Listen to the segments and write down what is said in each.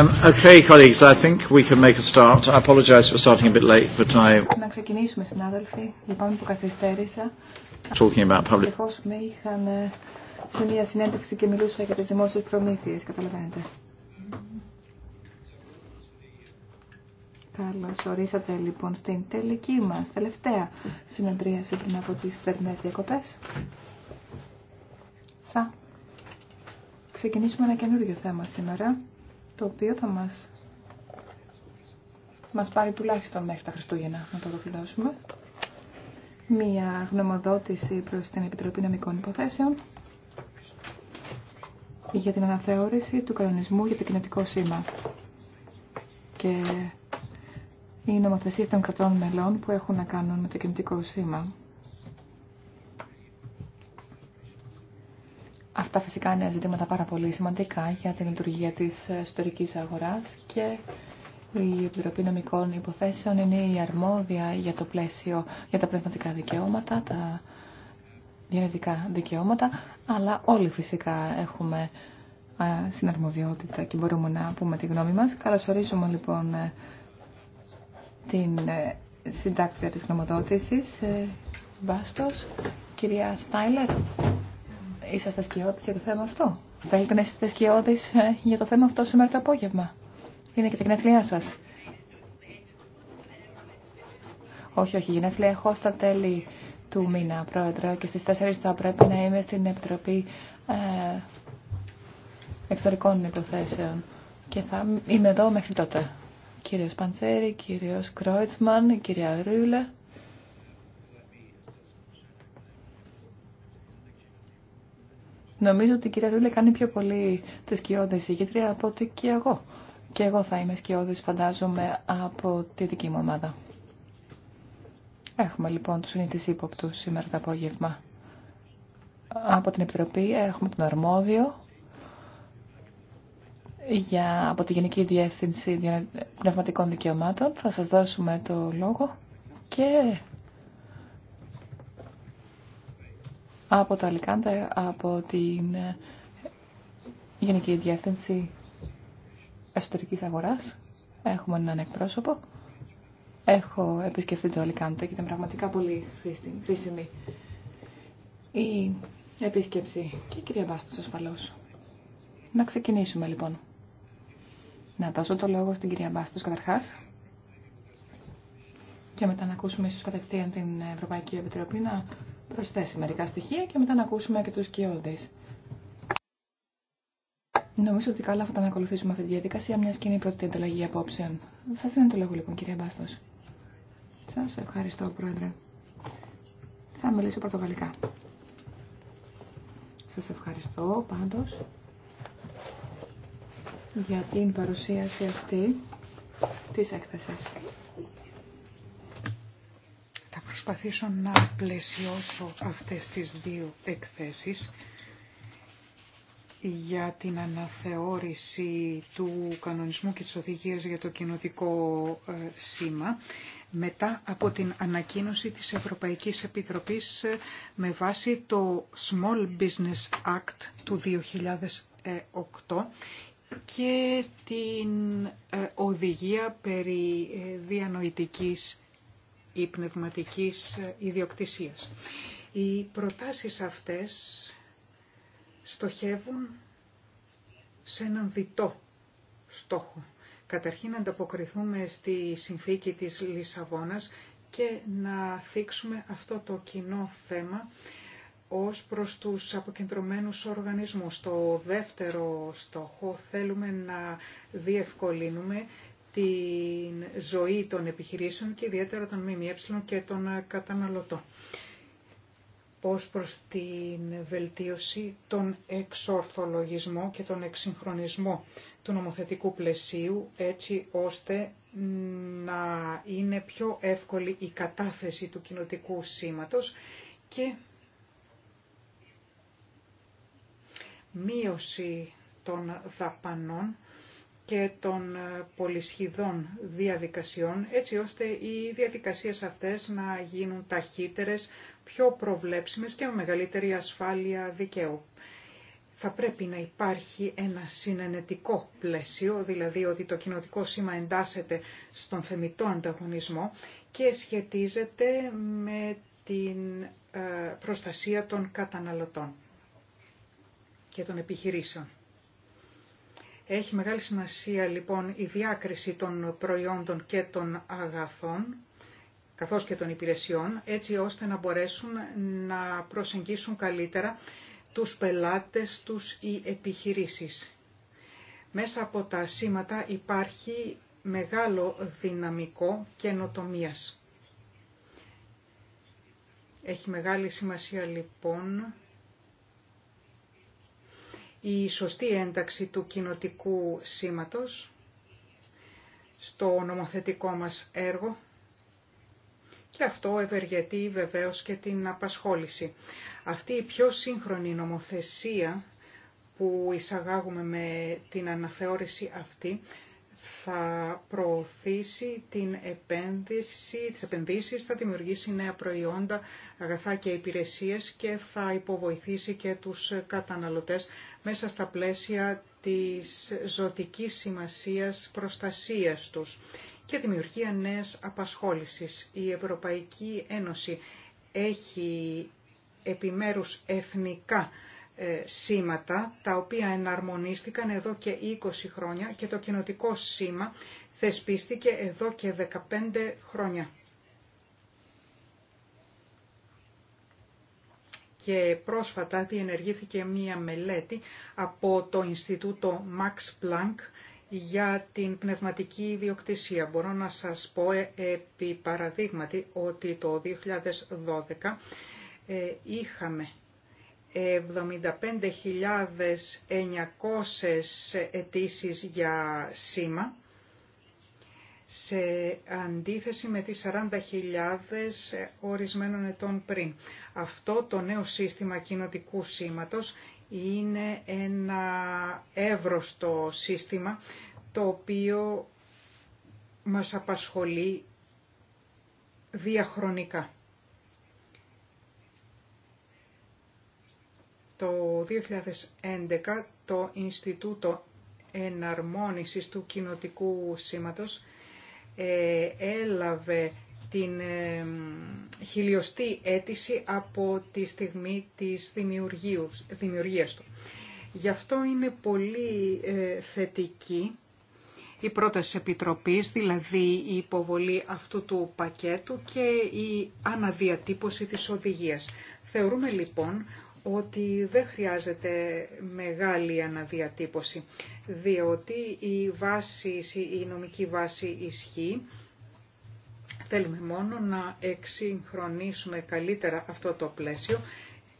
Um, okay, colleagues, I think we can make a start. I apologize for starting a bit late, but I... Να ξεκινήσουμε, συνάδελφοι. Λυπάμαι λοιπόν, που καθυστέρησα. Talking about public... με είχαν ε, σε μια συνέντευξη και μιλούσα για τις δημόσιες προμήθειες, καταλαβαίνετε. Καλώς ορίσατε λοιπόν στην τελική μας τελευταία συνεδρίαση πριν από τις θερμινές διακοπές. Θα ξεκινήσουμε ένα καινούριο θέμα σήμερα το οποίο θα μας, μας πάρει τουλάχιστον μέχρι τα Χριστούγεννα να το ολοκληρώσουμε. Μία γνωμοδότηση προς την Επιτροπή Νομικών Υποθέσεων για την αναθεώρηση του κανονισμού για το κοινωτικό σήμα και η νομοθεσία των κρατών μελών που έχουν να κάνουν με το κοινωτικό σήμα. Αυτά φυσικά είναι ζητήματα πάρα πολύ σημαντικά για την λειτουργία της ιστορικής αγοράς και η Επιτροπή Νομικών Υποθέσεων είναι η αρμόδια για το πλαίσιο για τα πνευματικά δικαιώματα, τα γενετικά δικαιώματα, αλλά όλοι φυσικά έχουμε συναρμοδιότητα και μπορούμε να πούμε τη γνώμη μας. Καλωσορίζουμε λοιπόν ε, την ε, συντάκτρια της γνωμοδότησης, μπάστο, ε, κυρία Στάιλερ. Είσαστε σκιώδης για το θέμα αυτό. Θέλετε να είστε σκιώδης ε, για το θέμα αυτό σήμερα το απόγευμα. Είναι και τα γενέθλιά σας. Όχι, όχι, γενέθλια έχω στα τέλη του μήνα, πρόεδρε, και στις 4 θα πρέπει να είμαι στην Επιτροπή ε, Εξωτερικών Υποθέσεων. Και θα είμαι εδώ μέχρι τότε. Κύριος Παντσέρη, κύριος Κρόιτσμαν, κυρία Ρούλε. Νομίζω ότι η κυρία Ρούλε κάνει πιο πολύ τη σκιώδη ηγήτρια από ότι και εγώ. Και εγώ θα είμαι σκιώδη, φαντάζομαι, από τη δική μου ομάδα. Έχουμε λοιπόν του συνήθει ύποπτου σήμερα το απόγευμα. Από την Επιτροπή έχουμε τον αρμόδιο για, από τη Γενική Διεύθυνση Πνευματικών Δικαιωμάτων. Θα σας δώσουμε το λόγο και από το Αλικάντα, από την Γενική Διεύθυνση Εσωτερικής Αγοράς. Έχουμε έναν εκπρόσωπο. Έχω επισκεφθεί το Αλικάντα και ήταν πραγματικά πολύ χρήσιμη η επίσκεψη και η κυρία Μπάστος ασφαλώς. Να ξεκινήσουμε λοιπόν. Να δώσω το λόγο στην κυρία Μπάστος καταρχάς και μετά να ακούσουμε ίσως κατευθείαν την Ευρωπαϊκή Επιτροπή να προσθέσει μερικά στοιχεία και μετά να ακούσουμε και τους κοιόδης. Νομίζω ότι καλά θα τα ακολουθήσουμε αυτή τη διαδικασία, μια σκηνή πρώτη ανταλλαγή απόψεων. Σα δίνω το λόγο λοιπόν, κυρία Μπάστο. Σα ευχαριστώ, Πρόεδρε. Θα μιλήσω πρωτογαλλικά. Σας ευχαριστώ πάντω για την παρουσίαση αυτή τη έκθεση προσπαθήσω να πλαισιώσω αυτές τις δύο εκθέσεις για την αναθεώρηση του κανονισμού και της οδηγίας για το κοινοτικό ε, σήμα μετά από την ανακοίνωση της Ευρωπαϊκής Επιτροπής ε, με βάση το Small Business Act του 2008 και την ε, οδηγία περί διανοητικής ή πνευματικής ιδιοκτησίας. Οι προτάσεις αυτές στοχεύουν σε έναν διτό στόχο. Καταρχήν να ανταποκριθούμε στη συνθήκη της Λισαβόνας και να θίξουμε αυτό το κοινό θέμα ως προς τους αποκεντρωμένους οργανισμούς. Το δεύτερο στόχο θέλουμε να διευκολύνουμε την ζωή των επιχειρήσεων και ιδιαίτερα των ΜΜΕ και των καταναλωτών ως προς την βελτίωση, τον εξορθολογισμό και τον εξυγχρονισμό του νομοθετικού πλαισίου, έτσι ώστε να είναι πιο εύκολη η κατάθεση του κοινοτικού σήματος και μείωση των δαπανών και των ε, πολυσχηδών διαδικασιών, έτσι ώστε οι διαδικασίες αυτές να γίνουν ταχύτερες, πιο προβλέψιμες και με μεγαλύτερη ασφάλεια δικαίου. Θα πρέπει να υπάρχει ένα συνενετικό πλαίσιο, δηλαδή ότι το κοινοτικό σήμα εντάσσεται στον θεμητό ανταγωνισμό και σχετίζεται με την ε, προστασία των καταναλωτών και των επιχειρήσεων. Έχει μεγάλη σημασία λοιπόν η διάκριση των προϊόντων και των αγαθών, καθώς και των υπηρεσιών, έτσι ώστε να μπορέσουν να προσεγγίσουν καλύτερα τους πελάτες τους ή επιχειρήσεις. Μέσα από τα σήματα υπάρχει μεγάλο δυναμικό καινοτομίας. Έχει μεγάλη σημασία λοιπόν η σωστή ένταξη του κοινοτικού σήματος στο νομοθετικό μας έργο και αυτό ευεργετεί βεβαίως και την απασχόληση. Αυτή η πιο σύγχρονη νομοθεσία που εισαγάγουμε με την αναθεώρηση αυτή θα προωθήσει την επένδυση, τις επενδύσεις, θα δημιουργήσει νέα προϊόντα, αγαθά και υπηρεσίες και θα υποβοηθήσει και τους καταναλωτές μέσα στα πλαίσια της ζωτικής σημασίας προστασίας τους και δημιουργία νέας απασχόλησης. Η Ευρωπαϊκή Ένωση έχει επιμέρους εθνικά ε, σήματα τα οποία εναρμονίστηκαν εδώ και 20 χρόνια και το κοινοτικό σήμα θεσπίστηκε εδώ και 15 χρόνια. Και πρόσφατα διενεργήθηκε μία μελέτη από το Ινστιτούτο Max Planck για την πνευματική ιδιοκτησία. Μπορώ να σας πω ε, επί παραδείγματι ότι το 2012 ε, είχαμε 75.900 αιτήσει για σήμα σε αντίθεση με τις 40.000 ορισμένων ετών πριν. Αυτό το νέο σύστημα κοινοτικού σήματος είναι ένα εύρωστο σύστημα το οποίο μας απασχολεί διαχρονικά. Το 2011 το Ινστιτούτο Εναρμόνισης του Κοινοτικού Σήματος ε, έλαβε την ε, χιλιοστή αίτηση από τη στιγμή της δημιουργίας του. Γι' αυτό είναι πολύ ε, θετική η πρόταση Επιτροπής, δηλαδή η υποβολή αυτού του πακέτου και η αναδιατύπωση της οδηγίας. Θεωρούμε λοιπόν ότι δεν χρειάζεται μεγάλη αναδιατύπωση, διότι η, βάση, η νομική βάση ισχύει. Θέλουμε μόνο να εξυγχρονίσουμε καλύτερα αυτό το πλαίσιο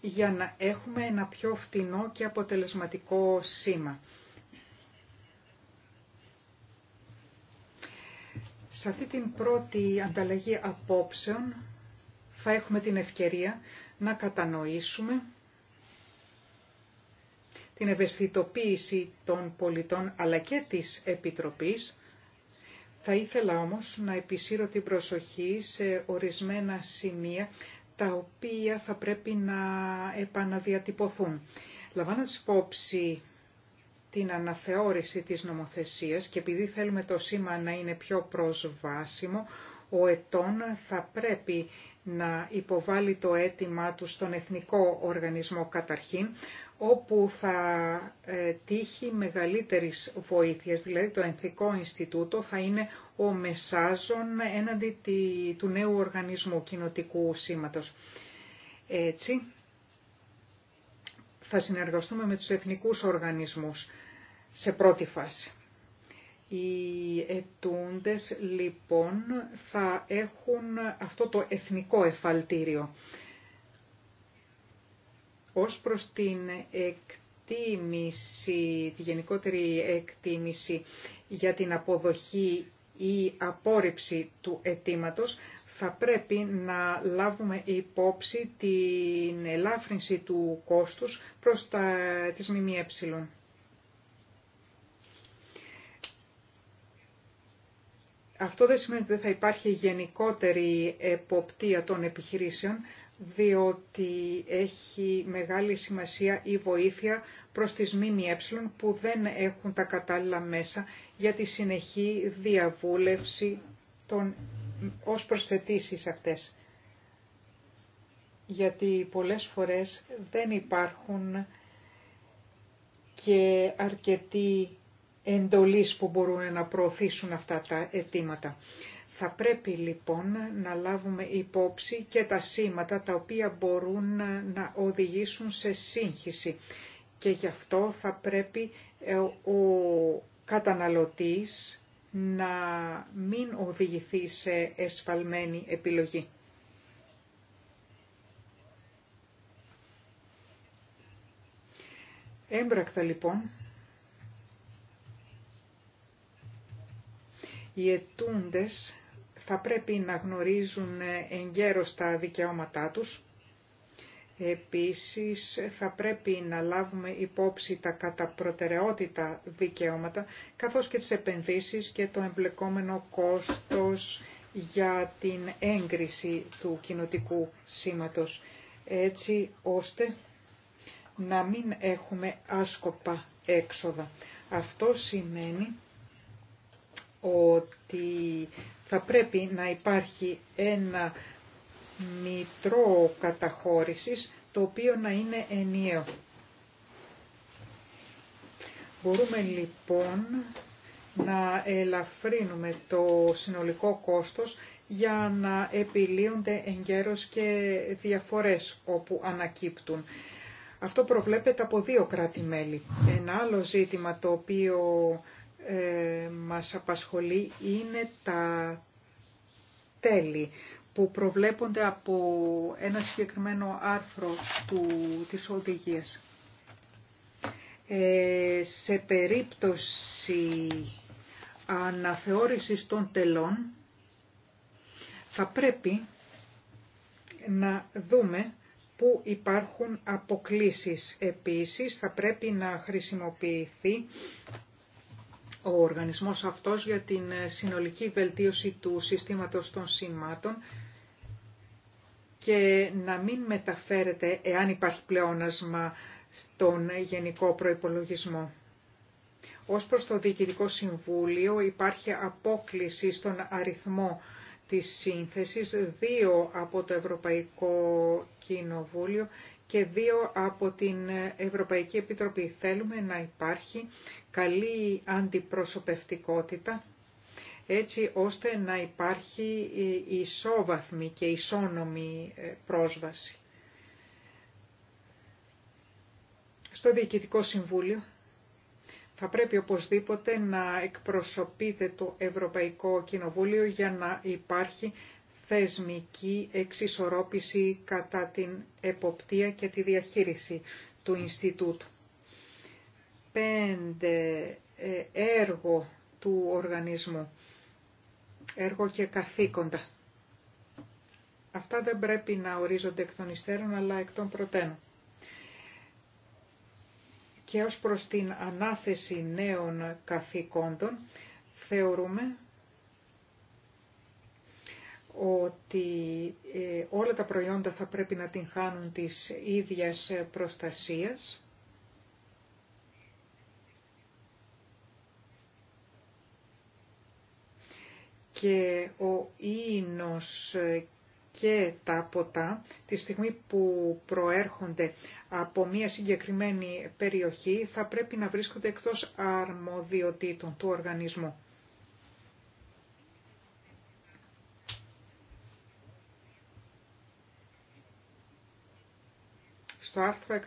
για να έχουμε ένα πιο φτηνό και αποτελεσματικό σήμα. Σε αυτή την πρώτη ανταλλαγή απόψεων θα έχουμε την ευκαιρία να κατανοήσουμε την ευαισθητοποίηση των πολιτών αλλά και της Επιτροπής. Θα ήθελα όμως να επισύρω την προσοχή σε ορισμένα σημεία τα οποία θα πρέπει να επαναδιατυπωθούν. Λαμβάνοντας υπόψη την αναθεώρηση της νομοθεσίας και επειδή θέλουμε το σήμα να είναι πιο προσβάσιμο, ο ετών θα πρέπει να υποβάλει το αίτημά του στον Εθνικό Οργανισμό καταρχήν, όπου θα ε, τύχει μεγαλύτερης βοήθειας, δηλαδή το Εθνικό Ινστιτούτο θα είναι ο μεσάζων έναντι του νέου οργανισμού κοινοτικού σήματος. Έτσι, θα συνεργαστούμε με τους εθνικούς οργανισμούς σε πρώτη φάση. Οι ετούντες λοιπόν θα έχουν αυτό το εθνικό εφαλτήριο. Ως προς την εκτίμηση, τη γενικότερη εκτίμηση για την αποδοχή ή απόρριψη του αιτήματο θα πρέπει να λάβουμε υπόψη την ελάφρυνση του κόστους προς τα, τις ΜΜΕ. Αυτό δεν σημαίνει ότι δεν θα υπάρχει γενικότερη εποπτεία των επιχειρήσεων, διότι έχει μεγάλη σημασία η βοήθεια προς τις ΜΜΕ που δεν έχουν τα κατάλληλα μέσα για τη συνεχή διαβούλευση των, ως προσθετήσεις αυτές. Γιατί πολλές φορές δεν υπάρχουν και αρκετοί εντολής που μπορούν να προωθήσουν αυτά τα αιτήματα. Θα πρέπει λοιπόν να λάβουμε υπόψη και τα σήματα τα οποία μπορούν να οδηγήσουν σε σύγχυση και γι' αυτό θα πρέπει ε, ο καταναλωτής να μην οδηγηθεί σε εσφαλμένη επιλογή. Έμπρακτα λοιπόν Οι ετούντες θα πρέπει να γνωρίζουν εγκαίρως τα δικαιώματά τους. Επίσης θα πρέπει να λάβουμε υπόψη τα κατά προτεραιότητα δικαιώματα, καθώς και τις επενδύσεις και το εμπλεκόμενο κόστος για την έγκριση του κοινοτικού σήματος, έτσι ώστε να μην έχουμε άσκοπα έξοδα. Αυτό σημαίνει ότι θα πρέπει να υπάρχει ένα μητρό καταχώρησης το οποίο να είναι ενιαίο. Μπορούμε λοιπόν να ελαφρύνουμε το συνολικό κόστος για να επιλύονται εγκαίρως και διαφορές όπου ανακύπτουν. Αυτό προβλέπεται από δύο κράτη-μέλη. Ένα άλλο ζήτημα το οποίο ε, μας απασχολεί είναι τα τέλη που προβλέπονται από ένα συγκεκριμένο άρθρο του, της οδηγίας. Ε, σε περίπτωση αναθεώρησης των τελών θα πρέπει να δούμε που υπάρχουν αποκλίσεις. Επίσης θα πρέπει να χρησιμοποιηθεί ο οργανισμός αυτός για την ε, συνολική βελτίωση του συστήματος των σημάτων και να μην μεταφέρεται εάν υπάρχει πλεόνασμα στον γενικό προϋπολογισμό. Ως προς το Διοικητικό Συμβούλιο υπάρχει απόκληση στον αριθμό της σύνθεσης, δύο από το Ευρωπαϊκό Κοινοβούλιο και δύο από την Ευρωπαϊκή Επιτροπή. Θέλουμε να υπάρχει καλή αντιπροσωπευτικότητα έτσι ώστε να υπάρχει ισόβαθμη και ισόνομη ε, πρόσβαση. Στο Διοικητικό Συμβούλιο θα πρέπει οπωσδήποτε να εκπροσωπείτε το Ευρωπαϊκό Κοινοβούλιο για να υπάρχει θεσμική εξισορρόπηση κατά την εποπτεία και τη διαχείριση του Ινστιτούτου. 5. Ε, έργο του οργανισμού. Έργο και καθήκοντα. Αυτά δεν πρέπει να ορίζονται εκ των υστέρων αλλά εκ των προτένων. Και ως προς την ανάθεση νέων καθήκοντων θεωρούμε ότι ε, όλα τα προϊόντα θα πρέπει να την χάνουν της ίδιας ε, προστασίας. Και ο ίνος ε, και τα ποτά, τη στιγμή που προέρχονται από μια συγκεκριμένη περιοχή, θα πρέπει να βρίσκονται εκτός αρμοδιοτήτων του οργανισμού. Στο άρθρο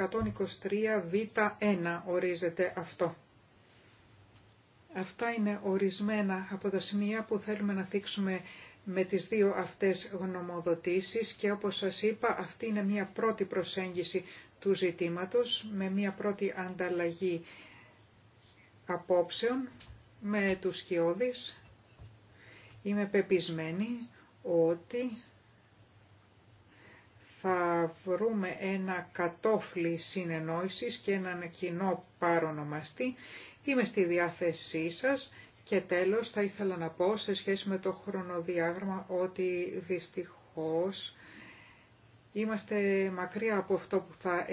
123β1 ορίζεται αυτό. Αυτά είναι ορισμένα από τα σημεία που θέλουμε να θίξουμε με τις δύο αυτές γνωμοδοτήσεις και όπως σας είπα αυτή είναι μια πρώτη προσέγγιση του ζητήματος με μια πρώτη ανταλλαγή απόψεων με τους σκιώδεις. Είμαι πεπισμένη ότι θα βρούμε ένα κατόφλι συνεννόησης και έναν κοινό παρονομαστή. Είμαι στη διάθεσή σας και τέλος θα ήθελα να πω σε σχέση με το χρονοδιάγραμμα ότι δυστυχώς είμαστε μακριά από αυτό που θα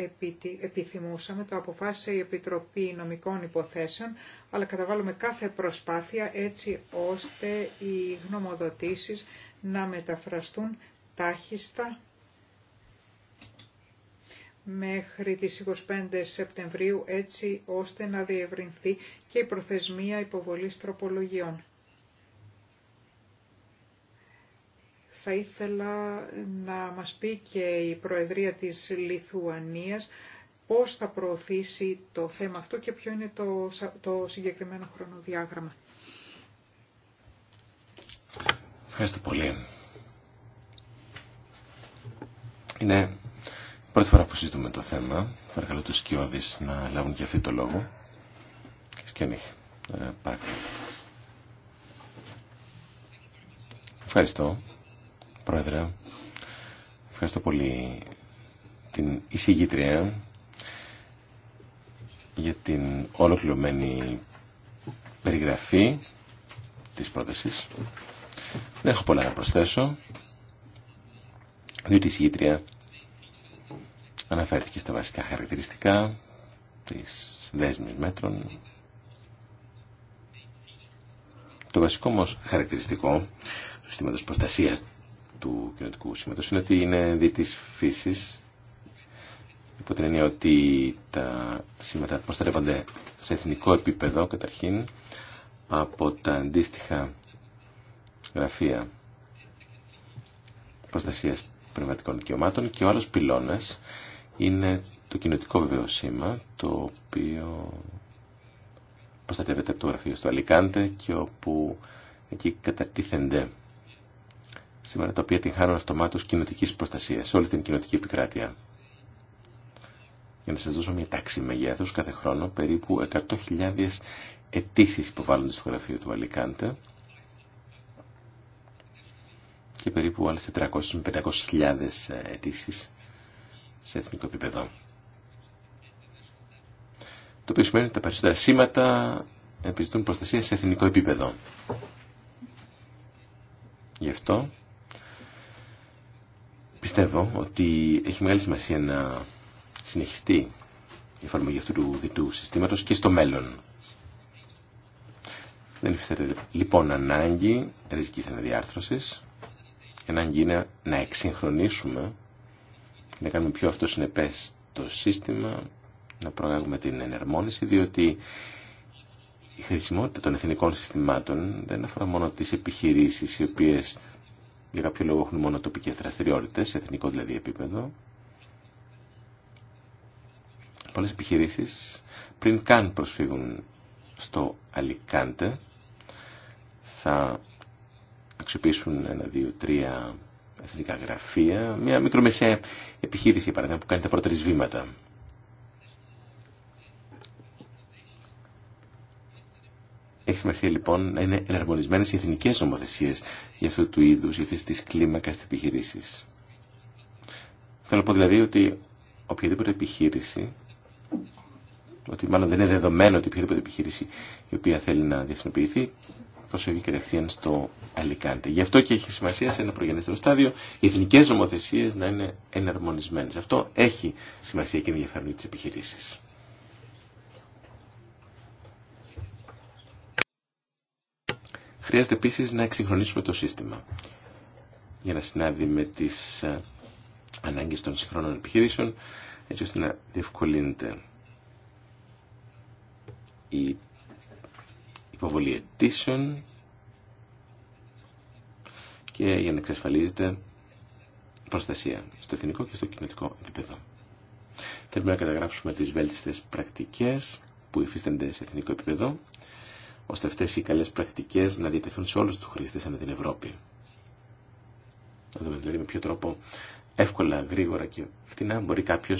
επιθυμούσαμε. Το αποφάσισε η Επιτροπή Νομικών Υποθέσεων, αλλά καταβάλουμε κάθε προσπάθεια έτσι ώστε οι γνωμοδοτήσεις να μεταφραστούν τάχιστα μέχρι τις 25 Σεπτεμβρίου έτσι ώστε να διευρυνθεί και η προθεσμία υποβολής τροπολογιών. Θα ήθελα να μας πει και η Προεδρία της Λιθουανίας πώς θα προωθήσει το θέμα αυτό και ποιο είναι το, το συγκεκριμένο χρονοδιάγραμμα. Ευχαριστώ πολύ. Είναι Πρώτη φορά που συζητούμε το θέμα, παρακαλώ του σκιώδεις να λάβουν και αυτοί το λόγο. Σκιονίχ, ε, παρακαλώ. Ευχαριστώ, Πρόεδρε. Ευχαριστώ πολύ την εισηγήτρια για την ολοκληρωμένη περιγραφή της πρότασης. Δεν έχω πολλά να προσθέσω, διότι η εισηγήτρια Αναφέρθηκε στα βασικά χαρακτηριστικά της δέσμης μέτρων. Το βασικό όμω χαρακτηριστικό του συστήματος προστασίας του κοινωτικού σήματος είναι ότι είναι δι της φύσης υπό την έννοια ότι τα σήματα προστατεύονται σε εθνικό επίπεδο καταρχήν από τα αντίστοιχα γραφεία προστασίας πνευματικών δικαιωμάτων και ο άλλος πυλώνας είναι το κοινωτικό βεβαίω το οποίο προστατεύεται από το γραφείο στο Αλικάντε και όπου εκεί κατατίθενται σήμερα τα οποία την χάνουν αυτομάτως κοινωτικής προστασίας σε όλη την κοινωτική επικράτεια. Για να σας δώσω μια τάξη μεγέθους, κάθε χρόνο περίπου 100.000 αιτήσει υποβάλλονται στο γραφείο του Αλικάντε και περίπου άλλες 400-500.000 αιτήσει σε εθνικό επίπεδο. Το οποίο σημαίνει ότι τα περισσότερα σήματα επιζητούν προστασία σε εθνικό επίπεδο. Γι' αυτό πιστεύω ότι έχει μεγάλη σημασία να συνεχιστεί η εφαρμογή αυτού του διτού συστήματος και στο μέλλον. Δεν υφιστάται λοιπόν ανάγκη ριζικής αναδιάρθρωσης. Η ανάγκη είναι να εξυγχρονίσουμε να κάνουμε πιο αυτοσυνεπές το σύστημα, να προάγουμε την ενερμόνιση, διότι η χρησιμότητα των εθνικών συστημάτων δεν αφορά μόνο τις επιχειρήσεις οι οποίες για κάποιο λόγο έχουν μόνο τοπικές δραστηριότητες, σε εθνικό δηλαδή επίπεδο. Πολλές επιχειρήσεις πριν καν προσφύγουν στο Αλικάντε θα αξιοποιήσουν ένα, δύο, τρία εθνικά γραφεία, μια μικρομεσαία επιχείρηση παράδειγμα που κάνει τα πρώτα βήματα. Έχει σημασία λοιπόν να είναι εναρμονισμένε οι εθνικέ νομοθεσίε για αυτού του είδου, η τη κλίμακα τη επιχειρήση. Θέλω να πω δηλαδή ότι οποιαδήποτε επιχείρηση, ότι μάλλον δεν είναι δεδομένο ότι οποιαδήποτε επιχείρηση η οποία θέλει να διεθνοποιηθεί προσφυγεί κατευθείαν στο Αλικάντε. Γι' αυτό και έχει σημασία σε ένα προγενέστερο στάδιο οι εθνικέ νομοθεσίε να είναι εναρμονισμένε. Αυτό έχει σημασία και ενδιαφέρον τι επιχειρήσει. Χρειάζεται επίση να εξυγχρονίσουμε το σύστημα για να συνάδει με τι ε, ανάγκε των συγχρόνων επιχειρήσεων, έτσι ώστε να διευκολύνεται η υποβολή αιτήσεων και για να εξασφαλίζεται προστασία στο εθνικό και στο κοινωνικό επίπεδο. Θέλουμε να καταγράψουμε τις βέλτιστες πρακτικές που υφίστανται σε εθνικό επίπεδο, ώστε αυτές οι καλές πρακτικές να διατεθούν σε όλους τους χρήστες ανά την Ευρώπη. Να δούμε δηλαδή με ποιο τρόπο εύκολα, γρήγορα και φτηνά μπορεί κάποιο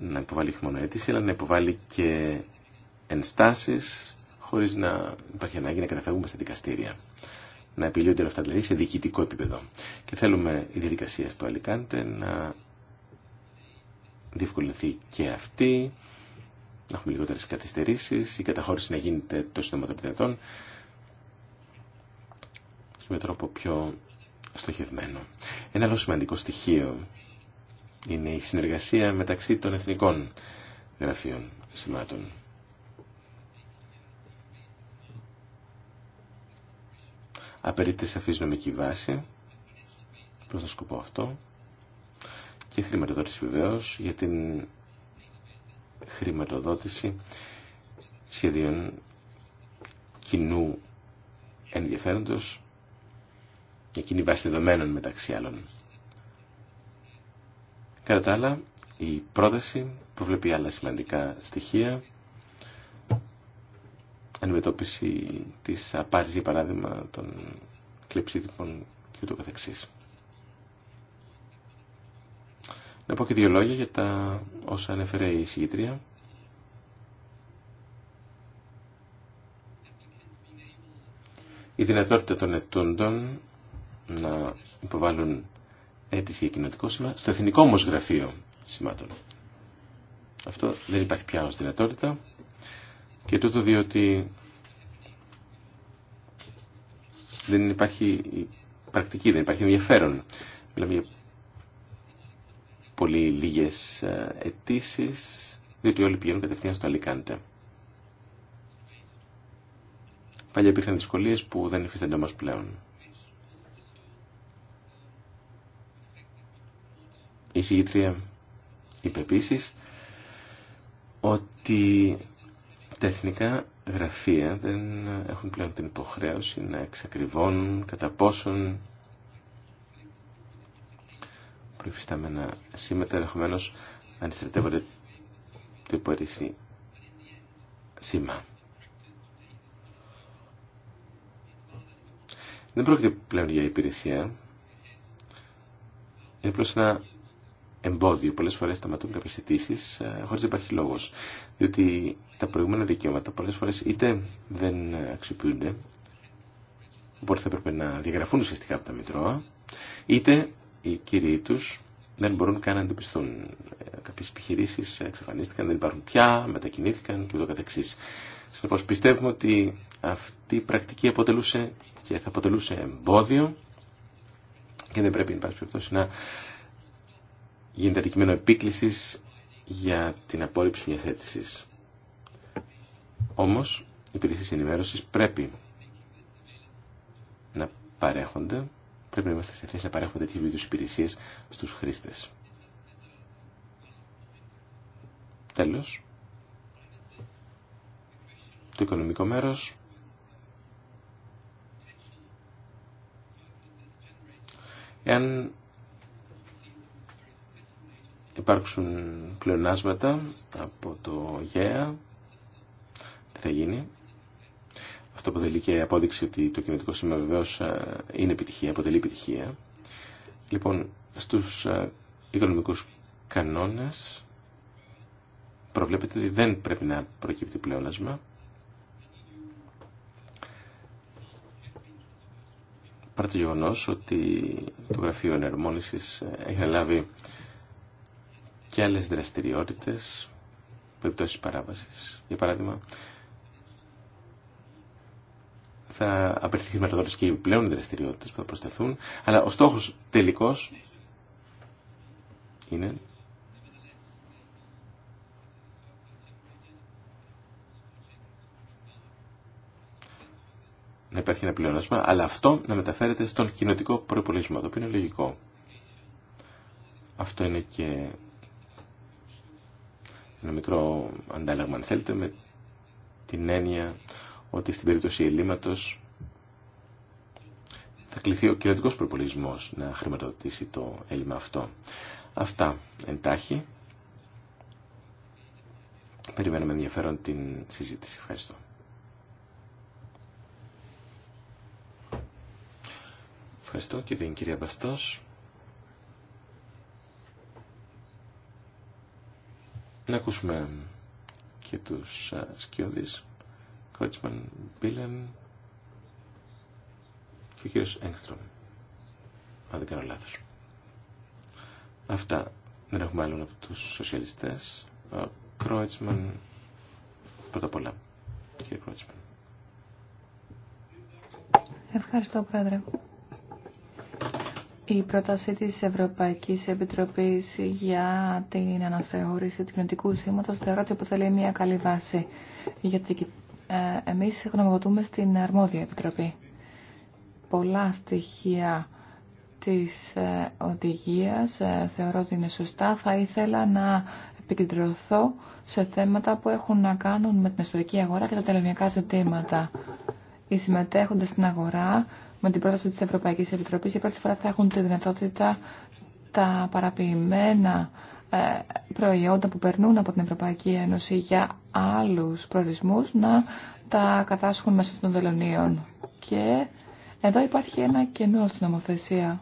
να υποβάλει όχι μόνο αίτηση, αλλά να υποβάλει και ενστάσεις χωρίς να υπάρχει ανάγκη να καταφεύγουμε στα δικαστήρια. Να επιλύονται όλα αυτά δηλαδή σε διοικητικό επίπεδο. Και θέλουμε η διαδικασία στο Αλικάντε να διευκολυνθεί και αυτή, να έχουμε λιγότερε καθυστερήσει, η καταχώρηση να γίνεται το σύντομα των δυνατών και με τρόπο πιο στοχευμένο. Ένα άλλο σημαντικό στοιχείο είναι η συνεργασία μεταξύ των εθνικών γραφείων σημάτων. Απαιτείται σαφή νομική βάση προς τον σκοπό αυτό και χρηματοδότηση βεβαίω για την χρηματοδότηση σχεδίων κοινού ενδιαφέροντος και κοινή βάση δεδομένων μεταξύ άλλων. Κατά τα άλλα, η πρόταση προβλέπει άλλα σημαντικά στοιχεία αντιμετώπιση της απάρης, για παράδειγμα, των κλεψίδικων και καθεξής. Να πω και δύο λόγια για τα όσα ανέφερε η συγκητρία. Η δυνατότητα των ετούντων να υποβάλουν αίτηση για κοινοτικό σήμα στο εθνικό όμω γραφείο σημάτων. Αυτό δεν υπάρχει πια ως δυνατότητα. Και τούτο διότι δεν υπάρχει πρακτική, δεν υπάρχει ενδιαφέρον. Μιλάμε για πολύ λίγε αιτήσει, διότι όλοι πηγαίνουν κατευθείαν στο Αλικάντε. Παλιά υπήρχαν δυσκολίε που δεν υφίστανται όμω πλέον. Η συγγήτρια είπε επίση ότι Τεχνικά γραφεία δεν έχουν πλέον την υποχρέωση να εξακριβώνουν κατά πόσον προϊφιστάμενα σήματα, ενδεχομένω αντιστρατεύονται το υποαίτηση σήμα. Δεν πρόκειται πλέον για υπηρεσία. Είναι απλώς εμπόδιο. Πολλέ φορέ σταματούν κάποιε αιτήσει ε, χωρί να υπάρχει λόγο. Διότι τα προηγούμενα δικαιώματα πολλέ φορέ είτε δεν αξιοποιούνται, μπορεί θα έπρεπε να διαγραφούν ουσιαστικά από τα Μητρώα, είτε οι κύριοι του δεν μπορούν καν να αντιπιστούν ε, Κάποιε επιχειρήσει εξαφανίστηκαν, δεν υπάρχουν πια, μετακινήθηκαν κ.ο.κ. Συνεπώ πιστεύουμε ότι αυτή η πρακτική αποτελούσε και θα αποτελούσε εμπόδιο και δεν πρέπει να περιπτώσει να γίνεται αντικείμενο επίκληση για την απόρριψη μια αίτηση. Όμω, οι υπηρεσίε ενημέρωση πρέπει να παρέχονται, πρέπει να είμαστε σε θέση να παρέχουμε τέτοιου είδου υπηρεσίες στους χρήστες. Τέλος, το οικονομικό μέρο. εάν υπάρξουν πλεονάσματα από το ΓΕΑ, τι θα γίνει. Αυτό αποτελεί και απόδειξη ότι το κινητικό σήμα βεβαίω ε, είναι επιτυχία, αποτελεί επιτυχία. Λοιπόν, στους ε, οικονομικούς κανόνες προβλέπεται ότι δεν πρέπει να προκύπτει πλεόνασμα. Παρά το γεγονό ότι το Γραφείο Ενερμόνησης ε, έχει αναλάβει και άλλες δραστηριότητες, περιπτώσεις παράβασης. Για παράδειγμα, θα απαιτηθεί χρηματοδότηση και πλέον δραστηριότητες που θα προσθεθούν, αλλά ο στόχος τελικός είναι να υπάρχει ένα πλεονάσμα, αλλά αυτό να μεταφέρεται στον κοινοτικό προπολογισμό, το οποίο είναι λογικό. Αυτό είναι και ένα μικρό αντάλλαγμα αν θέλετε με την έννοια ότι στην περίπτωση ελλείμματος θα κληθεί ο κοινωτικός προπολογισμός να χρηματοδοτήσει το έλλειμμα αυτό. Αυτά εντάχει. Περιμένουμε ενδιαφέρον την συζήτηση. Ευχαριστώ. Ευχαριστώ και την κυρία Να ακούσουμε και τους ε, σκιώδεις Κρότσμαν Μπίλεν και ο κύριος Έγκστρομ. Αν δεν κάνω λάθος. Αυτά δεν έχουμε άλλον από τους σοσιαλιστές. Κρότσμαν πρώτα απ' όλα. Κύριε Κρότσμαν. Ευχαριστώ, Πρόεδρε η πρόταση της Ευρωπαϊκής Επιτροπής για την αναθεώρηση του κοινωτικού σήματος θεωρώ ότι αποτελεί μια καλή βάση γιατί ε, εμείς γνωμοδοτούμε στην αρμόδια Επιτροπή. Πολλά στοιχεία της ε, οδηγίας ε, θεωρώ ότι είναι σωστά. Θα ήθελα να επικεντρωθώ σε θέματα που έχουν να κάνουν με την ιστορική αγορά και τα τελευταία ζητήματα. Οι συμμετέχοντες στην αγορά με την πρόταση της Ευρωπαϊκής Επιτροπής για πρώτη φορά θα έχουν τη δυνατότητα τα παραποιημένα ε, προϊόντα που περνούν από την Ευρωπαϊκή Ένωση για άλλους προορισμούς να τα κατάσχουν μέσα των τελωνίων. Και εδώ υπάρχει ένα κενό στην νομοθεσία.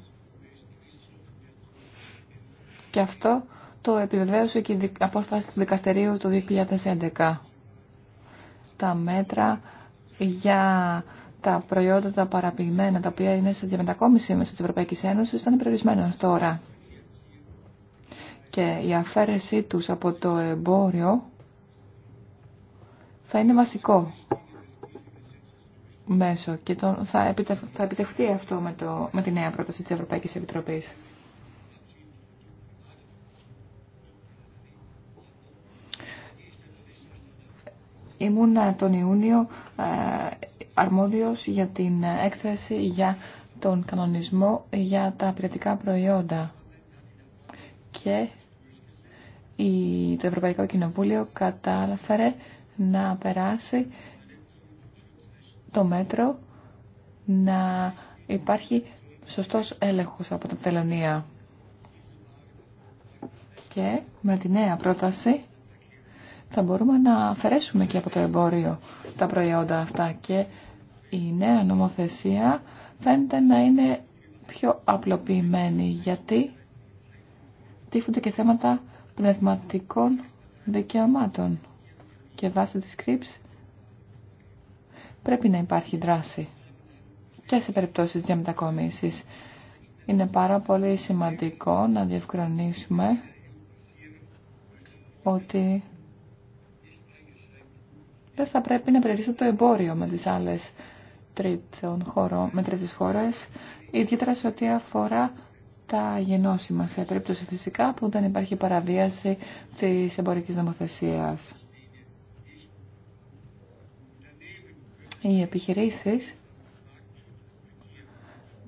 Και αυτό το επιβεβαίωσε και η απόφαση του δικαστηρίου το 2011. Τα μέτρα για τα προϊόντα τα παραποιημένα, τα οποία είναι σε διαμετακόμιση μέσα της Ευρωπαϊκής Ένωσης, ήταν περιορισμένα τώρα. Και η αφαίρεσή τους από το εμπόριο θα είναι βασικό μέσο και θα, επιτευ, επιτευχθεί αυτό με, το, τη νέα πρόταση της Ευρωπαϊκής Επιτροπής. Ήμουν τον Ιούνιο ε, αρμόδιος για την έκθεση για τον κανονισμό για τα πειρατικά προϊόντα. Και το Ευρωπαϊκό Κοινοβούλιο κατάφερε να περάσει το μέτρο να υπάρχει σωστός έλεγχος από τα τελωνία. Και με τη νέα πρόταση θα μπορούμε να αφαιρέσουμε και από το εμπόριο τα προϊόντα αυτά και η νέα νομοθεσία φαίνεται να είναι πιο απλοποιημένη γιατί τύφονται και θέματα πνευματικών δικαιωμάτων και βάσει της κρύψης πρέπει να υπάρχει δράση και σε περιπτώσεις διαμετακομίσεις Είναι πάρα πολύ σημαντικό να διευκρινίσουμε ότι δεν θα πρέπει να περιοριστεί το εμπόριο με τις άλλες τρίτων με τρίτες χώρες, ιδιαίτερα σε ό,τι αφορά τα γενώσιμα, σε περίπτωση φυσικά που δεν υπάρχει παραβίαση της εμπορικής νομοθεσίας. Οι επιχειρήσεις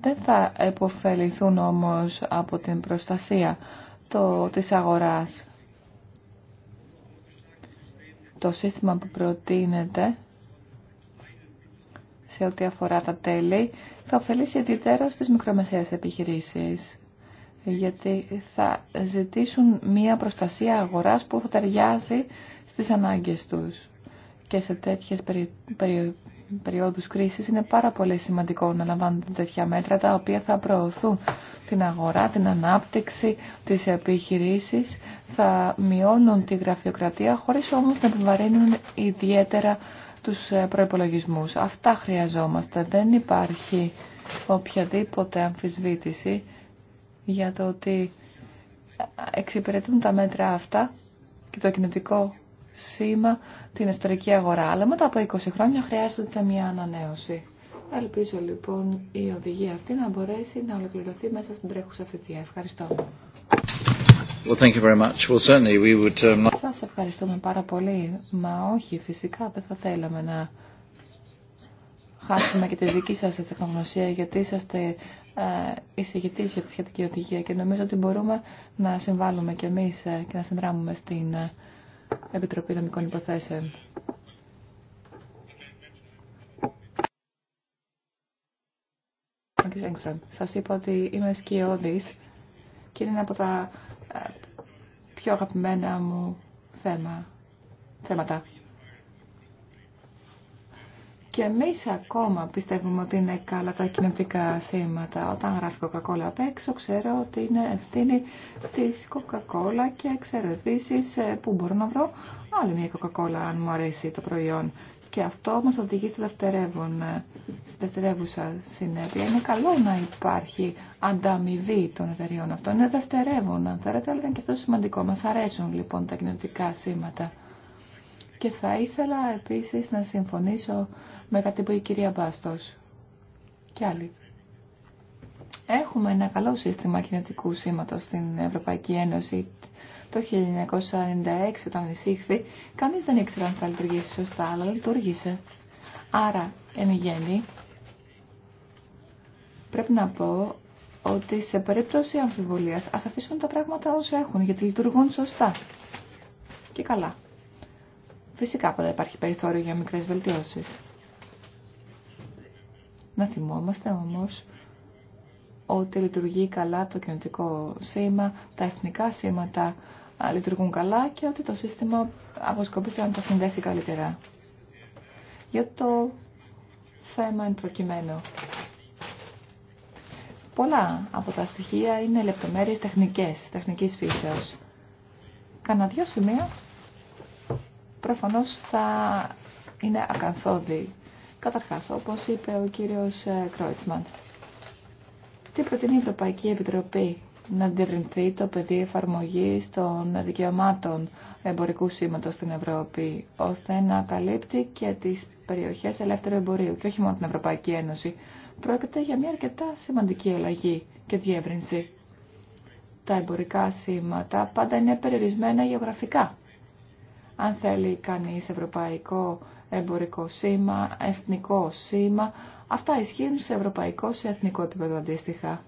δεν θα επωφεληθούν όμως από την προστασία το, της αγοράς το σύστημα που προτείνεται σε ό,τι αφορά τα τέλη θα ωφελήσει ιδιαίτερα στις μικρομεσαίες επιχειρήσεις γιατί θα ζητήσουν μία προστασία αγοράς που θα ταιριάζει στις ανάγκες τους και σε τέτοιες περι... Περι περιόδου κρίσης είναι πάρα πολύ σημαντικό να λαμβάνονται τέτοια μέτρα τα οποία θα προωθούν την αγορά, την ανάπτυξη, τι επιχειρήσει, θα μειώνουν τη γραφειοκρατία χωρίς όμως να επιβαρύνουν ιδιαίτερα τους ε, προπολογισμού. Αυτά χρειαζόμαστε. Δεν υπάρχει οποιαδήποτε αμφισβήτηση για το ότι ε, εξυπηρετούν τα μέτρα αυτά και το κινητικό σήμα την ιστορική αγορά. Αλλά μετά από 20 χρόνια χρειάζεται μια ανανέωση. Ελπίζω λοιπόν η οδηγία αυτή να μπορέσει να ολοκληρωθεί μέσα στην τρέχουσα θητεία. Ευχαριστώ. Well, thank you very much. Well, certainly we would... Um, σας ευχαριστούμε πάρα πολύ. Μα όχι, φυσικά δεν θα θέλαμε να χάσουμε και τη δική σας τεχνογνωσία γιατί είσαστε ε, εισηγητής για τη σχετική οδηγία και νομίζω ότι μπορούμε να συμβάλλουμε και εμείς ε, και να συνδράμουμε στην ε, Επιτροπή Νομικών Υποθέσεων. Σα είπα ότι είμαι σκιώδη και είναι ένα από τα ε, πιο αγαπημένα μου θέμα, θέματα. Και εμεί ακόμα πιστεύουμε ότι είναι καλά τα κοινωνικα θύματα. σήματα. Όταν γράφει Coca-Cola απ' έξω, ξέρω ότι είναι ευθύνη τη Coca-Cola και ξέρω επίση ε, που μπορώ να βρω άλλη μια Coca-Cola αν μου αρέσει το προϊόν. Και αυτό μα οδηγεί ε, στη δευτερεύουσα συνέπεια. Είναι καλό να υπάρχει ανταμοιβή των εταιριών αυτών. Είναι δευτερεύον, αν θέλετε, αλλά είναι και αυτό σημαντικό. Μα αρέσουν λοιπόν τα κοινωνικά σήματα. Και θα ήθελα επίσης να συμφωνήσω με κάτι που η κυρία Μπάστος και άλλοι. Έχουμε ένα καλό σύστημα κινητικού σήματος στην Ευρωπαϊκή Ένωση. Το 1996 όταν εισήχθη, κανείς δεν ήξερε αν θα λειτουργήσει σωστά, αλλά λειτουργήσε. Άρα, εν γέννη, πρέπει να πω ότι σε περίπτωση αμφιβολίας ας αφήσουν τα πράγματα όσο έχουν, γιατί λειτουργούν σωστά και καλά. Φυσικά πάντα υπάρχει περιθώριο για μικρές βελτιώσεις. Να θυμόμαστε όμως ότι λειτουργεί καλά το κοινωτικό σήμα, τα εθνικά σήματα λειτουργούν καλά και ότι το σύστημα αποσκοπείται να τα συνδέσει καλύτερα. Για το θέμα εν προκειμένου. Πολλά από τα στοιχεία είναι λεπτομέρειες τεχνικές, τεχνικής φύσεως. Κανα δύο σημεία προφανώς θα είναι ακαθόδη Καταρχάς, όπως είπε ο κύριος ε, Κρόιτσμαν, τι προτείνει η Ευρωπαϊκή Επιτροπή να διευρυνθεί το πεδίο εφαρμογή των δικαιωμάτων εμπορικού σήματος στην Ευρώπη, ώστε να καλύπτει και τις περιοχές ελεύθερου εμπορίου και όχι μόνο την Ευρωπαϊκή Ένωση. Πρόκειται για μια αρκετά σημαντική αλλαγή και διεύρυνση. Τα εμπορικά σήματα πάντα είναι περιορισμένα γεωγραφικά αν θέλει κανείς ευρωπαϊκό εμπορικό σήμα, εθνικό σήμα. Αυτά ισχύουν σε ευρωπαϊκό, σε εθνικό επίπεδο αντίστοιχα.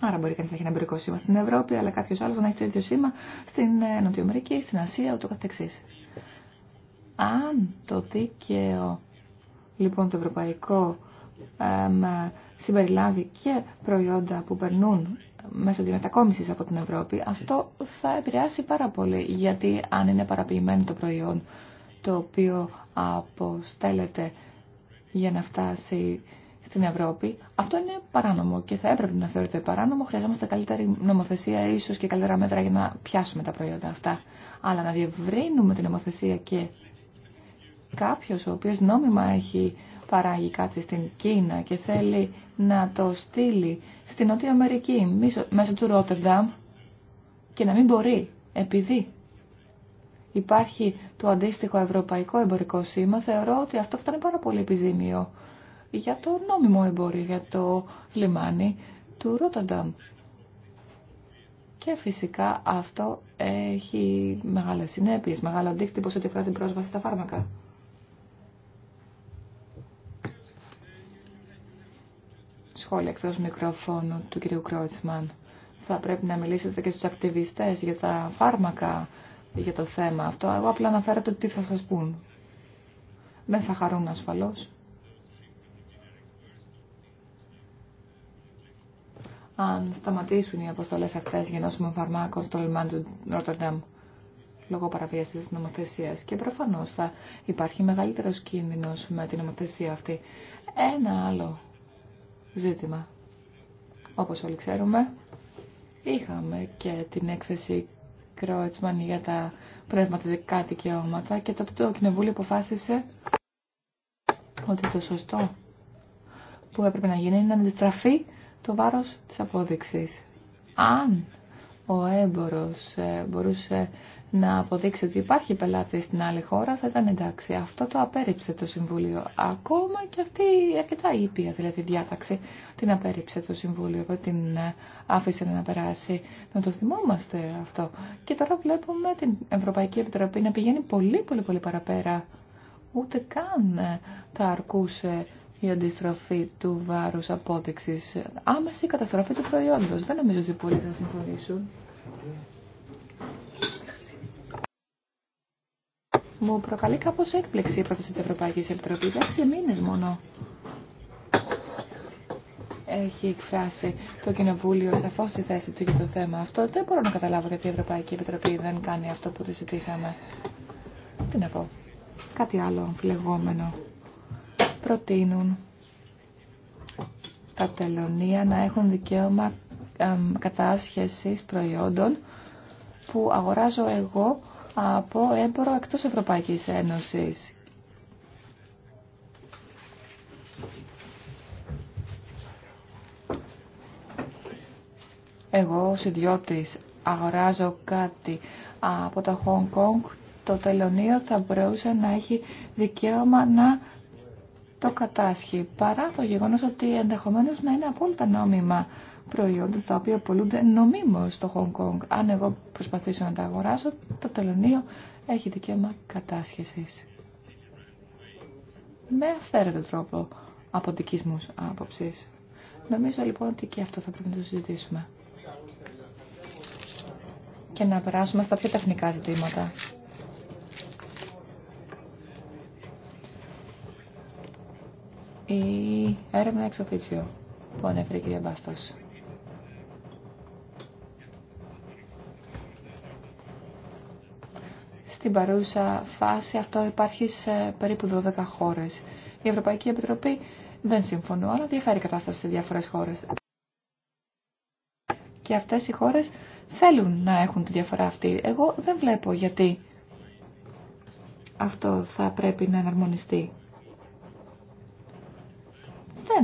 Άρα μπορεί κανείς να έχει ένα εμπορικό σήμα στην Ευρώπη, αλλά κάποιος άλλος να έχει το ίδιο σήμα στην ε, Νοτιοαμερική, στην Ασία, ούτω καθεξής. Αν το δίκαιο, λοιπόν, το ευρωπαϊκό ε, συμπεριλάβει και προϊόντα που περνούν μέσω μετακόμιση από την Ευρώπη, αυτό θα επηρεάσει πάρα πολύ, γιατί αν είναι παραποιημένο το προϊόν το οποίο αποστέλλεται για να φτάσει στην Ευρώπη, αυτό είναι παράνομο και θα έπρεπε να θεωρείται παράνομο. Χρειαζόμαστε καλύτερη νομοθεσία, ίσω και καλύτερα μέτρα για να πιάσουμε τα προϊόντα αυτά. Αλλά να διευρύνουμε την νομοθεσία και κάποιο ο οποίο νόμιμα έχει παράγει κάτι στην Κίνα και θέλει να το στείλει στην Νότια Αμερική μέσω του Ρότερνταμ και να μην μπορεί επειδή υπάρχει το αντίστοιχο ευρωπαϊκό εμπορικό σήμα, θεωρώ ότι αυτό φτάνει πάρα πολύ επιζήμιο για το νόμιμο εμπόριο, για το λιμάνι του Ρότερνταμ. Και φυσικά αυτό έχει μεγάλες συνέπειες, μεγάλο αντίκτυπο σε ό,τι αφορά την πρόσβαση στα φάρμακα. σχόλια εκτός μικροφώνου του κ. Κρότσμαν. Θα πρέπει να μιλήσετε και στους ακτιβιστές για τα φάρμακα για το θέμα αυτό. Εγώ απλά αναφέρω τι θα σας πούν. Δεν θα χαρούν ασφαλώς. Αν σταματήσουν οι αποστολές αυτές για νόσιμων φαρμάκων στο λιμάνι του Ρότερνταμ λόγω παραβίαση τη νομοθεσία. Και προφανώ θα υπάρχει μεγαλύτερο κίνδυνο με την νομοθεσία αυτή. Ένα άλλο ζήτημα. Όπως όλοι ξέρουμε, είχαμε και την έκθεση Κρόετσμαν για τα πνευματικά δικαιώματα και τότε το Κοινοβούλιο αποφάσισε ότι το σωστό που έπρεπε να γίνει είναι να αντιστραφεί το βάρος της απόδειξης. Αν ο έμπορος ε, μπορούσε να αποδείξει ότι υπάρχει πελάτη στην άλλη χώρα θα ήταν εντάξει. Αυτό το απέρριψε το Συμβούλιο. Ακόμα και αυτή η αρκετά ήπια δηλαδή διάταξη την απέρριψε το Συμβούλιο, την ε, άφησε να περάσει. Να το θυμόμαστε αυτό. Και τώρα βλέπουμε την Ευρωπαϊκή Επιτροπή να πηγαίνει πολύ πολύ πολύ παραπέρα. Ούτε καν ε, θα αρκούσε η αντιστροφή του βάρους απόδειξης. Άμεση καταστροφή του προϊόντος. Δεν νομίζω ότι πολλοί θα συμφωνήσουν. Μου προκαλεί κάπως έκπληξη η πρόταση της Ευρωπαϊκής Επιτροπής. Έξι μήνες μόνο έχει εκφράσει το Κοινοβούλιο σαφώ τη θέση του για το θέμα αυτό. Δεν μπορώ να καταλάβω γιατί η Ευρωπαϊκή Επιτροπή δεν κάνει αυτό που τη ζητήσαμε. Τι να πω. Κάτι άλλο αμφιλεγόμενο. Προτείνουν τα τελωνία να έχουν δικαίωμα κατάσχεσης προϊόντων που αγοράζω εγώ από έμπορο εκτός Ευρωπαϊκής Ένωσης. Εγώ ως ιδιώτης αγοράζω κάτι από το Hong Kong, το τελωνίο θα μπορούσε να έχει δικαίωμα να το κατάσχει, παρά το γεγονός ότι ενδεχομένως να είναι απόλυτα νόμιμα προϊόντα τα οποία πολλούνται νομίμως στο Χονγκ Κονγκ. Αν εγώ προσπαθήσω να τα αγοράσω, το τελωνίο έχει δικαίωμα κατάσχεσης. Με αυθαίρετο τρόπο από δική μου άποψη. Νομίζω λοιπόν ότι και αυτό θα πρέπει να το συζητήσουμε. Και να περάσουμε στα πιο τεχνικά ζητήματα. η έρευνα εξ που ανέφερε η κυρία Μπάστος. Στην παρούσα φάση αυτό υπάρχει σε περίπου 12 χώρες. Η Ευρωπαϊκή Επιτροπή δεν συμφωνώ, αλλά διαφέρει η κατάσταση σε διάφορες χώρες. Και αυτές οι χώρες θέλουν να έχουν τη διαφορά αυτή. Εγώ δεν βλέπω γιατί αυτό θα πρέπει να εναρμονιστεί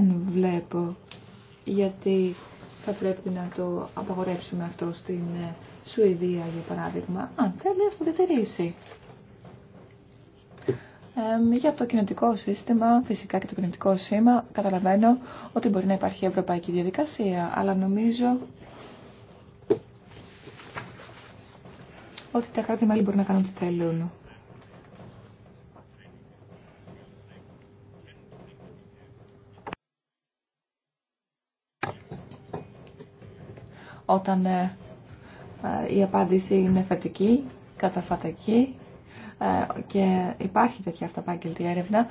δεν βλέπω γιατί θα πρέπει να το απαγορεύσουμε αυτό στην ε, Σουηδία, για παράδειγμα. Αν θέλει, να το διατηρήσει. Ε, για το κοινωτικό σύστημα, φυσικά και το κοινωτικό σήμα, καταλαβαίνω ότι μπορεί να υπάρχει ευρωπαϊκή διαδικασία, αλλά νομίζω ότι τα κράτη-μέλη μπορούν να κάνουν τι θέλουν. όταν ε, ε, η απάντηση είναι θετική, καταφατική ε, και υπάρχει τέτοια αυταπάγγελτη έρευνα,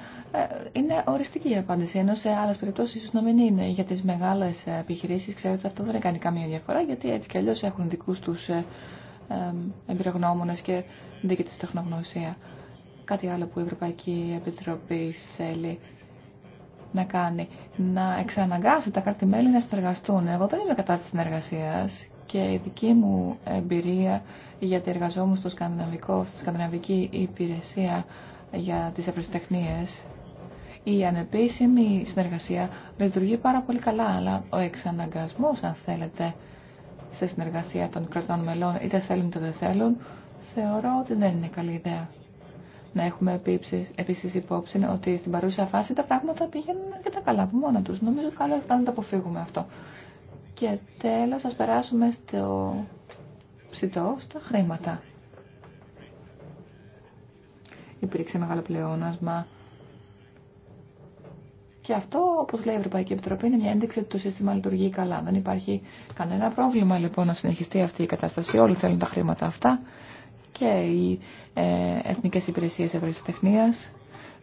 είναι οριστική η απάντηση. Ενώ σε άλλε περιπτώσει ίσω να μην είναι. Για τι μεγάλε επιχειρήσει, ξέρετε, αυτό δεν κάνει καμία διαφορά, γιατί έτσι κι αλλιώ έχουν δικού του εμπειρογνώμονε και δίκη τεχνογνωσία. Κάτι άλλο που η Ευρωπαϊκή Επιτροπή θέλει να κάνει, να εξαναγκάσει τα κρατη να συνεργαστούν. Εγώ δεν είμαι κατά της συνεργασίας και η δική μου εμπειρία γιατί εργαζόμουν στο σκανδιναβικό, στη σκανδιναβική υπηρεσία για τις ευρεσιτεχνίες η ανεπίσημη συνεργασία λειτουργεί πάρα πολύ καλά, αλλά ο εξαναγκασμός, αν θέλετε, σε συνεργασία των κρατών μελών, είτε θέλουν είτε δεν θέλουν, θεωρώ ότι δεν είναι καλή ιδέα. Να έχουμε επίση υπόψη ότι στην παρούσα φάση τα πράγματα πήγαιναν αρκετά καλά από μόνα του. Νομίζω καλό ήταν να το αποφύγουμε αυτό. Και τέλο α περάσουμε στο ψητό, στα χρήματα. Υπήρξε μεγάλο πλεόνασμα. Και αυτό, όπω λέει η Ευρωπαϊκή Επιτροπή, είναι μια ένδειξη ότι το σύστημα λειτουργεί καλά. Δεν υπάρχει κανένα πρόβλημα λοιπόν να συνεχιστεί αυτή η κατάσταση. Όλοι θέλουν τα χρήματα αυτά και οι ε, Εθνικές Υπηρεσίες Ευρεσιτεχνίας.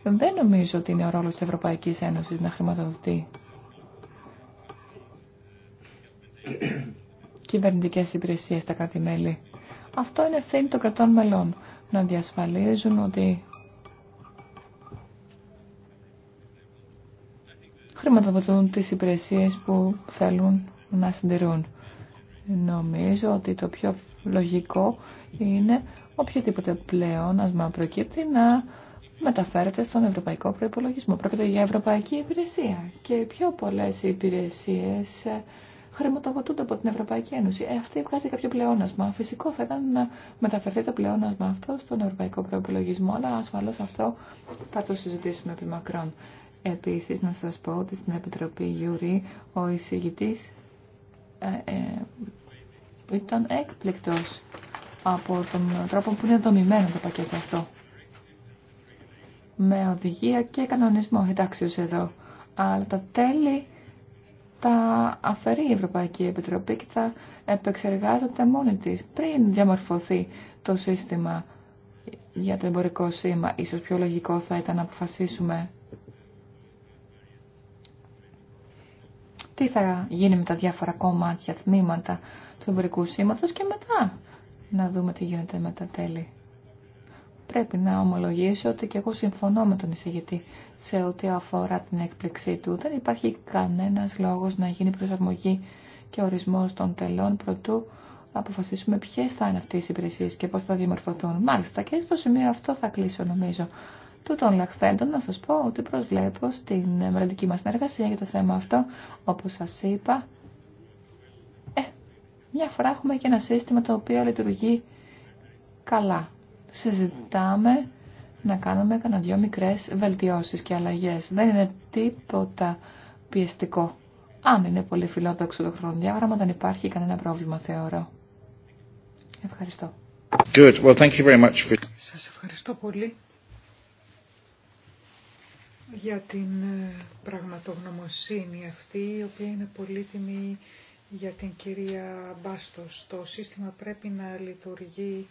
Δεν νομίζω ότι είναι ο ρόλος της Ευρωπαϊκής Ένωσης να χρηματοδοτεί κυβερνητικές υπηρεσίες στα κράτη-μέλη. Αυτό είναι ευθύνη των κρατών μελών να διασφαλίζουν ότι χρηματοδοτούν τις υπηρεσίες που θέλουν να συντηρούν. Νομίζω ότι το πιο λογικό είναι οποιοδήποτε πλεόνασμα προκύπτει να μεταφέρεται στον ευρωπαϊκό προϋπολογισμό. Πρόκειται για ευρωπαϊκή υπηρεσία και οι πιο πολλές υπηρεσίες ε, χρηματοδοτούνται από την Ευρωπαϊκή Ένωση. Ε, αυτή βγάζει κάποιο πλεόνασμα. Φυσικό θα ήταν να μεταφερθεί το πλεόνασμα αυτό στον ευρωπαϊκό Προϋπολογισμό, αλλά ασφαλώ αυτό θα το συζητήσουμε επί μακρόν. Επίσης, να σας πω ότι στην Επιτροπή Γιουρή ο εισηγητής ε, ε, ήταν έκπληκτο από τον τρόπο που είναι δομημένο το πακέτο αυτό. Με οδηγία και κανονισμό, εντάξιος εδώ. Αλλά τα τέλη τα αφαιρεί η Ευρωπαϊκή Επιτροπή και τα επεξεργάζεται μόνη της πριν διαμορφωθεί το σύστημα για το εμπορικό σήμα. Ίσως πιο λογικό θα ήταν να αποφασίσουμε τι θα γίνει με τα διάφορα κομμάτια, τμήματα του εμπορικού σήματος και μετά να δούμε τι γίνεται με τα τέλη. Πρέπει να ομολογήσω ότι και εγώ συμφωνώ με τον εισηγητή σε ό,τι αφορά την έκπληξή του. Δεν υπάρχει κανένας λόγος να γίνει προσαρμογή και ορισμός των τελών προτού αποφασίσουμε ποιες θα είναι αυτές οι υπηρεσίες και πώς θα διαμορφωθούν. Μάλιστα και στο σημείο αυτό θα κλείσω νομίζω. Του των λαχθέντων να σας πω ότι προσβλέπω στην μελλοντική μας συνεργασία για το θέμα αυτό. Όπως σας είπα, μια φορά έχουμε και ένα σύστημα το οποίο λειτουργεί καλά. Συζητάμε να κάνουμε κανένα δυο μικρές βελτιώσεις και αλλαγές. Δεν είναι τίποτα πιεστικό. Αν είναι πολύ φιλόδοξο το χρονοδιάγραμμα, δεν υπάρχει κανένα πρόβλημα, θεωρώ. Ευχαριστώ. Good. Well, thank you very much for... Σας ευχαριστώ πολύ για την ε, πραγματογνωμοσύνη αυτή, η οποία είναι πολύτιμη για την κυρία Μπάστος. Το σύστημα πρέπει να λειτουργεί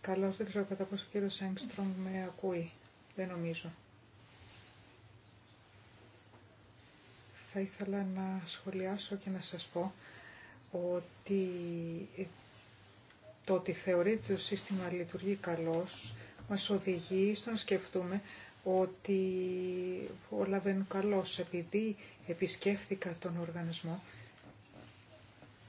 καλώς. Δεν ξέρω κατά πόσο ο κύριος Έγκστρομ με ακούει. Δεν νομίζω. Θα ήθελα να σχολιάσω και να σας πω ότι το ότι θεωρείται το σύστημα λειτουργεί καλώς μας οδηγεί στο να σκεφτούμε ότι όλα είναι καλώς. Επειδή επισκέφθηκα τον οργανισμό,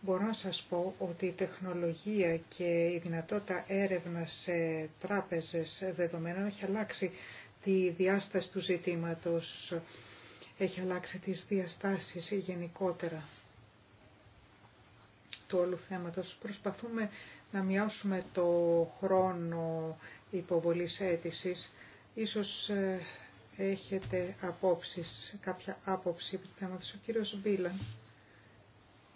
Μπορώ να σας πω ότι η τεχνολογία και η δυνατότητα έρευνα σε τράπεζες δεδομένων έχει αλλάξει τη διάσταση του ζητήματος, έχει αλλάξει τις διαστάσεις γενικότερα του όλου θέματος. Προσπαθούμε να μειώσουμε το χρόνο υποβολής αίτησης. Ίσως ε, έχετε απόψεις, κάποια άποψη επί του θέματος. Ο κύριος Μπίλαν.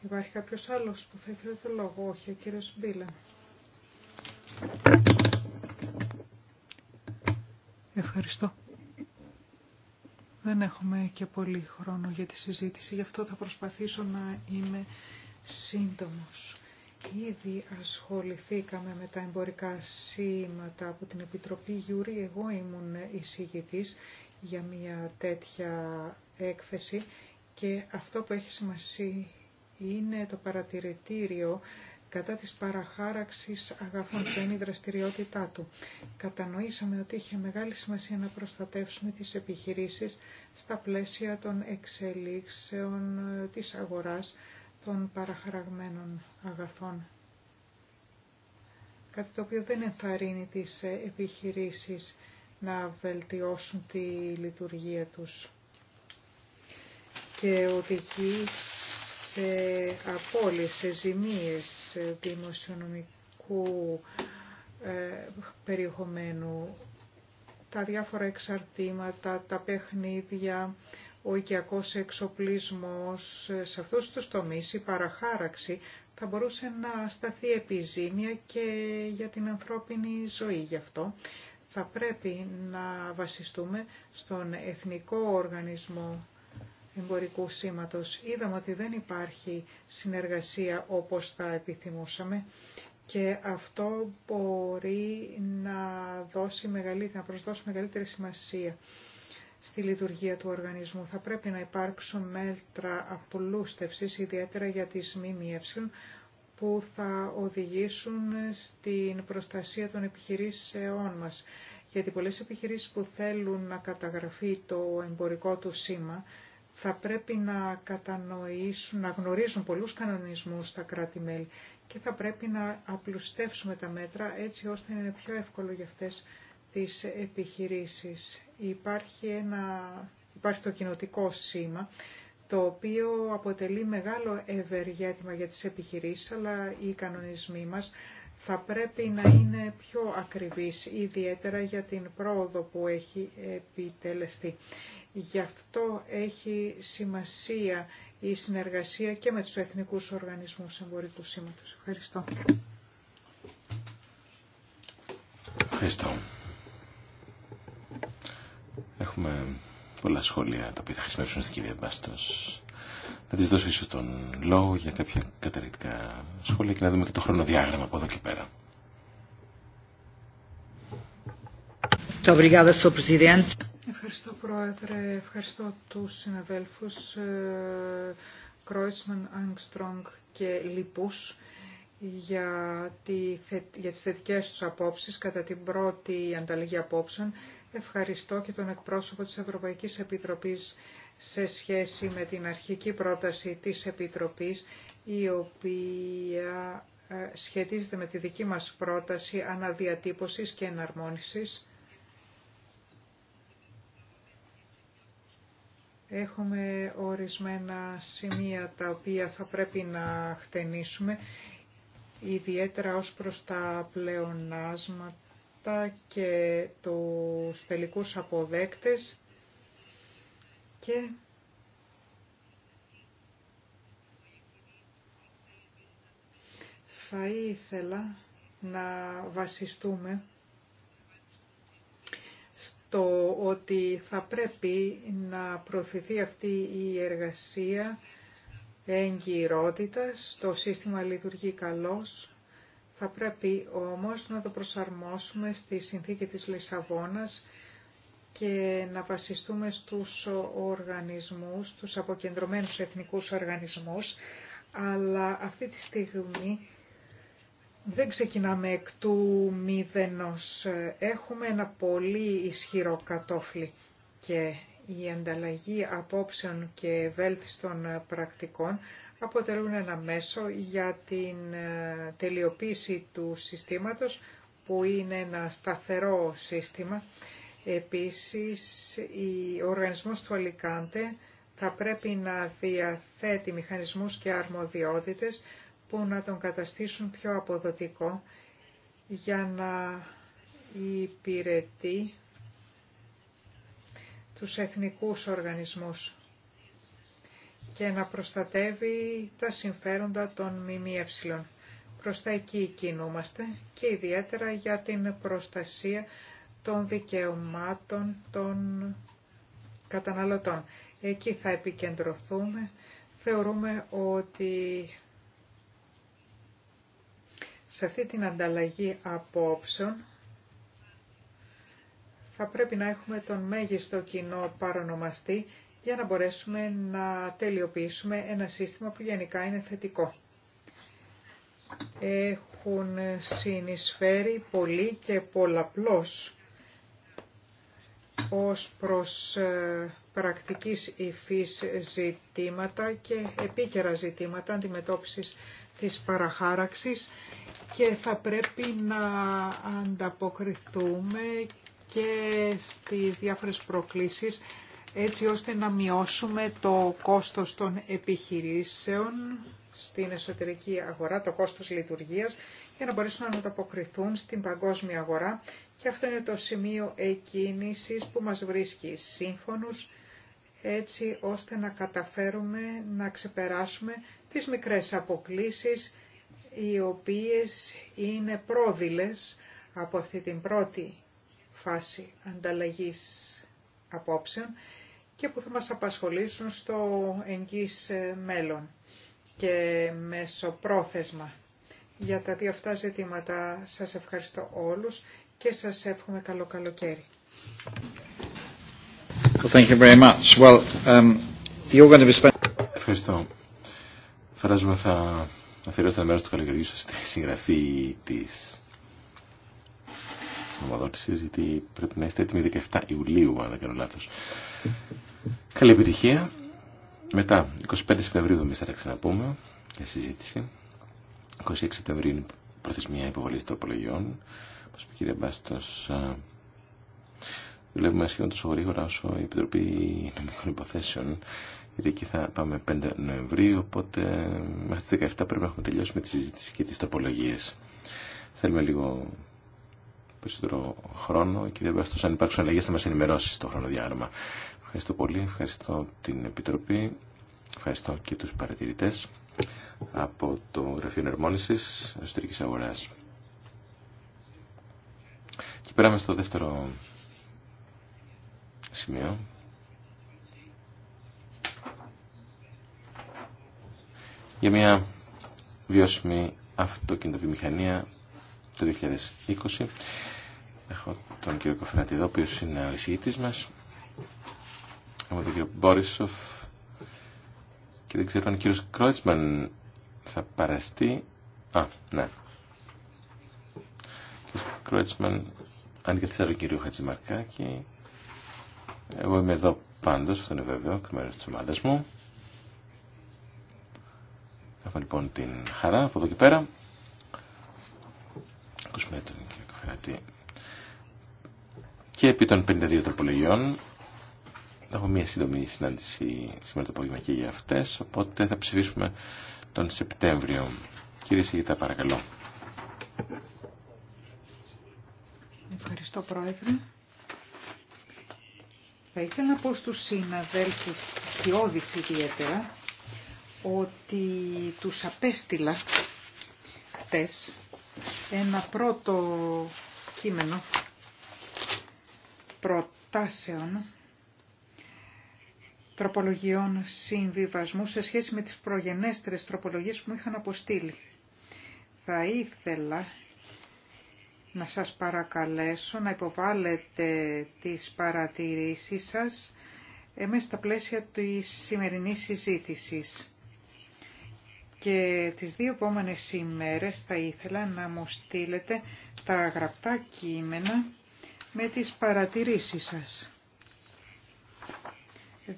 Υπάρχει κάποιο άλλο που θα ήθελε το λόγο. Όχι, ο κύριο Μπίλα. Ευχαριστώ. Δεν έχουμε και πολύ χρόνο για τη συζήτηση, γι' αυτό θα προσπαθήσω να είμαι σύντομος. Ήδη ασχοληθήκαμε με τα εμπορικά σήματα από την Επιτροπή Γιούρη. Εγώ ήμουν εισηγητής για μια τέτοια έκθεση και αυτό που έχει σημασία είναι το παρατηρητήριο κατά της παραχάραξης αγαθών. και είναι η δραστηριότητά του. Κατανοήσαμε ότι είχε μεγάλη σημασία να προστατεύσουμε τις επιχειρήσεις στα πλαίσια των εξελίξεων της αγοράς των παραχαραγμένων αγαθών. Κάτι το οποίο δεν ενθαρρύνει τις επιχειρήσεις να βελτιώσουν τη λειτουργία τους και οδηγεί σε απώλειες, σε ζημίες δημοσιονομικού ε, περιεχομένου, τα διάφορα εξαρτήματα, τα παιχνίδια, ο οικιακός εξοπλισμός, ε, σε αυτούς τους τομείς η παραχάραξη θα μπορούσε να σταθεί επιζήμια και για την ανθρώπινη ζωή γι' αυτό. Θα πρέπει να βασιστούμε στον Εθνικό Οργανισμό εμπορικού σήματος. Είδαμε ότι δεν υπάρχει συνεργασία όπως θα επιθυμούσαμε και αυτό μπορεί να, δώσει μεγαλύτερη, να προσδώσει μεγαλύτερη σημασία στη λειτουργία του οργανισμού. Θα πρέπει να υπάρξουν μέτρα απολούστευσης, ιδιαίτερα για τις ΜΜΕ, που θα οδηγήσουν στην προστασία των επιχειρήσεών μας. Γιατί πολλές επιχειρήσεις που θέλουν να καταγραφεί το εμπορικό του σήμα, θα πρέπει να κατανοήσουν, να γνωρίζουν πολλούς κανονισμούς στα κράτη-μέλη και θα πρέπει να απλουστεύσουμε τα μέτρα έτσι ώστε να είναι πιο εύκολο για αυτές τις επιχειρήσεις. Υπάρχει, ένα, υπάρχει το κοινοτικό σήμα το οποίο αποτελεί μεγάλο ευεργέτημα για τις επιχειρήσεις, αλλά οι κανονισμοί μας θα πρέπει να είναι πιο ακριβείς, ιδιαίτερα για την πρόοδο που έχει επιτελεστεί. Γι' αυτό έχει σημασία η συνεργασία και με τους εθνικούς οργανισμούς εμπορικού σήματος. Ευχαριστώ. Ευχαριστώ. Έχουμε πολλά σχόλια τα οποία θα χρησιμεύσουν στην κυρία Μπάστος. Να της δώσω ίσως τον λόγο για κάποια καταρρυτικά σχόλια και να δούμε και το χρονοδιάγραμμα από εδώ και πέρα. Obrigada, Ευχαριστώ Πρόεδρε, ευχαριστώ τους συναδέλφους ε, Κρόισμαν, Άγκστρονγκ και Λιπούς για, τη, για τις θετικές τους απόψεις κατά την πρώτη ανταλλαγή απόψεων. Ευχαριστώ και τον εκπρόσωπο της Ευρωπαϊκής Επιτροπής σε σχέση με την αρχική πρόταση της Επιτροπής η οποία ε, σχετίζεται με τη δική μας πρόταση αναδιατύπωσης και εναρμόνισης Έχουμε ορισμένα σημεία τα οποία θα πρέπει να χτενίσουμε, ιδιαίτερα ως προς τα πλεονάσματα και τους τελικούς αποδέκτες και θα ήθελα να βασιστούμε το ότι θα πρέπει να προωθηθεί αυτή η εργασία εγκυρότητας, το σύστημα λειτουργεί καλώς, θα πρέπει όμως να το προσαρμόσουμε στη συνθήκη της Λισαβόνας και να βασιστούμε στους οργανισμούς, τους αποκεντρωμένους εθνικούς οργανισμούς, αλλά αυτή τη στιγμή δεν ξεκινάμε εκ του μηδενός. Έχουμε ένα πολύ ισχυρό κατόφλι και η ανταλλαγή απόψεων και βέλτιστων πρακτικών αποτελούν ένα μέσο για την ε, τελειοποίηση του συστήματος που είναι ένα σταθερό σύστημα. Επίσης, ο οργανισμός του Αλικάντε θα πρέπει να διαθέτει μηχανισμούς και αρμοδιότητες που να τον καταστήσουν πιο αποδοτικό για να υπηρετεί τους εθνικούς οργανισμούς και να προστατεύει τα συμφέροντα των ΜΜΕ. Προς τα εκεί κινούμαστε και ιδιαίτερα για την προστασία των δικαιωμάτων των καταναλωτών. Εκεί θα επικεντρωθούμε. Θεωρούμε ότι σε αυτή την ανταλλαγή απόψεων θα πρέπει να έχουμε τον μέγιστο κοινό παρονομαστή για να μπορέσουμε να τελειοποιήσουμε ένα σύστημα που γενικά είναι θετικό. Έχουν συνεισφέρει πολύ και πολλαπλώς ως προς ε, πρακτικής υφής ζητήματα και επίκαιρα ζητήματα αντιμετώπισης της παραχάραξης και θα πρέπει να ανταποκριθούμε και στις διάφορες προκλήσεις έτσι ώστε να μειώσουμε το κόστος των επιχειρήσεων στην εσωτερική αγορά, το κόστος λειτουργίας, για να μπορέσουν να ανταποκριθούν στην παγκόσμια αγορά. Και αυτό είναι το σημείο εκκίνησης που μας βρίσκει σύμφωνους, έτσι ώστε να καταφέρουμε να ξεπεράσουμε τις μικρές αποκλίσεις οι οποίες είναι πρόδειλες από αυτή την πρώτη φάση ανταλλαγής απόψεων και που θα μας απασχολήσουν στο εγγύς μέλλον και μεσοπρόθεσμα. Για τα δύο αυτά ζητήματα σας ευχαριστώ όλους και σας εύχομαι καλό καλοκαίρι. thank you very um, Φαντάζομαι θα αφιερώσετε ένα μέρο του καλοκαιριού σα στη συγγραφή τη νομοδότηση, γιατί πρέπει να είστε έτοιμοι 17 Ιουλίου, αν δεν κάνω λάθο. Καλή επιτυχία. Μετά, 25 Σεπτεμβρίου θα να πούμε για συζήτηση. 26 Σεπτεμβρίου είναι προθεσμία υποβολή τροπολογιών. Όπω είπε η κυρία Δουλεύουμε σχεδόν τόσο γρήγορα όσο η Επιτροπή Νομικών Υποθέσεων, γιατί εκεί θα πάμε 5 Νοεμβρίου, οπότε μέχρι τι 17 πρέπει να έχουμε τελειώσει με τη συζήτηση και τις τοπολογίες. Θέλουμε λίγο περισσότερο χρόνο. Κύριε βέβαια αν υπάρξουν αλλαγές θα μας ενημερώσει στο χρονοδιάγραμμα. Ευχαριστώ πολύ, ευχαριστώ την Επιτροπή, ευχαριστώ και τους παρατηρητές από το Γραφείο Νερμόνησης Εσωτερικής Αγορά. Και περάμε στο δεύτερο σημείο. Για μια βιώσιμη αυτοκινητοβιομηχανία το 2020. Έχω τον κύριο Κοφράτη εδώ, ο είναι ο μας. Έχω τον κύριο Μπόρισοφ και δεν ξέρω αν ο κύριος Κρότσμαν θα παραστεί. Α, ναι. Ο κύριος Κρότσμαν και τον κύριο Χατζημαρκάκη. Εγώ είμαι εδώ πάντως, αυτό είναι βέβαιο, εκ μέρους της ομάδας μου. Έχουμε λοιπόν την χαρά από εδώ και πέρα. Ακούσουμε τον Και επί των 52 τροπολογιών έχω μία σύντομη συνάντηση σήμερα το απόγευμα και για αυτές, οπότε θα ψηφίσουμε τον Σεπτέμβριο. Κύριε Σιγητά, παρακαλώ. Ευχαριστώ, Πρόεδρε. Θα ήθελα να πω στους συναδέλφους, τους κοιόδης ιδιαίτερα, ότι τους απέστειλα χτες ένα πρώτο κείμενο προτάσεων τροπολογιών συμβιβασμού σε σχέση με τις προγενέστερες τροπολογίες που μου είχαν αποστείλει. Θα ήθελα να σας παρακαλέσω να υποβάλλετε τις παρατηρήσεις σας ε, μέσα στα πλαίσια της σημερινής συζήτησης. Και τις δύο επόμενες ημέρες θα ήθελα να μου στείλετε τα γραπτά κείμενα με τις παρατηρήσεις σας.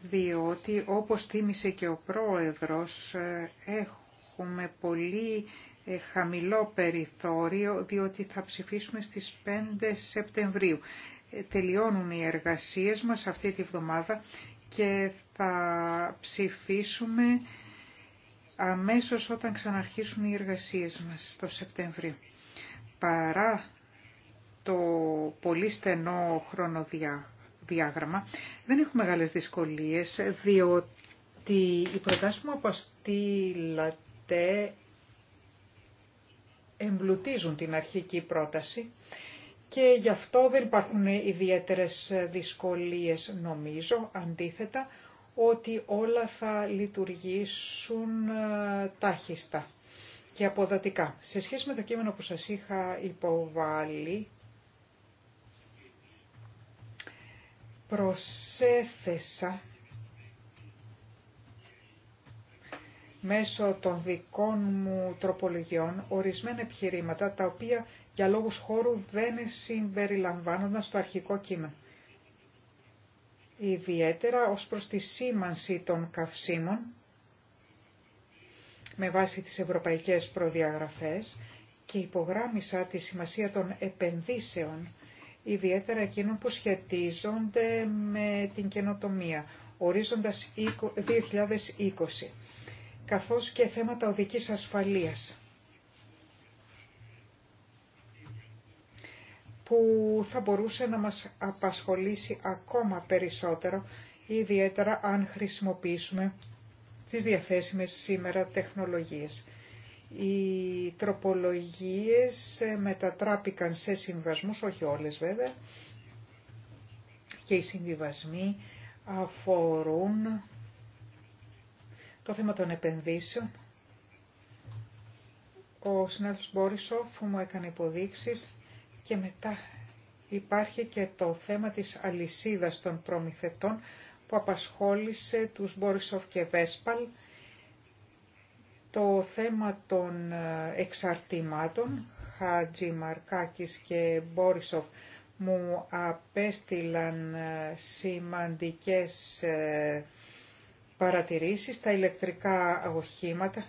Διότι, όπως θύμισε και ο πρόεδρος, ε, έχουμε πολύ ε, χαμηλό περιθώριο διότι θα ψηφίσουμε στις 5 Σεπτεμβρίου. Ε, τελειώνουν οι εργασίες μας αυτή τη βδομάδα και θα ψηφίσουμε αμέσως όταν ξαναρχίσουν οι εργασίες μας το Σεπτεμβρίο. Παρά το πολύ στενό χρονοδιάγραμμα δεν έχουμε μεγάλες δυσκολίες διότι η προτάσεις μου αποστήλατε εμπλουτίζουν την αρχική πρόταση και γι' αυτό δεν υπάρχουν ιδιαίτερες δυσκολίες νομίζω, αντίθετα, ότι όλα θα λειτουργήσουν ε, τάχιστα και αποδοτικά. Σε σχέση με το κείμενο που σας είχα υποβάλει, προσέθεσα μέσω των δικών μου τροπολογιών ορισμένα επιχειρήματα τα οποία για λόγους χώρου δεν συμπεριλαμβάνονταν στο αρχικό κείμενο. Ιδιαίτερα ως προς τη σήμανση των καυσίμων με βάση τις ευρωπαϊκές προδιαγραφές και υπογράμμισα τη σημασία των επενδύσεων, ιδιαίτερα εκείνων που σχετίζονται με την καινοτομία, ορίζοντας 2020 καθώς και θέματα οδικής ασφαλείας. που θα μπορούσε να μας απασχολήσει ακόμα περισσότερο, ιδιαίτερα αν χρησιμοποιήσουμε τις διαθέσιμες σήμερα τεχνολογίες. Οι τροπολογίες μετατράπηκαν σε συμβασμούς, όχι όλες βέβαια, και οι συμβιβασμοί αφορούν το θέμα των επενδύσεων. Ο συνάδελφος Μπόρισοφ μου έκανε υποδείξεις και μετά υπάρχει και το θέμα της αλυσίδας των προμηθετών που απασχόλησε τους Μπόρισοφ και Βέσπαλ το θέμα των ε, εξαρτημάτων, Χατζη Μαρκάκης και Μπόρισοφ μου απέστειλαν ε, σημαντικές ε, παρατηρήσεις, τα ηλεκτρικά οχήματα,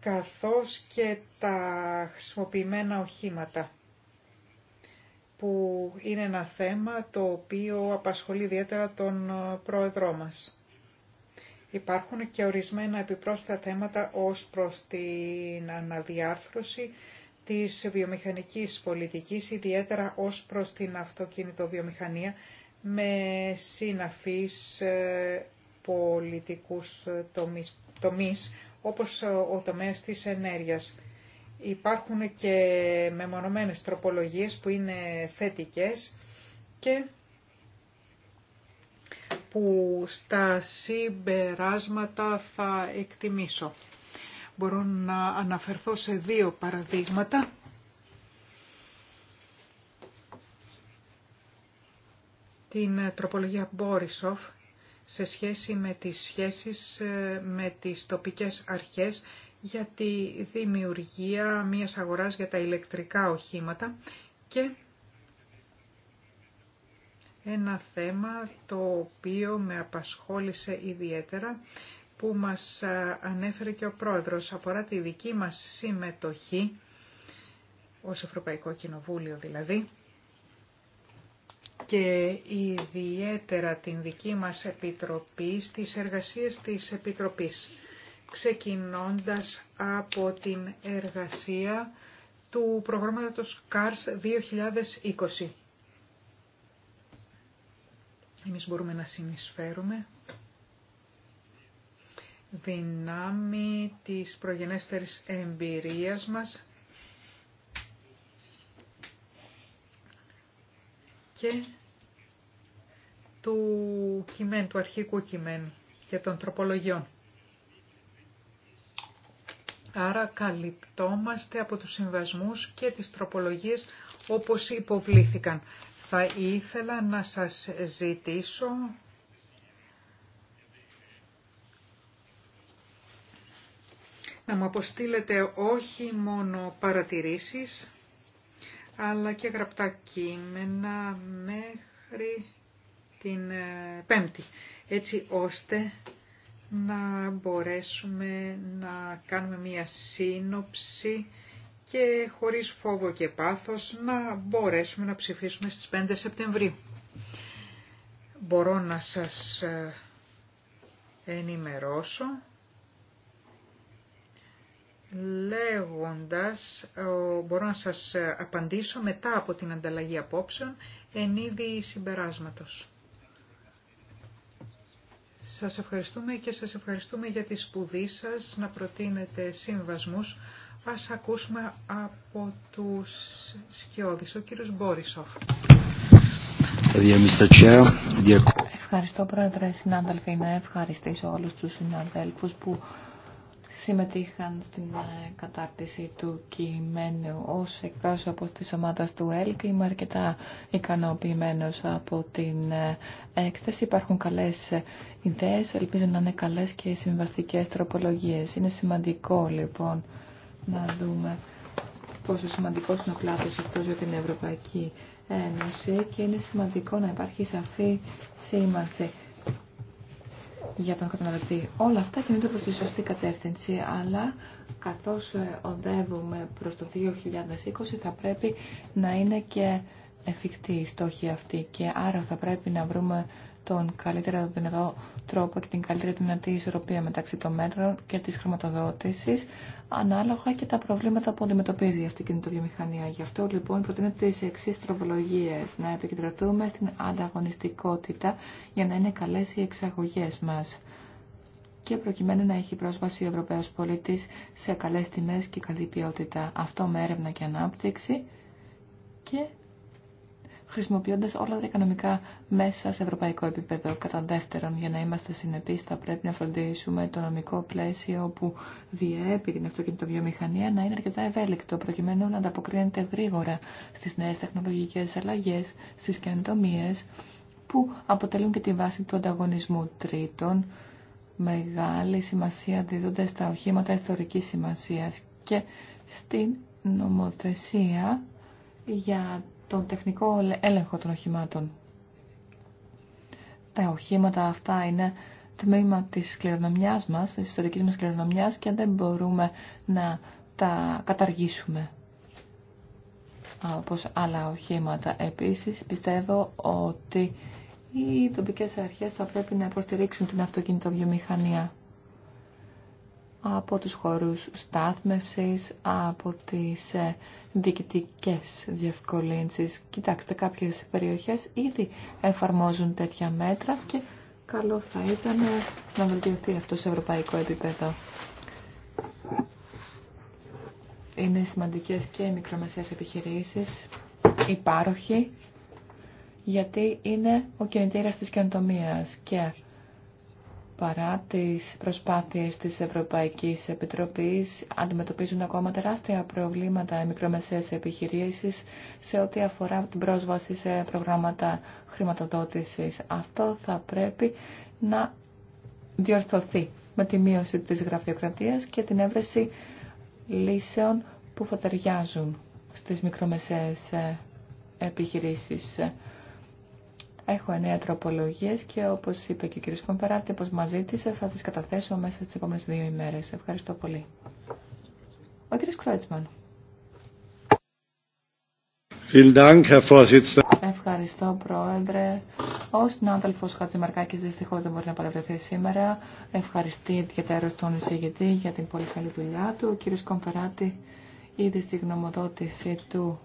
καθώς και τα χρησιμοποιημένα οχήματα, που είναι ένα θέμα το οποίο απασχολεί ιδιαίτερα τον ε, πρόεδρό μας. Υπάρχουν και ορισμένα επιπρόσθετα θέματα ως προς την αναδιάρθρωση της βιομηχανικής πολιτικής, ιδιαίτερα ως προς την αυτοκινητοβιομηχανία, με συναφείς ε, πολιτικούς τομείς, όπως ο τομέας της ενέργειας. Υπάρχουν και μεμονωμένες τροπολογίες που είναι θετικές και που στα συμπεράσματα θα εκτιμήσω. Μπορώ να αναφερθώ σε δύο παραδείγματα. Την τροπολογία Μπόρισοφ σε σχέση με τις σχέσεις ε, με τις τοπικές αρχές για τη δημιουργία μιας αγοράς για τα ηλεκτρικά οχήματα και ένα θέμα το οποίο με απασχόλησε ιδιαίτερα που μας ε, ανέφερε και ο πρόεδρος αφορά τη δική μας συμμετοχή ως Ευρωπαϊκό Κοινοβούλιο δηλαδή και ιδιαίτερα την δική μας Επιτροπή στις εργασίες της Επιτροπής, ξεκινώντας από την εργασία του προγράμματος CARS 2020. Εμείς μπορούμε να συνεισφέρουμε δυνάμει της προγενέστερης εμπειρίας μας και του κειμένου, του αρχικού κειμένου και των τροπολογιών. Άρα καλυπτόμαστε από τους συμβασμούς και τις τροπολογίες όπως υποβλήθηκαν. Θα ήθελα να σας ζητήσω να μου αποστείλετε όχι μόνο παρατηρήσεις, αλλά και γραπτά κείμενα μέχρι την ε, Πέμπτη, έτσι ώστε να μπορέσουμε να κάνουμε μία σύνοψη και χωρίς φόβο και πάθος να μπορέσουμε να ψηφίσουμε στις 5 Σεπτεμβρίου. Μπορώ να σας ε, ενημερώσω λέγοντας, μπορώ να σας απαντήσω μετά από την ανταλλαγή απόψεων, εν είδη συμπεράσματος. Σας ευχαριστούμε και σας ευχαριστούμε για τη σπουδή σας να προτείνετε συμβασμούς. Ας ακούσουμε από τους σκιώδεις, ο κύριος Μπόρισοφ. Ευχαριστώ πρόεδρε συνάδελφοι, να ευχαριστήσω όλους τους συναδέλφους που συμμετείχαν στην ε, κατάρτιση του κειμένου ως εκπρόσωπος της ομάδας του ΕΛΚ. Είμαι αρκετά ικανοποιημένος από την ε, έκθεση. Υπάρχουν καλές ε, ιδέες, ελπίζω να είναι καλές και συμβαστικές τροπολογίες. Είναι σημαντικό λοιπόν να δούμε πόσο σημαντικό είναι ο κλάδος αυτός για την Ευρωπαϊκή Ένωση και είναι σημαντικό να υπάρχει σαφή σήμανση για τον καταναλωτή. Όλα αυτά κινούνται προς τη σωστή κατεύθυνση, αλλά καθώς ε, οδεύουμε προς το 2020 θα πρέπει να είναι και εφικτή η στόχη αυτή και άρα θα πρέπει να βρούμε τον καλύτερο δυνατό τρόπο και την καλύτερη δυνατή ισορροπία μεταξύ των μέτρων και της χρηματοδότησης, ανάλογα και τα προβλήματα που αντιμετωπίζει αυτή η κινητοβιομηχανία. Γι' αυτό λοιπόν προτείνω τις εξή τροπολογίες, να επικεντρωθούμε στην ανταγωνιστικότητα για να είναι καλές οι εξαγωγές μας και προκειμένου να έχει πρόσβαση ο Ευρωπαίος πολίτης σε καλές τιμές και καλή ποιότητα. Αυτό με έρευνα και ανάπτυξη και Χρησιμοποιώντα όλα τα οικονομικά μέσα σε ευρωπαϊκό επίπεδο. Κατά δεύτερον, για να είμαστε συνεπείς, θα πρέπει να φροντίσουμε το νομικό πλαίσιο που διέπει την αυτοκινητοβιομηχανία να είναι αρκετά ευέλικτο, προκειμένου να ανταποκρίνεται γρήγορα στι νέε τεχνολογικέ αλλαγές, στι καινοτομίε, που αποτελούν και τη βάση του ανταγωνισμού τρίτον μεγάλη σημασία δίδονται στα οχήματα ιστορικής σημασία και στην νομοθεσία για τον τεχνικό έλεγχο των οχημάτων. Τα οχήματα αυτά είναι τμήμα της κληρονομιάς μας, της ιστορικής μας κληρονομιάς και δεν μπορούμε να τα καταργήσουμε όπως άλλα οχήματα. Επίσης πιστεύω ότι οι τοπικές αρχές θα πρέπει να υποστηρίξουν την αυτοκινητοβιομηχανία από τους χώρους στάθμευσης, από τις ε, διοικητικές διευκολύνσεις. Κοιτάξτε, κάποιες περιοχές ήδη εφαρμόζουν τέτοια μέτρα και καλό θα ήταν να βελτιωθεί αυτό σε ευρωπαϊκό επίπεδο. Είναι σημαντικές και οι μικρομεσαίες επιχειρήσεις, οι πάροχοι, γιατί είναι ο κινητήρας της καινοτομίας και παρά τις προσπάθειες της Ευρωπαϊκής Επιτροπής αντιμετωπίζουν ακόμα τεράστια προβλήματα οι μικρομεσαίες επιχειρήσεις σε ό,τι αφορά την πρόσβαση σε προγράμματα χρηματοδότησης. Αυτό θα πρέπει να διορθωθεί με τη μείωση της γραφειοκρατίας και την έβρεση λύσεων που φωτεριάζουν στις μικρομεσαίες επιχειρήσεις. Έχω εννέα τροπολογίες και όπως είπε και ο κ. Κομπεράτη, όπως μαζί της θα τις καταθέσω μέσα στις επόμενες δύο ημέρες. Ευχαριστώ πολύ. Ο κ. Κρότσμαν. Ευχαριστώ, Πρόεδρε. Ο συνάδελφο Χατζημαρκάκη δυστυχώ δεν μπορεί να παρευρεθεί σήμερα. Ευχαριστεί ιδιαίτερα τον εισηγητή για την πολύ καλή δουλειά του. Ο κ. Κομπεράτη ήδη στη γνωμοδότηση του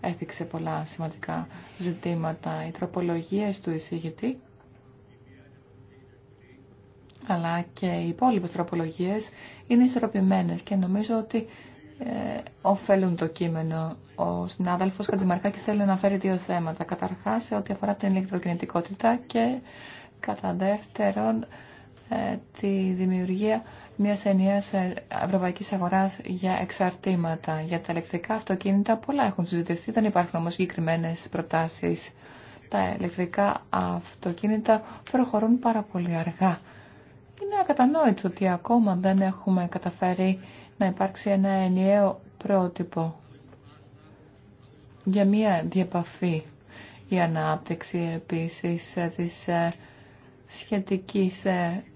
έθιξε πολλά σημαντικά ζητήματα. Οι τροπολογίες του εισηγητή αλλά και οι υπόλοιπε τροπολογίες είναι ισορροπημένες και νομίζω ότι ε, ωφέλουν το κείμενο. Ο συνάδελφος Χατζημαρκάκης θέλει να φέρει δύο θέματα. Καταρχάς, σε ό,τι αφορά την ηλεκτροκινητικότητα και κατά δεύτερον, ε, τη δημιουργία μια ενιαία ε, ευρωπαϊκή αγορά για εξαρτήματα. Για τα ηλεκτρικά αυτοκίνητα πολλά έχουν συζητηθεί, δεν υπάρχουν όμω συγκεκριμένε προτάσει. Τα ηλεκτρικά αυτοκίνητα προχωρούν πάρα πολύ αργά. Είναι ακατανόητο ότι ακόμα δεν έχουμε καταφέρει να υπάρξει ένα ενιαίο πρότυπο για μια διαπαφή. Η ανάπτυξη επίσης ε, της ε, σχετικής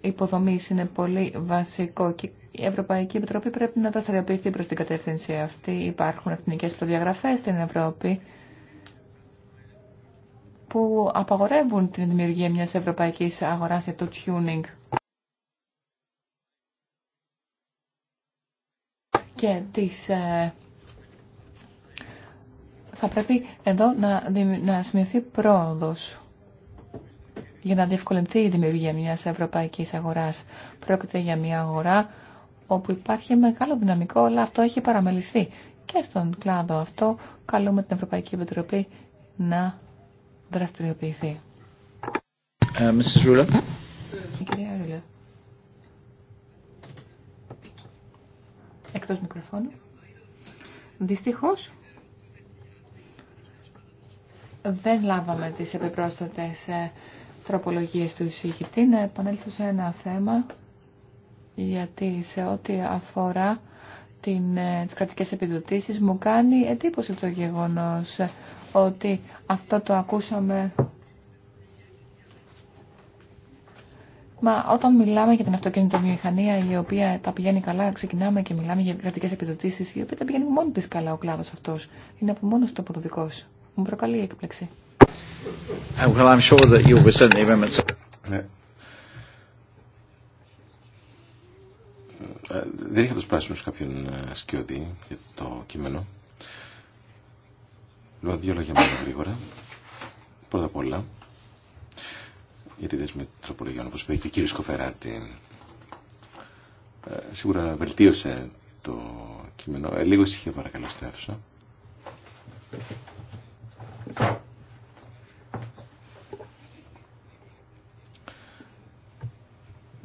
υποδομή είναι πολύ βασικό και η Ευρωπαϊκή Επιτροπή πρέπει να δραστηριοποιηθεί προς την κατεύθυνση αυτή. Υπάρχουν εθνικές προδιαγραφές στην Ευρώπη που απαγορεύουν την δημιουργία μιας ευρωπαϊκής αγοράς για το tuning. Και τις, ε, θα πρέπει εδώ να, να σημειωθεί πρόοδος για να διευκολυνθεί η δημιουργία μιας ευρωπαϊκής αγοράς. Πρόκειται για μια αγορά όπου υπάρχει μεγάλο δυναμικό, αλλά αυτό έχει παραμεληθεί. Και στον κλάδο αυτό καλούμε την Ευρωπαϊκή Επιτροπή να δραστηριοποιηθεί. Ε, Εκτός μικροφώνου. Δυστυχώς, δεν λάβαμε τις επιπρόσθετες ε, τροπολογίες του εισηγητή. Να επανέλθω σε ένα θέμα, γιατί σε ό,τι αφορά την, ε, τις κρατικές επιδοτήσεις μου κάνει εντύπωση το γεγονός ότι αυτό το ακούσαμε Μα όταν μιλάμε για την αυτοκινητοβιομηχανία η οποία τα πηγαίνει καλά, ξεκινάμε και μιλάμε για κρατικέ επιδοτήσει, η οποία τα πηγαίνει μόνη τη καλά ο κλάδο αυτό. Είναι από μόνο του αποδοτικό. Μου προκαλεί έκπληξη. Uh, well, I'm sure that you'll the amendments. Ναι. Ε, δεν είχα τους πράσινους κάποιον ε, σκιώδη για το κείμενο. Λοιπόν, δύο λόγια μόνο γρήγορα. Πρώτα απ' όλα, Γιατί τη δεσμή τροπολογιών, όπως είπε και ο κύριος Κοφεράτη, ε, σίγουρα βελτίωσε το κείμενο. λίγο ησυχία παρακαλώ στην αίθουσα.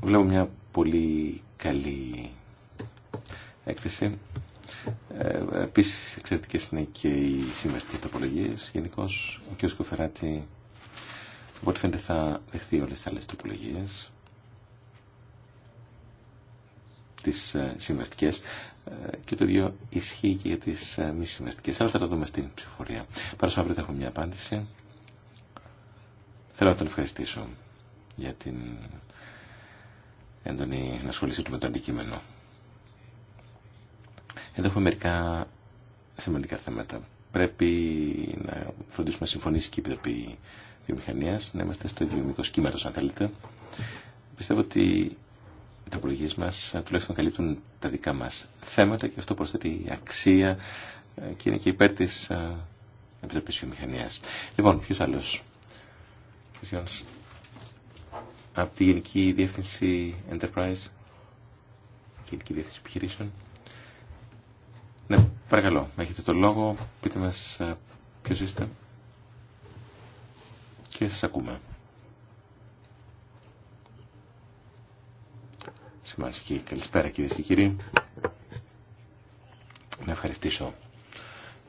Βλέπω μια πολύ καλή έκθεση. Ε, Επίση, εξαιρετικέ είναι και οι συμβαστικέ τοπολογίε. Γενικώ, ο κ. Κοφεράτη, από ό,τι φαίνεται, θα δεχθεί όλε τι άλλε τοπολογίε, Τι ε, συμβαστικέ. Ε, και το ίδιο ισχύει και για τι ε, μη συμβαστικέ. Αλλά θα τα δούμε στην ψηφορία. Παρά αύριο θα έχουμε μια απάντηση. Θέλω να τον ευχαριστήσω για την έντονη να ασχοληθεί με το αντικείμενο. Εδώ έχουμε μερικά σημαντικά θέματα. Πρέπει να φροντίσουμε να συμφωνήσει και η Επιτροπή Βιομηχανία, να είμαστε στο ίδιο μήκο κύματο, αν θέλετε. Πιστεύω ότι οι τροπολογίε μα τουλάχιστον καλύπτουν τα δικά μα θέματα και αυτό προσθέτει αξία και είναι και υπέρ τη ε, Επιτροπή Βιομηχανία. Λοιπόν, ποιο άλλο από τη Γενική Διεύθυνση Enterprise, Γενική Διεύθυνση Επιχειρήσεων. Ναι, παρακαλώ, έχετε το λόγο, πείτε μας ε, ποιος είστε και σας ακούμε. Σημαντική καλησπέρα κυρίες και κύριοι. Να ευχαριστήσω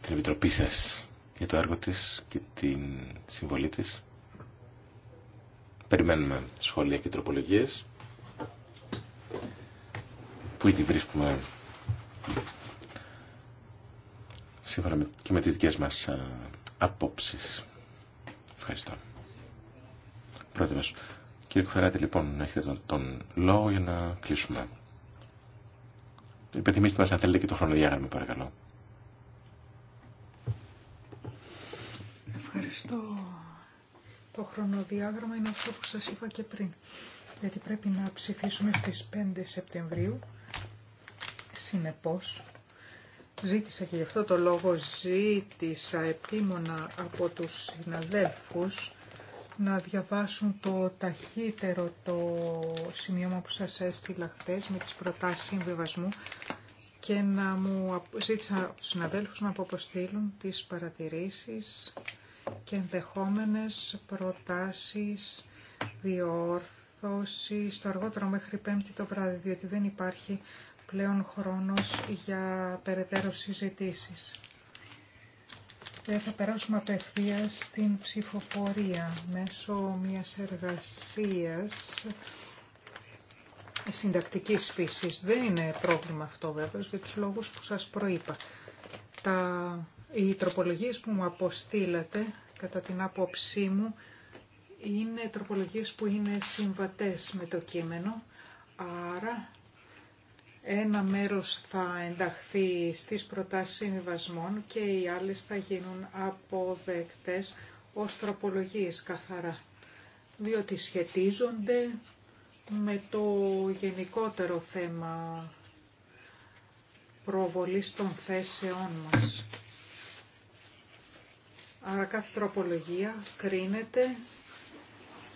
την Επιτροπή σας για το έργο της και την συμβολή της. Περιμένουμε σχόλια και τροπολογίες που ήδη βρίσκουμε σύμφωνα και με τις δικές μας ε, απόψεις. Ευχαριστώ. Πρόεδρος, κύριε Κουφεράτη, λοιπόν, έχετε τον, λόγο για να κλείσουμε. Υπενθυμίστε μας αν θέλετε και το χρονοδιάγραμμα, παρακαλώ. Ευχαριστώ. Το χρονοδιάγραμμα είναι αυτό που σας είπα και πριν. Γιατί πρέπει να ψηφίσουμε στις 5 Σεπτεμβρίου. Συνεπώς, ζήτησα και γι' αυτό το λόγο ζήτησα επίμονα από τους συναδέλφους να διαβάσουν το ταχύτερο το σημείωμα που σας έστειλα χτες με τις προτάσεις συμβιβασμού και να μου ζήτησα από τους συναδέλφους να αποστείλουν τις παρατηρήσεις και ενδεχόμενες προτάσεις διόρθωσης το αργότερο μέχρι πέμπτη το βράδυ, διότι δεν υπάρχει πλέον χρόνος για περαιτέρω συζητήσει. Ε, θα περάσουμε απευθεία στην ψηφοφορία μέσω μιας εργασίας συντακτικής φύσης. Δεν είναι πρόβλημα αυτό βέβαια για τους λόγους που σας προείπα. Τα οι τροπολογίες που μου αποστήλατε, κατά την άποψή μου, είναι τροπολογίες που είναι συμβατές με το κείμενο, άρα ένα μέρος θα ενταχθεί στις προτάσεις συμβιβασμών και οι άλλες θα γίνουν αποδεκτές ως τροπολογίες καθαρά, διότι σχετίζονται με το γενικότερο θέμα προβολής των θέσεών μας. Άρα κάθε τροπολογία κρίνεται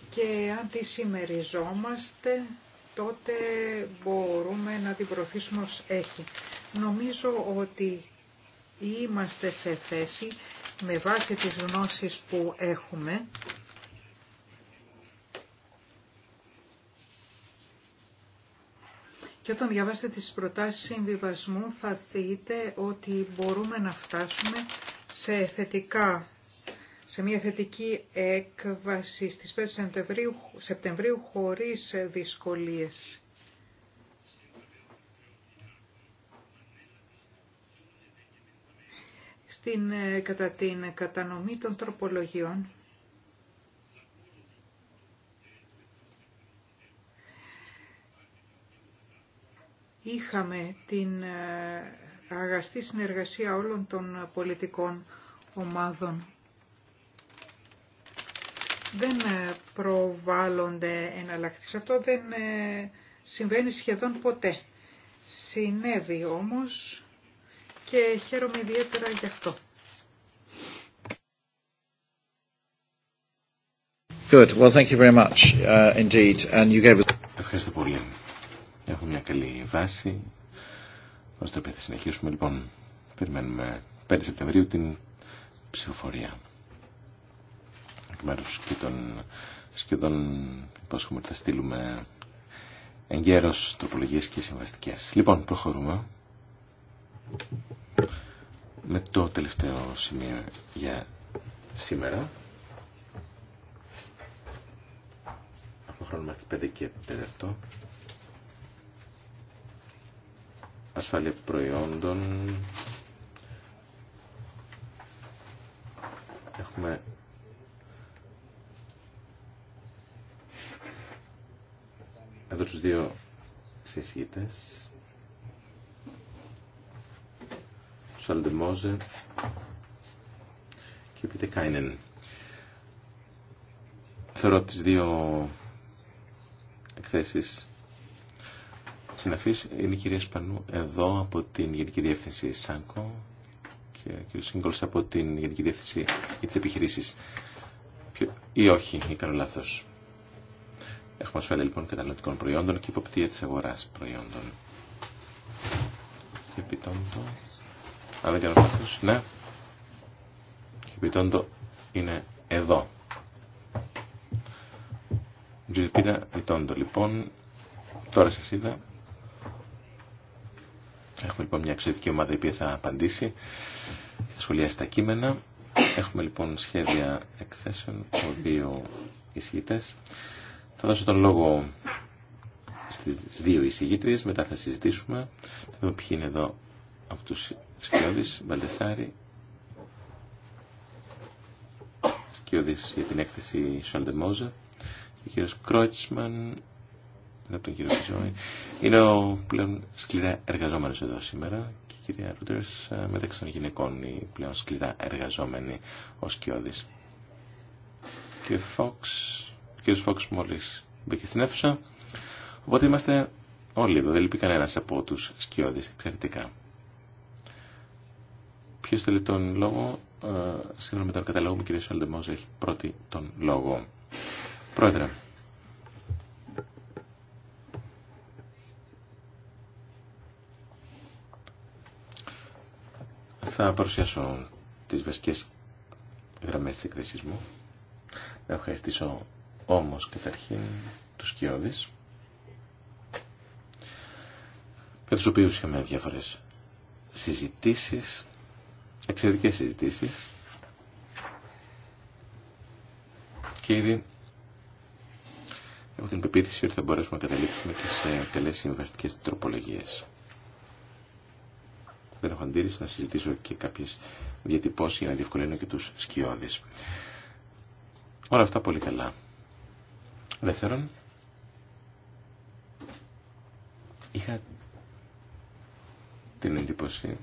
και αν τη συμμεριζόμαστε τότε μπορούμε να την προωθήσουμε ως έχει. Νομίζω ότι είμαστε σε θέση με βάση τις γνώσεις που έχουμε Και όταν διαβάσετε τις προτάσεις συμβιβασμού θα δείτε ότι μπορούμε να φτάσουμε σε θετικά σε μια θετική έκβαση στις 5 Σεπτεμβρίου, Σεπτεμβρίου χωρίς δυσκολίες. Στην, ε, κατά την κατανομή των τροπολογιών, είχαμε την ε, αγαστή συνεργασία όλων των πολιτικών ομάδων δεν ε, προβάλλονται εναλλακτικές. Αυτό δεν ε, συμβαίνει σχεδόν ποτέ. Συνέβη όμως και χαίρομαι ιδιαίτερα γι' αυτό. Good. Well, thank you very much uh, indeed. And you gave us... Ευχαριστώ πολύ. Έχουμε μια καλή βάση ώστε να συνεχίσουμε. Λοιπόν, περιμένουμε 5 Σεπτεμβρίου την ψηφοφορία μέρους και των σχεδόν υπόσχομαι ότι θα στείλουμε εγκαίρως τροπολογίες και συμβαστικές. Λοιπόν, προχωρούμε με το τελευταίο σημείο για σήμερα. Έχουμε χρόνο μέχρι 5 και 4. Ασφάλεια προϊόντων. Έχουμε εδώ τους δύο συζήτητες. Σαλντεμόζε και πείτε Κάινεν. Θεωρώ τις δύο εκθέσεις συναφής. Είναι η κυρία Σπανού εδώ από την Γενική Διεύθυνση ΣΑΝΚΟ και ο κύριος από την Γενική Διεύθυνση για τις επιχειρήσεις. Ή όχι, ή κάνω λάθος. Έχουμε ασφάλεια λοιπόν καταναλωτικών προϊόντων και υποπτία τη αγορά προϊόντων. Και επιτόντο, αν δεν κάνω λάθος, ναι, και επιτόντο είναι εδώ. Τζιουζιπίδα επιτόντο λοιπόν, τώρα σα είδα. Έχουμε λοιπόν μια εξαιρετική ομάδα η οποία θα απαντήσει και θα σχολιάσει τα κείμενα. Έχουμε λοιπόν σχέδια εκθέσεων από δύο ισχύτες. Θα δώσω τον λόγο στις δύο εισηγήτριες, μετά θα συζητήσουμε. Να δούμε ποιοι είναι εδώ από τους Σκιώδης. Μπαλτεσάρη, σκιώδης για την έκθεση Και ο κύριος Κρότσμαν, μετά τον κύριο Φυσιόνι. Είναι ο πλέον σκληρά εργαζόμενος εδώ σήμερα και η κυρία Ρούτερς ε, μεταξύ των γυναικών η πλέον σκληρά εργαζόμενη ο σκιώδης. Και Φόξ, κ. Φόξ μόλι μπήκε στην αίθουσα. Οπότε είμαστε όλοι εδώ, δεν λείπει κανένα από του σκιώδει εξαιρετικά. Ποιο θέλει τον λόγο, ε, σύμφωνα με τον καταλόγο μου, κ. Σαλντεμόζ έχει πρώτη τον λόγο. Πρόεδρε. Θα παρουσιάσω τις βασικές γραμμές της εκθέσης μου. Να ευχαριστήσω όμως καταρχήν τους Κιώδης με τους οποίους είχαμε διάφορες συζητήσεις εξαιρετικές συζητήσεις και ήδη έχω την πεποίθηση ότι θα μπορέσουμε να καταλήξουμε και σε καλές συμβαστικές τροπολογίες. Δεν έχω αντίρρηση να συζητήσω και κάποιες διατυπώσεις για να διευκολύνω και τους σκιώδεις. Όλα αυτά πολύ καλά. Δεύτερον, είχα την εντύπωση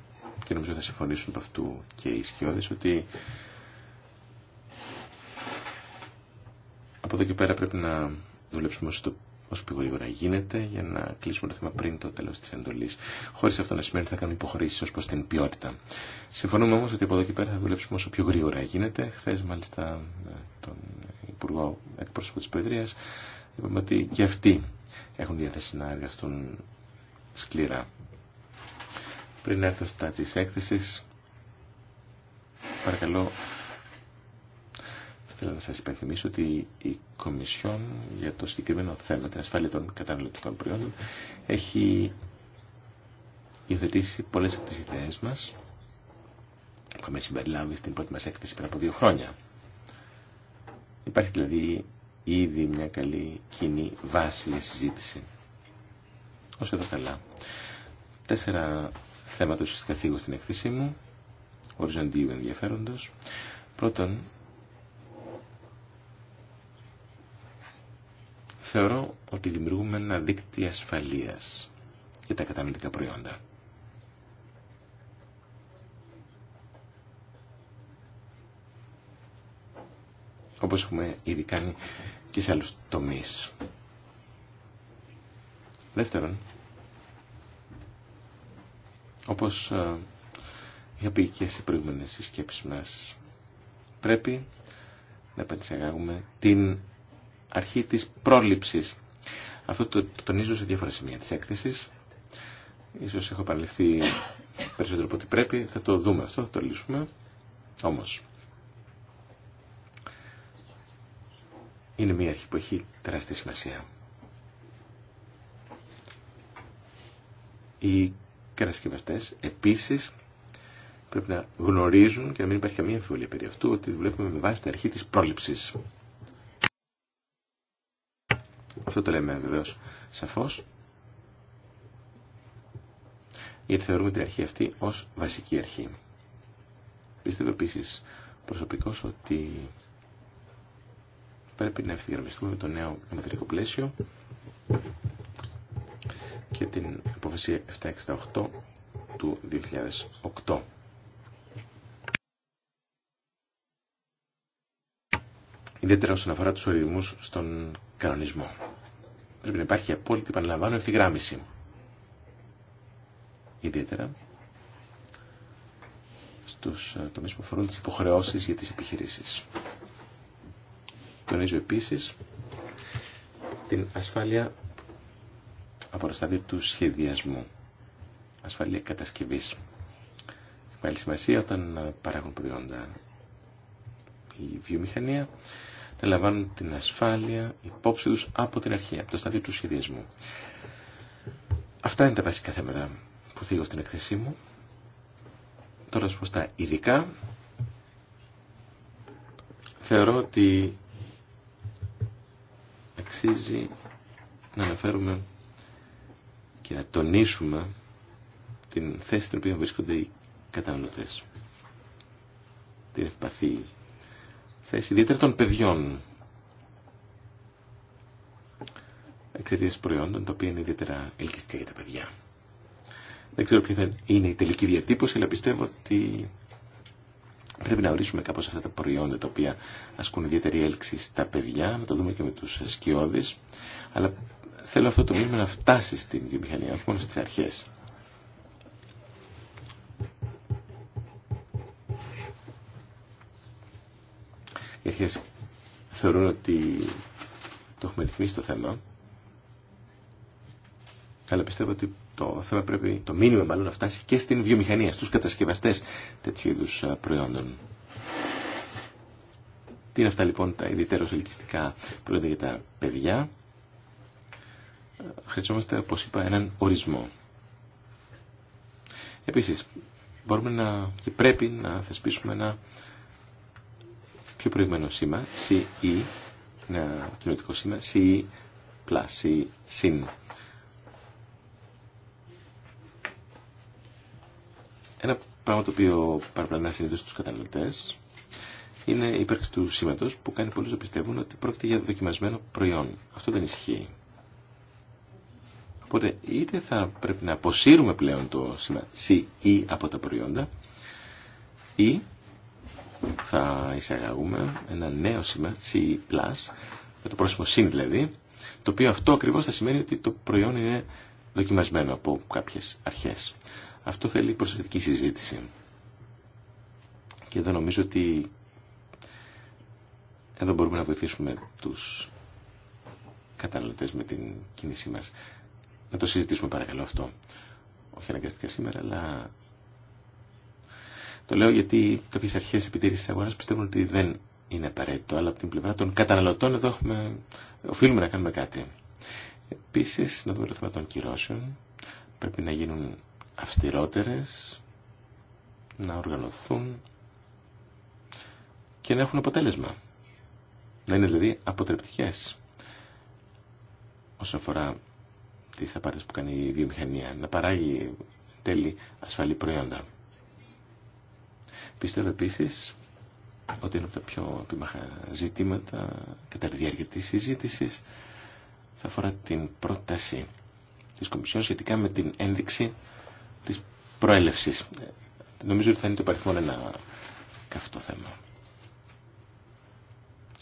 και νομίζω θα συμφωνήσουν από αυτού και οι σκιώδες ότι από εδώ και πέρα πρέπει να δουλέψουμε στο. το όσο πιο γρήγορα γίνεται για να κλείσουμε το θέμα πριν το τέλος της εντολής. Χωρίς αυτό να σημαίνει ότι θα κάνουμε υποχωρήσει ως προς την ποιότητα. Συμφωνούμε όμως ότι από εδώ και πέρα θα δουλέψουμε όσο πιο γρήγορα γίνεται. Χθε μάλιστα ε, τον Υπουργό Εκπρόσωπο της Προεδρίας είπαμε ότι και αυτοί έχουν διάθεση να εργαστούν σκληρά. Πριν έρθω στα τη. έκθεσης, παρακαλώ Θέλω να σας υπενθυμίσω ότι η Κομισιόν για το συγκεκριμένο θέμα, την ασφάλεια των καταναλωτικών προϊόντων, έχει υιοθετήσει πολλές από τις ιδέες μας που είχαμε συμπεριλάβει στην πρώτη μας έκθεση πριν από δύο χρόνια. Υπάρχει δηλαδή ήδη μια καλή κοινή βάση για συζήτηση. Όσο εδώ καλά. Τέσσερα θέματα ουσιαστικά θίγω στην εκθέσή μου, οριζοντίου ενδιαφέροντος. Πρώτον, θεωρώ ότι δημιουργούμε ένα δίκτυο ασφαλείας για τα καταναλωτικά προϊόντα. όπως έχουμε ήδη κάνει και σε άλλους τομείς. Δεύτερον, όπως ε, είχα πει και σε προηγούμενες συσκέψεις μας, πρέπει να επανεισαγάγουμε την αρχή της πρόληψης. Αυτό το τονίζω σε διάφορα σημεία της έκθεσης. Ίσως έχω επαναληφθεί περισσότερο από ό,τι πρέπει. Θα το δούμε αυτό, θα το λύσουμε. Όμως, είναι μια αρχή που έχει τεράστια σημασία. Οι κατασκευαστές επίσης πρέπει να γνωρίζουν και να μην υπάρχει καμία αμφιβολία περί αυτού ότι δουλεύουμε με βάση την αρχή της πρόληψης. Αυτό το λέμε βεβαίω σαφώς. Γιατί θεωρούμε την αρχή αυτή ως βασική αρχή. Πίστευε επίση προσωπικώς ότι πρέπει να ευθυγραμμιστούμε με το νέο νομοθετικό πλαίσιο και την αποφασία 768 του 2008. Ιδιαίτερα όσον αφορά τους ορισμούς στον κανονισμό. Πρέπει να υπάρχει απόλυτη, παραλαμβάνω, ευθυγράμμιση. Ιδιαίτερα στους ε, τομείς που αφορούν τις υποχρεώσεις για τις επιχειρήσεις. Τονίζω επίσης την ασφάλεια από το στάδιο του σχεδιασμού. Ασφάλεια κατασκευής. Πάλι σημασία όταν παράγουν προϊόντα η βιομηχανία να λαμβάνουν την ασφάλεια υπόψη τους από την αρχή, από το στάδιο του σχεδιασμού. Αυτά είναι τα βασικά θέματα που θίγω στην εκθεσή μου. Τώρα σου πω στα ειδικά. Θεωρώ ότι αξίζει να αναφέρουμε και να τονίσουμε την θέση στην οποία βρίσκονται οι καταναλωτές. Την ευπαθή θέση, ιδιαίτερα των παιδιών. Εξαιτία προϊόντων τα οποία είναι ιδιαίτερα ελκυστικά για τα παιδιά. Δεν ξέρω ποια θα είναι η τελική διατύπωση, αλλά πιστεύω ότι πρέπει να ορίσουμε κάπως αυτά τα προϊόντα τα οποία ασκούν ιδιαίτερη έλξη στα παιδιά, να το δούμε και με τους σκιώδεις, αλλά θέλω αυτό το μήνυμα να φτάσει στην βιομηχανία, όχι μόνο στις αρχές. θεωρούν ότι το έχουμε ρυθμίσει το θέμα. Αλλά πιστεύω ότι το θέμα πρέπει, το μήνυμα μάλλον να φτάσει και στην βιομηχανία, στους κατασκευαστές τέτοιου είδους προϊόντων. Τι είναι αυτά λοιπόν τα ιδιαίτερως ελκυστικά προϊόντα για τα παιδιά. Ε, χρειαζόμαστε, όπως είπα, έναν ορισμό. Επίσης, μπορούμε να και πρέπει να θεσπίσουμε ένα πιο προηγμένο σήμα, CE, ένα κοινωτικό σήμα, CE+, CE, συν. Ένα πράγμα το οποίο παραπλανά συνήθω του καταναλωτέ είναι η ύπαρξη του σήματο που κάνει πολλού να πιστεύουν ότι πρόκειται για δοκιμασμένο προϊόν. Αυτό δεν ισχύει. Οπότε είτε θα πρέπει να αποσύρουμε πλέον το σήμα ή e από τα προϊόντα ή θα εισαγαγούμε ένα νέο σήμα, C+, με το πρόσημο συν δηλαδή, το οποίο αυτό ακριβώς θα σημαίνει ότι το προϊόν είναι δοκιμασμένο από κάποιες αρχές. Αυτό θέλει προσεκτική συζήτηση. Και εδώ νομίζω ότι εδώ μπορούμε να βοηθήσουμε τους καταναλωτές με την κίνησή μας. Να το συζητήσουμε παρακαλώ αυτό. Όχι αναγκαστικά σήμερα, αλλά το λέω γιατί κάποιε αρχέ επιτήρηση τη αγορά πιστεύουν ότι δεν είναι απαραίτητο, αλλά από την πλευρά των καταναλωτών εδώ έχουμε, οφείλουμε να κάνουμε κάτι. Επίση, να δούμε το θέμα των κυρώσεων. Πρέπει να γίνουν αυστηρότερε, να οργανωθούν και να έχουν αποτέλεσμα. Να είναι δηλαδή αποτρεπτικέ όσον αφορά τι απάτε που κάνει η βιομηχανία. Να παράγει τέλει ασφαλή προϊόντα. Πιστεύω επίσης ότι είναι από τα πιο επίμαχα ζητήματα κατά τη διάρκεια της συζήτησης θα αφορά την πρόταση της Κομισιόν σχετικά με την ένδειξη της προέλευσης. Νομίζω ότι θα είναι το παρελθόν ένα καυτό θέμα.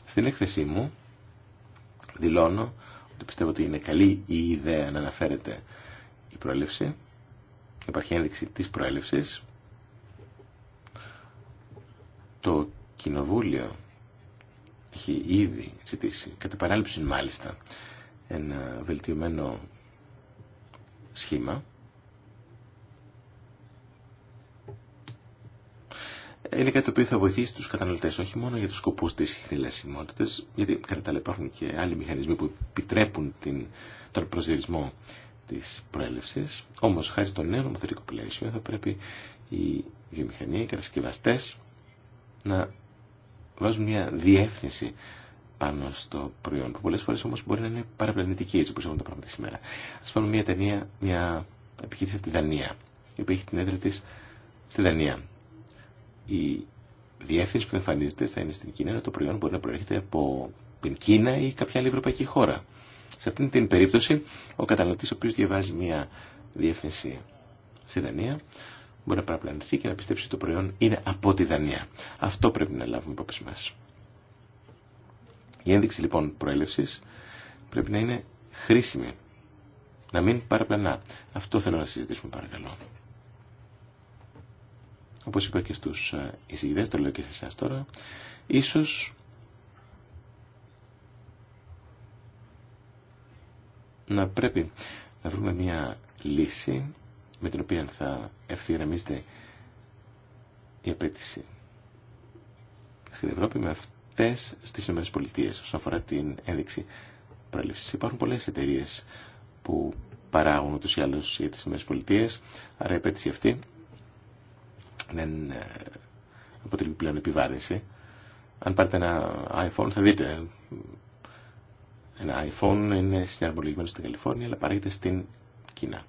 Στην έκθεσή μου δηλώνω ότι πιστεύω ότι είναι καλή η ιδέα να αναφέρεται η προέλευση. Υπάρχει ένδειξη της προέλευσης το Κοινοβούλιο έχει ήδη ζητήσει, κατά παράληψη μάλιστα, ένα βελτιωμένο σχήμα. Είναι κάτι το οποίο θα βοηθήσει τους καταναλωτές, όχι μόνο για τους σκοπούς της χρηλασιμότητας, γιατί κατά τα υπάρχουν και άλλοι μηχανισμοί που επιτρέπουν την, τον προσδιορισμό της προέλευσης. Όμως, χάρη στο νέο νομοθετικό πλαίσιο, θα πρέπει η βιομηχανία, οι κατασκευαστές να βάζουν μια διεύθυνση πάνω στο προϊόν, που πολλέ φορές όμως μπορεί να είναι παραπλανητική έτσι όπω. έχουν τα πράγματα σήμερα. Ας πάρουμε μια ταινία, μια επιχείρηση από τη Δανία, η οποία έχει την έδρα της στη Δανία. Η διεύθυνση που θα εμφανίζεται θα είναι στην Κίνα, αλλά το προϊόν μπορεί να προέρχεται από την Κίνα ή κάποια άλλη ευρωπαϊκή χώρα. Σε αυτήν την περίπτωση, ο καταναλωτή ο οποίο διαβάζει μια διεύθυνση στη Δανία, μπορεί να παραπλανηθεί και να πιστέψει ότι το προϊόν είναι από τη Δανία. Αυτό πρέπει να λάβουμε υπόψη μα. Η ένδειξη λοιπόν προέλευση πρέπει να είναι χρήσιμη, να μην παραπλανά. Αυτό θέλω να συζητήσουμε παρακαλώ. Όπως είπα και στου ε, εισηγητέ, το λέω και σε εσά τώρα, ίσως να πρέπει να βρούμε μια λύση με την οποία θα ευθυγραμμίζεται η απέτηση στην Ευρώπη με αυτές στις ΗΠΑ όσον αφορά την ένδειξη προέλευσης. Υπάρχουν πολλές εταιρείε που παράγουν ούτως ή άλλως για τις ΗΠΑ, άρα η απέτηση αυτή δεν ε, αποτελεί πλέον επιβάρηση. Αν πάρετε ένα iPhone θα δείτε ένα iPhone είναι συναρμολογημένο στην Καλιφόρνια αλλά παράγεται στην Κίνα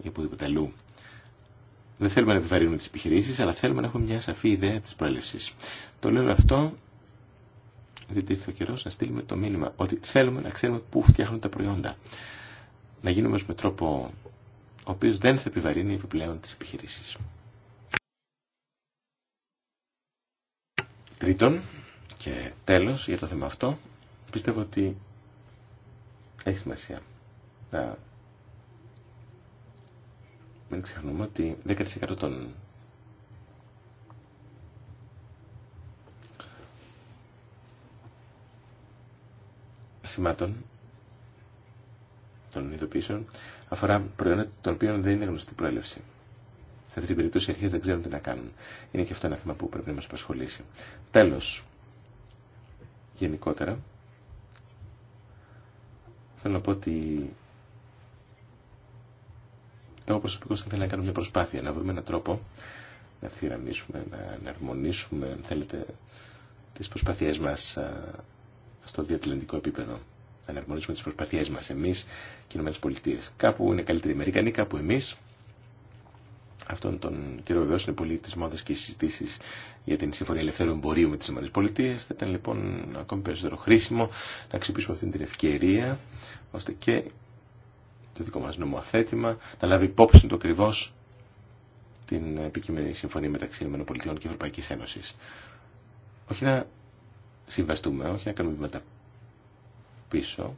ή οπουδήποτε αλλού. Δεν θέλουμε να επιβαρύνουμε τι επιχειρήσει, αλλά θέλουμε να έχουμε μια σαφή ιδέα της προέλευσης. Το λέω αυτό, διότι ήρθε ο καιρό να στείλουμε το μήνυμα ότι θέλουμε να ξέρουμε πού φτιάχνουν τα προϊόντα. Να γίνουμε με τρόπο ο οποίο δεν θα επιβαρύνει επιπλέον τις επιχειρήσεις. Τρίτον, και τέλο για το θέμα αυτό, πιστεύω ότι έχει σημασία να μην ξεχνούμε ότι 10% των σημάτων των ειδοποιήσεων αφορά προϊόντα των οποίων δεν είναι γνωστή προέλευση. Σε αυτή την περίπτωση οι αρχέ δεν ξέρουν τι να κάνουν. Είναι και αυτό ένα θέμα που πρέπει να μα απασχολήσει. Τέλο, γενικότερα, θέλω να πω ότι εγώ προσωπικώς θα ήθελα να κάνω μια προσπάθεια να βρούμε έναν τρόπο να θυρανίσουμε, να εναρμονίσουμε, αν θέλετε, τις προσπαθίες μας στο διατλαντικό επίπεδο. Να εναρμονίσουμε τις προσπαθίες μας εμείς και οι ΗΠΑ. Κάπου είναι καλύτεροι οι Αμερικανοί, κάπου εμείς. Αυτόν τον κύριο βεβαίω είναι πολύ τη μόδα και οι συζητήσει για την Συμφωνία Ελευθέρου Εμπορίου με τι ΗΠΑ. Θα ήταν λοιπόν ακόμη περισσότερο χρήσιμο να αξιοποιήσουμε αυτή την ευκαιρία ώστε και το δικό μας νομοθέτημα, να λάβει υπόψη το ακριβώ την επικείμενη συμφωνία μεταξύ ΗΠΑ και Ευρωπαϊκής Ένωσης. Όχι να συμβαστούμε, όχι να κάνουμε βήματα πίσω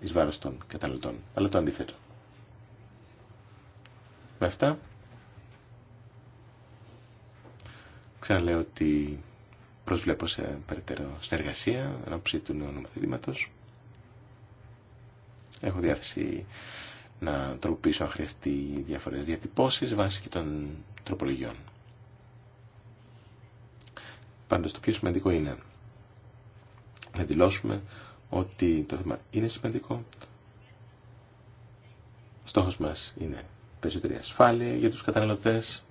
εις βάρος των καταναλωτών, αλλά το αντίθετο. Με αυτά, ξαναλέω ότι προσβλέπω σε περαιτέρω συνεργασία, ανάψη του νέου νομοθετήματος, Έχω διάθεση να τροποποιήσω αν χρειαστεί διάφορες διατυπώσεις βάσει και των τροπολογιών. Πάντως το πιο σημαντικό είναι να δηλώσουμε ότι το θέμα είναι σημαντικό. στόχος μας είναι περισσότερη ασφάλεια για τους καταναλωτές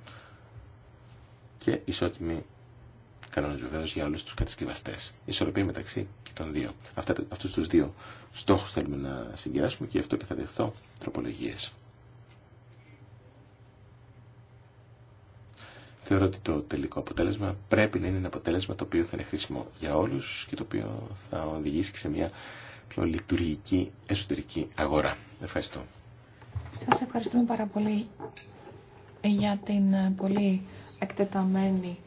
και ισότιμη κανόνε βεβαίω για όλου του κατασκευαστέ. Ισορροπία μεταξύ και των δύο. Αυτού του δύο στόχου θέλουμε να συγκεράσουμε και γι' αυτό και θα δεχθώ τροπολογίε. Θεωρώ ότι το τελικό αποτέλεσμα πρέπει να είναι ένα αποτέλεσμα το οποίο θα είναι χρήσιμο για όλου και το οποίο θα οδηγήσει και σε μια πιο λειτουργική εσωτερική αγορά. Ευχαριστώ. Σας ευχαριστούμε πάρα πολύ για την ε, πολύ εκτεταμένη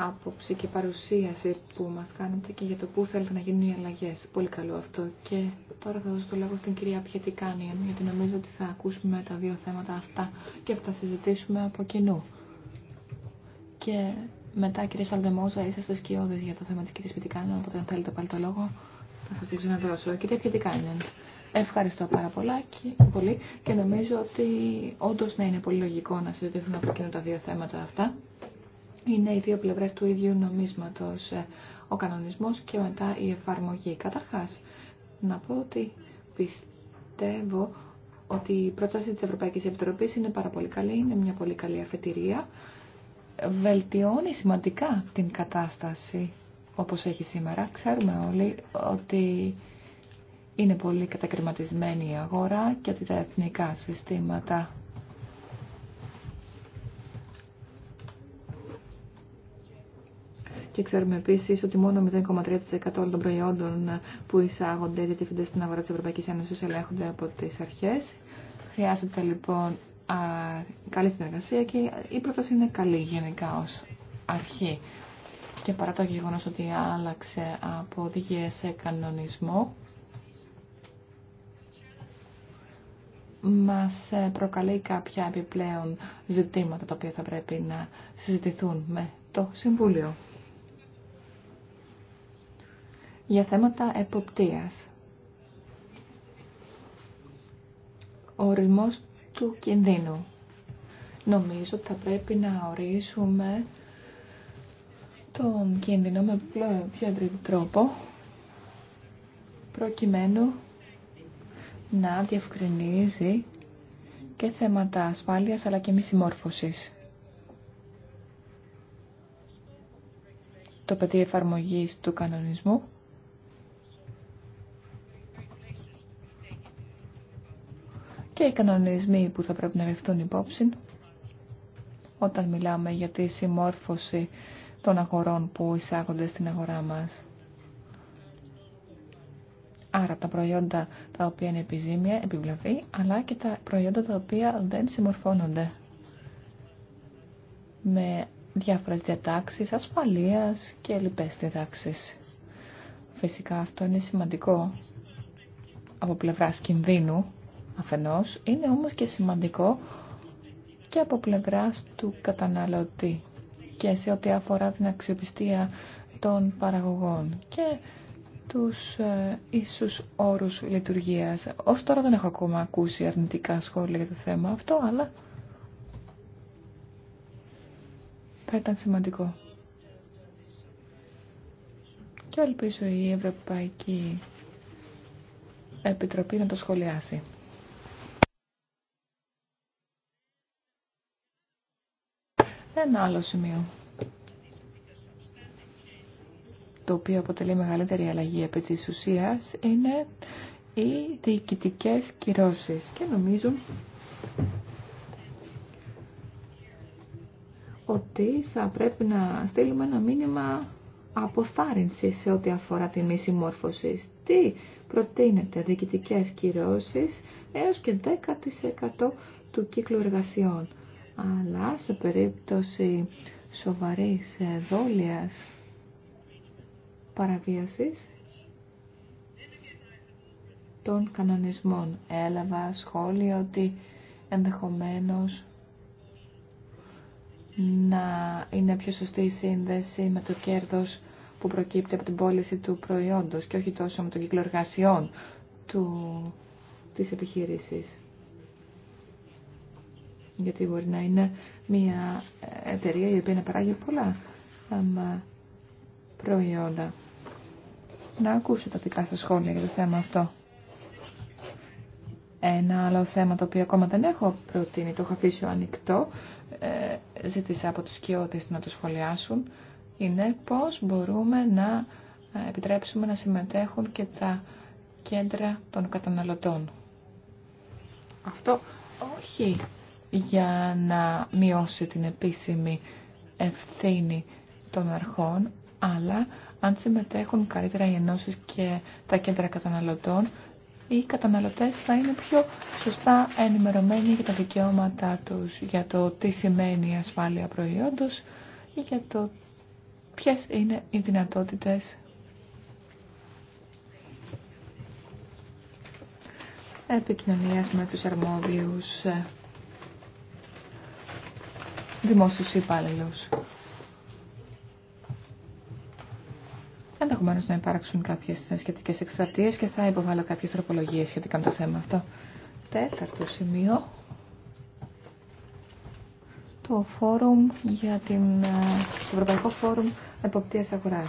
άποψη και παρουσίαση που μας κάνετε και για το πού θέλετε να γίνουν οι αλλαγές. Πολύ καλό αυτό. Και τώρα θα δώσω το λόγο στην κυρία Πιετικάνιεν, γιατί νομίζω ότι θα ακούσουμε τα δύο θέματα αυτά και θα συζητήσουμε από κοινού. Και μετά, κυρία Σαλντεμόζα, είσαστε σκιώδες για το θέμα της κυρίας Πιετικάνιεν, οπότε αν θέλετε πάλι το λόγο θα σας το ξαναδώσω. Κυρία Πιετικάνιεν. Ευχαριστώ πάρα πολλά και, πολύ και νομίζω ότι όντω να είναι πολύ λογικό να συζητηθούν από κοινού τα δύο θέματα αυτά είναι οι δύο πλευρές του ίδιου νομίσματος, ε, ο κανονισμός και μετά η εφαρμογή. Καταρχάς, να πω ότι πιστεύω ότι η πρόταση της Ευρωπαϊκής Επιτροπής είναι πάρα πολύ καλή, είναι μια πολύ καλή αφετηρία. Βελτιώνει σημαντικά την κατάσταση όπως έχει σήμερα. Ξέρουμε όλοι ότι είναι πολύ κατακριματισμένη η αγορά και ότι τα εθνικά συστήματα Και ξέρουμε επίση ότι μόνο 0,3% όλων των προϊόντων που εισάγονται διατίθενται στην αγορά τη Ευρωπαϊκή Ένωση ελέγχονται από τι αρχέ. Χρειάζεται λοιπόν α, καλή συνεργασία και η πρόταση είναι καλή γενικά ω αρχή. Και παρά το γεγονό ότι άλλαξε από οδηγίε σε κανονισμό, μας ε, προκαλεί κάποια επιπλέον ζητήματα τα οποία θα πρέπει να συζητηθούν με το Συμβούλιο για θέματα εποπτείας. Ο ορισμός του κινδύνου. Νομίζω ότι θα πρέπει να ορίσουμε τον κίνδυνο με πιο ευρύ τρόπο προκειμένου να διευκρινίζει και θέματα ασφάλειας αλλά και μη συμμόρφωσης. Το πεδίο εφαρμογής του κανονισμού και οι κανονισμοί που θα πρέπει να ληφθούν υπόψη όταν μιλάμε για τη συμμόρφωση των αγορών που εισάγονται στην αγορά μας. Άρα τα προϊόντα τα οποία είναι επιζήμια, επιβλαβή, αλλά και τα προϊόντα τα οποία δεν συμμορφώνονται με διάφορες διατάξεις ασφαλείας και λοιπές διατάξεις. Φυσικά αυτό είναι σημαντικό από πλευράς κινδύνου αφενός, είναι όμως και σημαντικό και από πλευρά του καταναλωτή και σε ό,τι αφορά την αξιοπιστία των παραγωγών και τους ε, ίσους όρους λειτουργίας. Ως τώρα δεν έχω ακόμα ακούσει αρνητικά σχόλια για το θέμα αυτό, αλλά θα ήταν σημαντικό. Και ελπίζω η Ευρωπαϊκή Επιτροπή να το σχολιάσει. Ένα άλλο σημείο το οποίο αποτελεί μεγαλύτερη αλλαγή επί της ουσίας είναι οι διοικητικέ κυρώσεις και νομίζω ότι θα πρέπει να στείλουμε ένα μήνυμα αποθάρρυνση σε ό,τι αφορά τη μη συμμόρφωση. Τι προτείνεται διοικητικές κυρώσεις έως και 10% του κύκλου εργασιών αλλά σε περίπτωση σοβαρής ε, δόλειας παραβίασης των κανονισμών. Έλαβα σχόλια ότι ενδεχομένως να είναι πιο σωστή η σύνδεση με το κέρδος που προκύπτει από την πώληση του προϊόντος και όχι τόσο με τον κύκλο εργασιών του, της επιχείρησης γιατί μπορεί να είναι μια εταιρεία η οποία να παράγει πολλά προϊόντα. Να ακούσω τα δικά σας σχόλια για το θέμα αυτό. Ένα άλλο θέμα το οποίο ακόμα δεν έχω προτείνει, το έχω αφήσει ανοιχτό, ε, ζήτησα από τους κοιότες να το σχολιάσουν, είναι πώς μπορούμε να ε, επιτρέψουμε να συμμετέχουν και τα κέντρα των καταναλωτών. Αυτό όχι για να μειώσει την επίσημη ευθύνη των αρχών, αλλά αν συμμετέχουν καλύτερα οι ενώσεις και τα κέντρα καταναλωτών, οι καταναλωτές θα είναι πιο σωστά ενημερωμένοι για τα δικαιώματά τους, για το τι σημαίνει η ασφάλεια προϊόντος ή για το ποιες είναι οι δυνατότητες επικοινωνίας με τους αρμόδιους δημόσιους υπάλληλους. Ενδεχομένω να υπάρξουν κάποιε σχετικέ εκστρατείε και θα υποβάλω κάποιε τροπολογίε σχετικά με το θέμα αυτό. Τέταρτο σημείο. Το φόρουμ για την, ε, το Ευρωπαϊκό Φόρουμ Εποπτεία Αγορά.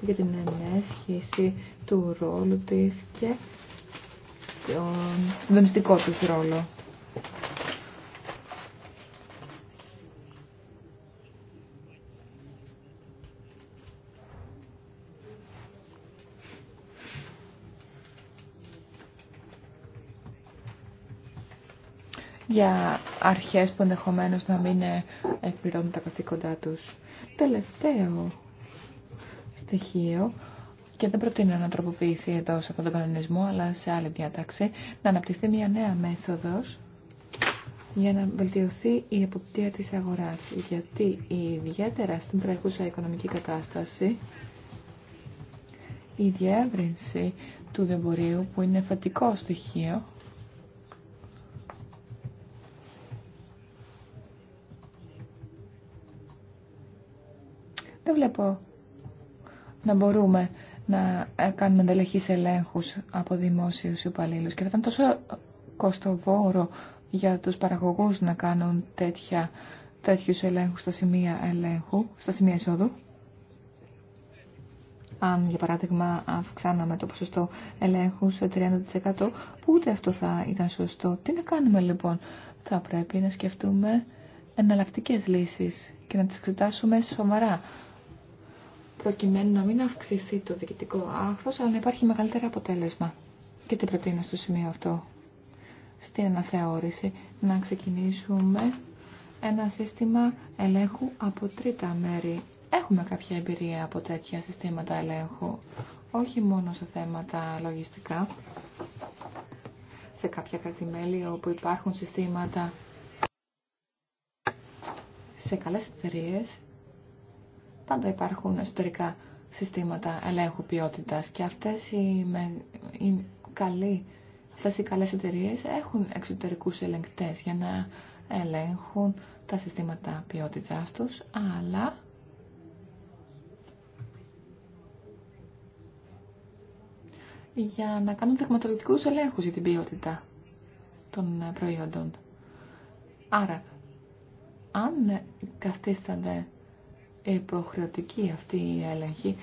Για την ενέσχυση του ρόλου τη και τον συντονιστικό του ρόλο. για αρχές που ενδεχομένω να μην ε, εκπληρώνουν τα καθήκοντά τους. Τελευταίο στοιχείο, και δεν προτείνω να τροποποιηθεί εδώ σε αυτόν τον κανονισμό, αλλά σε άλλη διάταξη, να αναπτυχθεί μια νέα μέθοδος για να βελτιωθεί η εποπτεία της αγοράς. Γιατί ιδιαίτερα στην τρέχουσα οικονομική κατάσταση, η διεύρυνση του δεμπορίου που είναι φατικό στοιχείο, Δεν βλέπω να μπορούμε να ε, κάνουμε εντελεχείς ελέγχους από δημόσιους υπαλλήλους. Και θα ήταν τόσο κοστοβόρο για τους παραγωγούς να κάνουν τέτοια, τέτοιους ελέγχους στα σημεία ελέγχου, στα σημεία εισόδου. Αν, για παράδειγμα, αυξάναμε το ποσοστό ελέγχου σε 30%, που ούτε αυτό θα ήταν σωστό. Τι να κάνουμε, λοιπόν. Θα πρέπει να σκεφτούμε εναλλακτικές λύσεις και να τις εξετάσουμε σοβαρά προκειμένου να μην αυξηθεί το διοικητικό άχθος, αλλά να υπάρχει μεγαλύτερο αποτέλεσμα. Και τι προτείνω στο σημείο αυτό. Στην αναθεώρηση να ξεκινήσουμε ένα σύστημα ελέγχου από τρίτα μέρη. Έχουμε κάποια εμπειρία από τέτοια συστήματα ελέγχου, όχι μόνο σε θέματα λογιστικά, σε κάποια κρατημέλη όπου υπάρχουν συστήματα σε καλές εταιρείε πάντα υπάρχουν εσωτερικά συστήματα ελέγχου ποιότητας και αυτές οι, οι καλοί, οι έχουν εξωτερικούς ελεγκτές για να ελέγχουν τα συστήματα ποιότητάς τους, αλλά για να κάνουν τεχνολογικούς ελέγχους για την ποιότητα των προϊόντων. Άρα, αν καθίστανται υποχρεωτική αυτή η έλεγχη,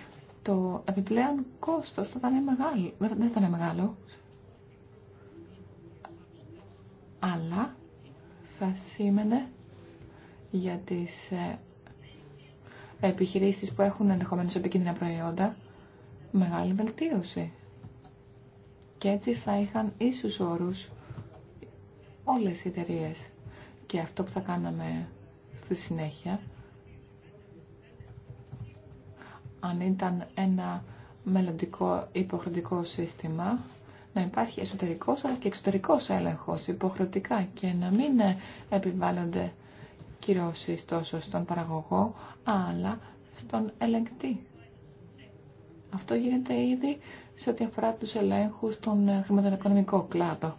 το επιπλέον κόστος θα ήταν μεγάλο, δεν θα είναι μεγάλο, αλλά θα σήμαινε για τις ε, επιχειρήσεις που έχουν ενδεχομένως επικίνδυνα προϊόντα μεγάλη βελτίωση. Και έτσι θα είχαν ίσους όρους όλες οι εταιρείε. Και αυτό που θα κάναμε στη συνέχεια αν ήταν ένα μελλοντικό υποχρεωτικό σύστημα, να υπάρχει εσωτερικός αλλά και εξωτερικός έλεγχος υποχρεωτικά και να μην επιβάλλονται κυρώσεις τόσο στον παραγωγό αλλά στον ελεγκτή. Αυτό γίνεται ήδη σε ό,τι αφορά τους ελέγχους στον χρηματοοικονομικό κλάδο.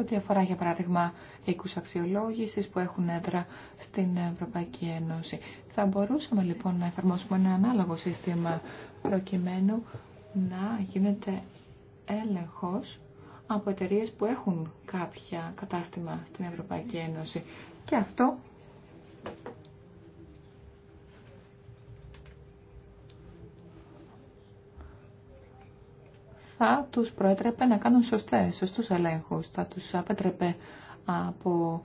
ό,τι αφορά για παράδειγμα οίκους αξιολόγησης που έχουν έδρα στην Ευρωπαϊκή Ένωση. Θα μπορούσαμε λοιπόν να εφαρμόσουμε ένα ανάλογο σύστημα προκειμένου να γίνεται έλεγχος από εταιρείε που έχουν κάποια κατάστημα στην Ευρωπαϊκή Ένωση. Και αυτό θα τους προέτρεπε να κάνουν σωστές, σωστούς ελέγχους, θα τους απέτρεπε από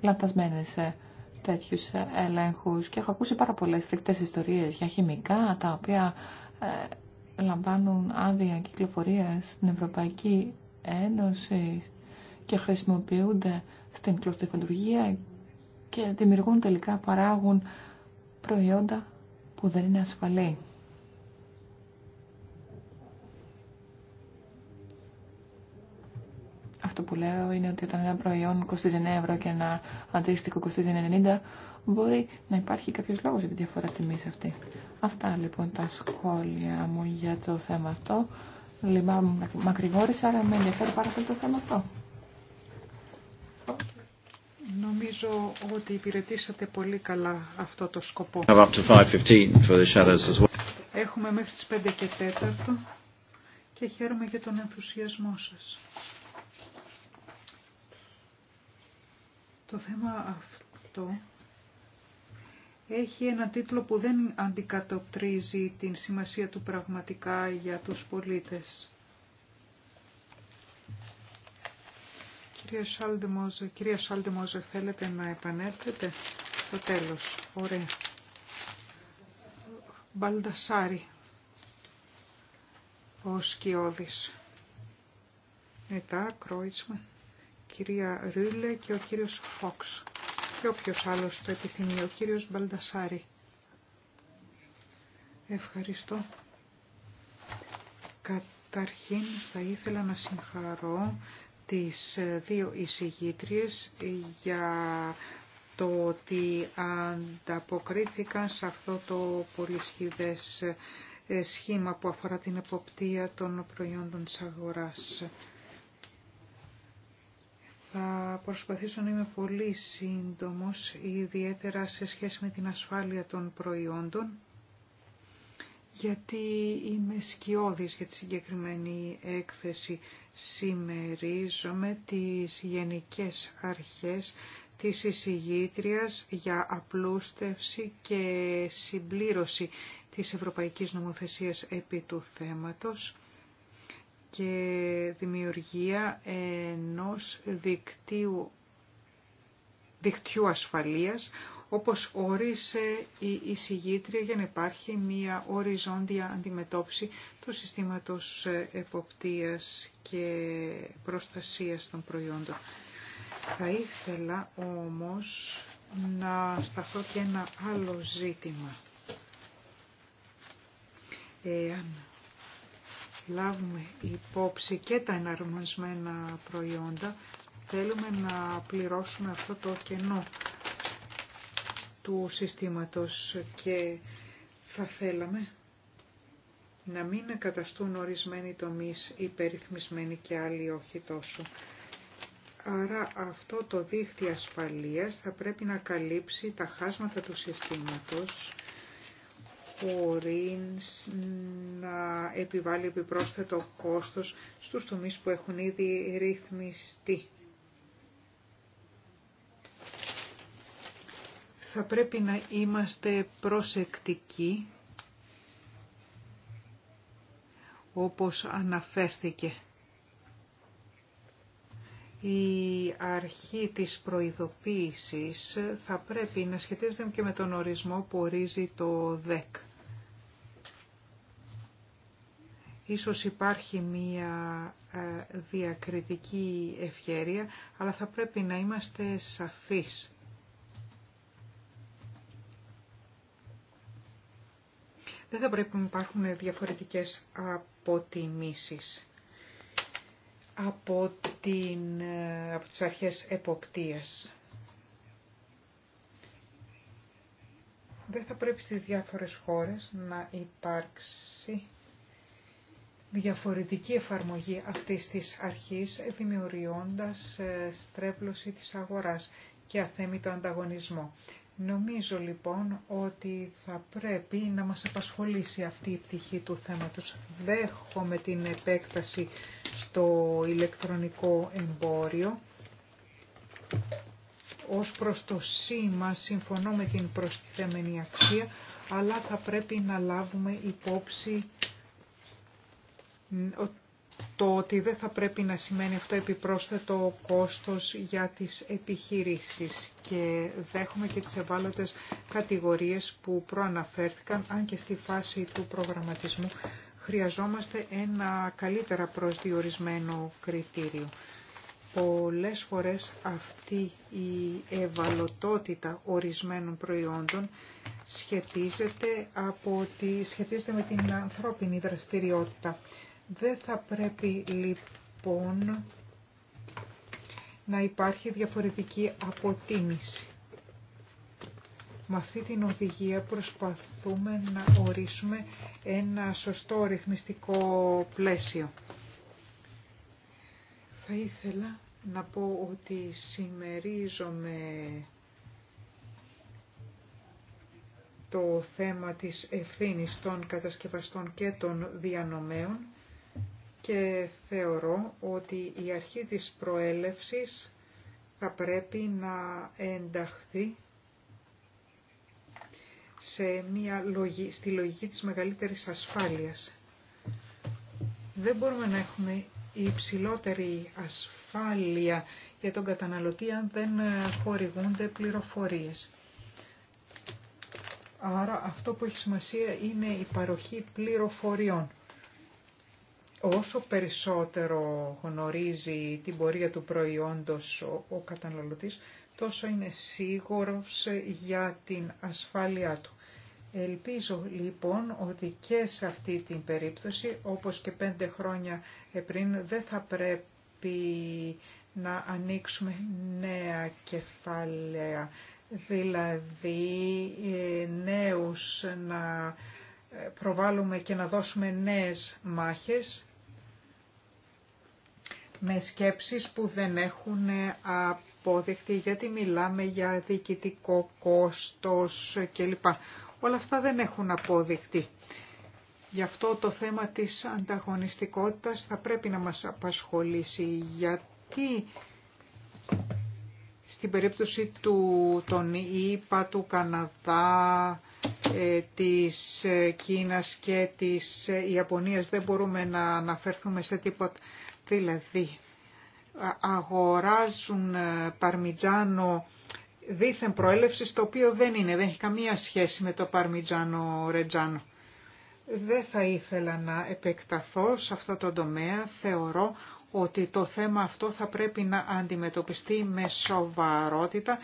λανθασμένες ε, τέτοιους ε, ελέγχους και έχω ακούσει πάρα πολλές φρικτές ιστορίες για χημικά τα οποία ε, λαμβάνουν άδεια κυκλοφορία στην Ευρωπαϊκή Ένωση και χρησιμοποιούνται στην κλωστοφαντουργία και δημιουργούν τελικά, παράγουν προϊόντα που δεν είναι ασφαλή. Αυτό που λέω είναι ότι όταν ένα προϊόν κοστίζει 9 ευρώ και ένα αντίστοιχο κοστίζει 90, μπορεί να υπάρχει κάποιος λόγος για τη διαφορά τιμής αυτή. Αυτά λοιπόν τα σχόλια μου για το θέμα αυτό. Λυπάμαι μακρηγόρησα, αλλά με ενδιαφέρει πάρα πολύ το θέμα αυτό. Νομίζω ότι υπηρετήσατε πολύ καλά αυτό το σκοπό. Έχουμε μέχρι τις 5 και 4 και χαίρομαι για τον ενθουσιασμό σας. Το θέμα αυτό έχει ένα τίτλο που δεν αντικατοπτρίζει την σημασία του πραγματικά για τους πολίτες. Κυρία Σάλντεμόζε, θέλετε να επανέλθετε στο τέλος. Ωραία. Μπαλντασάρι. ο Σκιώδης. Μετά, Κρόιτσμα. κυρία Ρούλε και ο κύριος Φόξ. Και όποιος άλλος το επιθυμεί, ο κύριος Μπαλντασάρι. Ευχαριστώ. Καταρχήν θα ήθελα να συγχαρώ τις ε, δύο εισηγήτριες για το ότι ανταποκρίθηκαν σε αυτό το πολυσχηδές ε, σχήμα που αφορά την εποπτεία των προϊόντων της αγοράς. Θα προσπαθήσω να είμαι πολύ σύντομος, ιδιαίτερα σε σχέση με την ασφάλεια των προϊόντων γιατί είμαι σκιώδης για τη συγκεκριμένη έκθεση. Σημερίζομαι τις γενικές αρχές της εισηγήτριας για απλούστευση και συμπλήρωση της Ευρωπαϊκής Νομοθεσίας επί του θέματος και δημιουργία ενός δικτύου, δικτύου ασφαλείας όπως όρισε η εισηγήτρια για να υπάρχει μία οριζόντια αντιμετώπιση του συστήματος ε, εποπτείας και προστασίας των προϊόντων. Θα ήθελα όμως να σταθώ και ένα άλλο ζήτημα. Εάν λάβουμε υπόψη και τα εναρμονισμένα προϊόντα, θέλουμε να πληρώσουμε αυτό το κενό του συστήματος και θα θέλαμε να μην καταστούν ορισμένοι τομείς υπερρυθμισμένοι και άλλοι όχι τόσο. Άρα αυτό το δίχτυ ασφαλείας θα πρέπει να καλύψει τα χάσματα του συστήματος χωρίς να επιβάλλει επιπρόσθετο κόστος στους τομείς που έχουν ήδη ρυθμιστεί. θα πρέπει να είμαστε προσεκτικοί όπως αναφέρθηκε. Η αρχή της προειδοποίησης θα πρέπει να σχετίζεται και με τον ορισμό που ορίζει το ΔΕΚ. Ίσως υπάρχει μία ε, διακριτική ευκαιρία, αλλά θα πρέπει να είμαστε σαφείς. Δεν θα πρέπει να υπάρχουν διαφορετικές αποτιμήσεις από, την, ε, από τις αρχές εποπτείας. Δεν θα πρέπει στις διάφορες χώρες να υπάρξει διαφορετική εφαρμογή αυτής της αρχής, δημιουργώντας ε, στρέβλωση της αγοράς και αθέμητο ανταγωνισμό. Νομίζω λοιπόν ότι θα πρέπει να μας απασχολήσει αυτή η πτυχή του θέματος. Δέχομαι την επέκταση στο ηλεκτρονικό εμπόριο. Ως προς το σήμα συμφωνώ με την προστιθέμενη αξία, αλλά θα πρέπει να λάβουμε υπόψη το ότι δεν θα πρέπει να σημαίνει αυτό επιπρόσθετο κόστος για τις επιχειρήσεις και δέχομαι και τις ευάλωτες κατηγορίες που προαναφέρθηκαν, αν και στη φάση του προγραμματισμού χρειαζόμαστε ένα καλύτερα προσδιορισμένο κριτήριο. Πολλές φορές αυτή η ευαλωτότητα ορισμένων προϊόντων σχετίζεται, από σχετίζεται με την ανθρώπινη δραστηριότητα δεν θα πρέπει λοιπόν να υπάρχει διαφορετική αποτίμηση. Με αυτή την οδηγία προσπαθούμε να ορίσουμε ένα σωστό ρυθμιστικό πλαίσιο. Θα ήθελα να πω ότι συμμερίζομαι το θέμα της ευθύνης των κατασκευαστών και των διανομέων και θεωρώ ότι η αρχή της προέλευσης θα πρέπει να ενταχθεί σε μια λογική, στη λογική της μεγαλύτερης ασφάλειας. Δεν μπορούμε να έχουμε υψηλότερη ασφάλεια για τον καταναλωτή αν δεν ε, χορηγούνται πληροφορίες. Άρα αυτό που έχει σημασία είναι η παροχή πληροφοριών. Όσο περισσότερο γνωρίζει την πορεία του προϊόντος ο, ο καταναλωτής, τόσο είναι σίγουρος για την ασφάλειά του. Ελπίζω λοιπόν ότι και σε αυτή την περίπτωση, όπως και πέντε χρόνια πριν, δεν θα πρέπει να ανοίξουμε νέα κεφάλαια, δηλαδή ε, νέους να ε, προβάλλουμε και να δώσουμε νέες μάχες με σκέψεις που δεν έχουν ε, απόδειχτη, γιατί μιλάμε για διοικητικό κόστος κλπ. Όλα αυτά δεν έχουν απόδειχτη. Γι' αυτό το θέμα της ανταγωνιστικότητας θα πρέπει να μας απασχολήσει, γιατί στην περίπτωση του, των ΙΠΑ, του Καναδά, ε, της ε, Κίνας και της Ιαπωνίας δεν μπορούμε να αναφέρθουμε σε τίποτα Δηλαδή, αγοράζουν ε, παρμιτζάνο δίθεν προέλευση, το οποίο δεν είναι, δεν έχει καμία σχέση με το παρμιτζάνο ρετζάνο. Δεν θα ήθελα να επεκταθώ σε αυτό το τομέα. Θεωρώ ότι το θέμα αυτό θα πρέπει να αντιμετωπιστεί με σοβαρότητα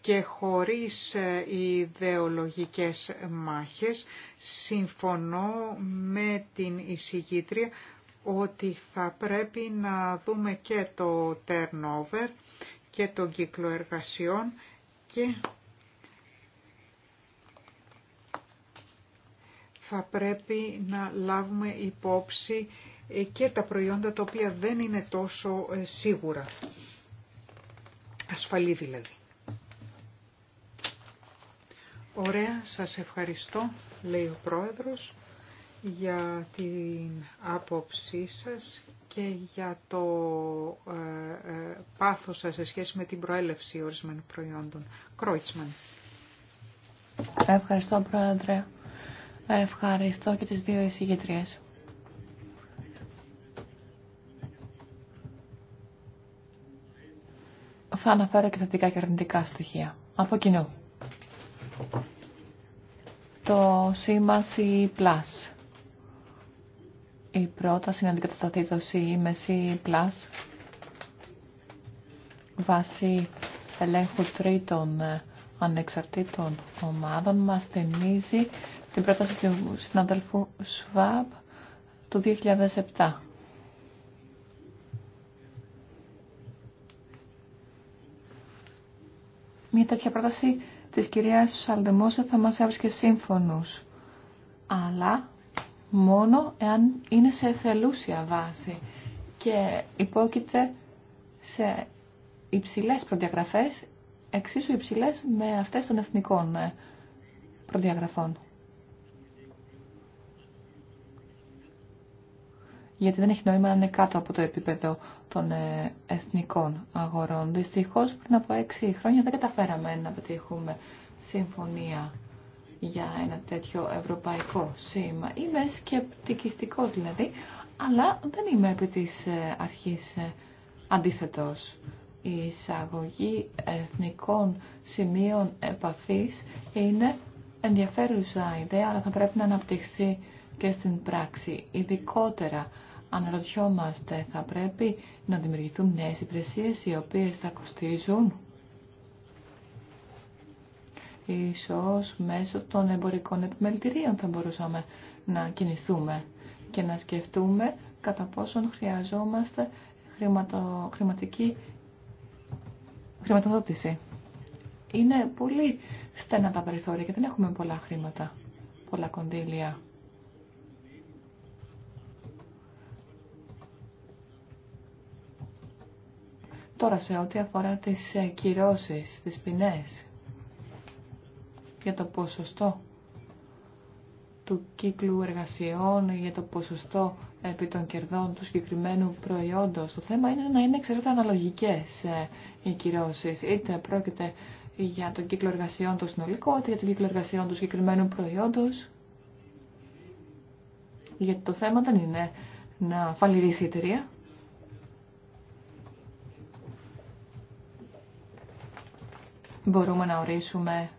και χωρίς ε, ιδεολογικές μάχες. Συμφωνώ με την εισηγήτρια ότι θα πρέπει να δούμε και το turnover και το κύκλο εργασιών και θα πρέπει να λάβουμε υπόψη ε, και τα προϊόντα τα οποία δεν είναι τόσο ε, σίγουρα. Ασφαλή δηλαδή. Ωραία, σας ευχαριστώ, λέει ο Πρόεδρος για την άποψή σας και για το ε, ε, πάθος σας σε σχέση με την προέλευση ορισμένων προϊόντων. Κρόιτσμαν. Ευχαριστώ Πρόεδρε. Ευχαριστώ και τις δύο εισηγητρίες. Θα αναφέρω και θετικά και αρνητικά στοιχεία. Από κοινού. Το σήμα C+. Η πρόταση να αντικατασταθεί το μέση Plus βάσει ελέγχου τρίτων ανεξαρτήτων ομάδων μας θυμίζει την πρόταση του συναδελφού ΣΒΑΠ του 2007. Μια τέτοια πρόταση της κυρίας Σαλδεμόσα θα μας έβρισκε σύμφωνους. Αλλά μόνο εάν είναι σε εθελούσια βάση και υπόκειται σε υψηλές προδιαγραφές, εξίσου υψηλές με αυτές των εθνικών ε, προδιαγραφών. γιατί δεν έχει νόημα να είναι κάτω από το επίπεδο των ε, εθνικών αγορών. Δυστυχώς πριν από έξι χρόνια δεν καταφέραμε να πετύχουμε συμφωνία για ένα τέτοιο ευρωπαϊκό σήμα. Είμαι σκεπτικιστικός δηλαδή, αλλά δεν είμαι επί της ε, αρχής ε, αντίθετος. Η εισαγωγή εθνικών σημείων επαφής είναι ενδιαφέρουσα ιδέα, αλλά θα πρέπει να αναπτυχθεί και στην πράξη. Ειδικότερα αναρωτιόμαστε, θα πρέπει να δημιουργηθούν νέες υπηρεσίες οι οποίες θα κοστίζουν Ίσως μέσω των εμπορικών επιμελητηρίων θα μπορούσαμε να κινηθούμε και να σκεφτούμε κατά πόσον χρειαζόμαστε χρηματο, χρηματική χρηματοδότηση. Είναι πολύ στενά τα περιθώρια και δεν έχουμε πολλά χρήματα, πολλά κονδύλια. Τώρα σε ό,τι αφορά τις ε, κυρώσεις, τις ποινές, για το ποσοστό του κύκλου εργασιών, για το ποσοστό επί των κερδών του συγκεκριμένου προϊόντος. Το θέμα είναι να είναι εξαιρετικά αναλογικές ε, οι κυρώσεις. Είτε πρόκειται για τον κύκλο εργασιών του συνολικό, είτε για τον κύκλο εργασιών του συγκεκριμένου προϊόντος. Γιατί το θέμα δεν είναι να φαλυρίσει η εταιρεία. Μπορούμε να ορίσουμε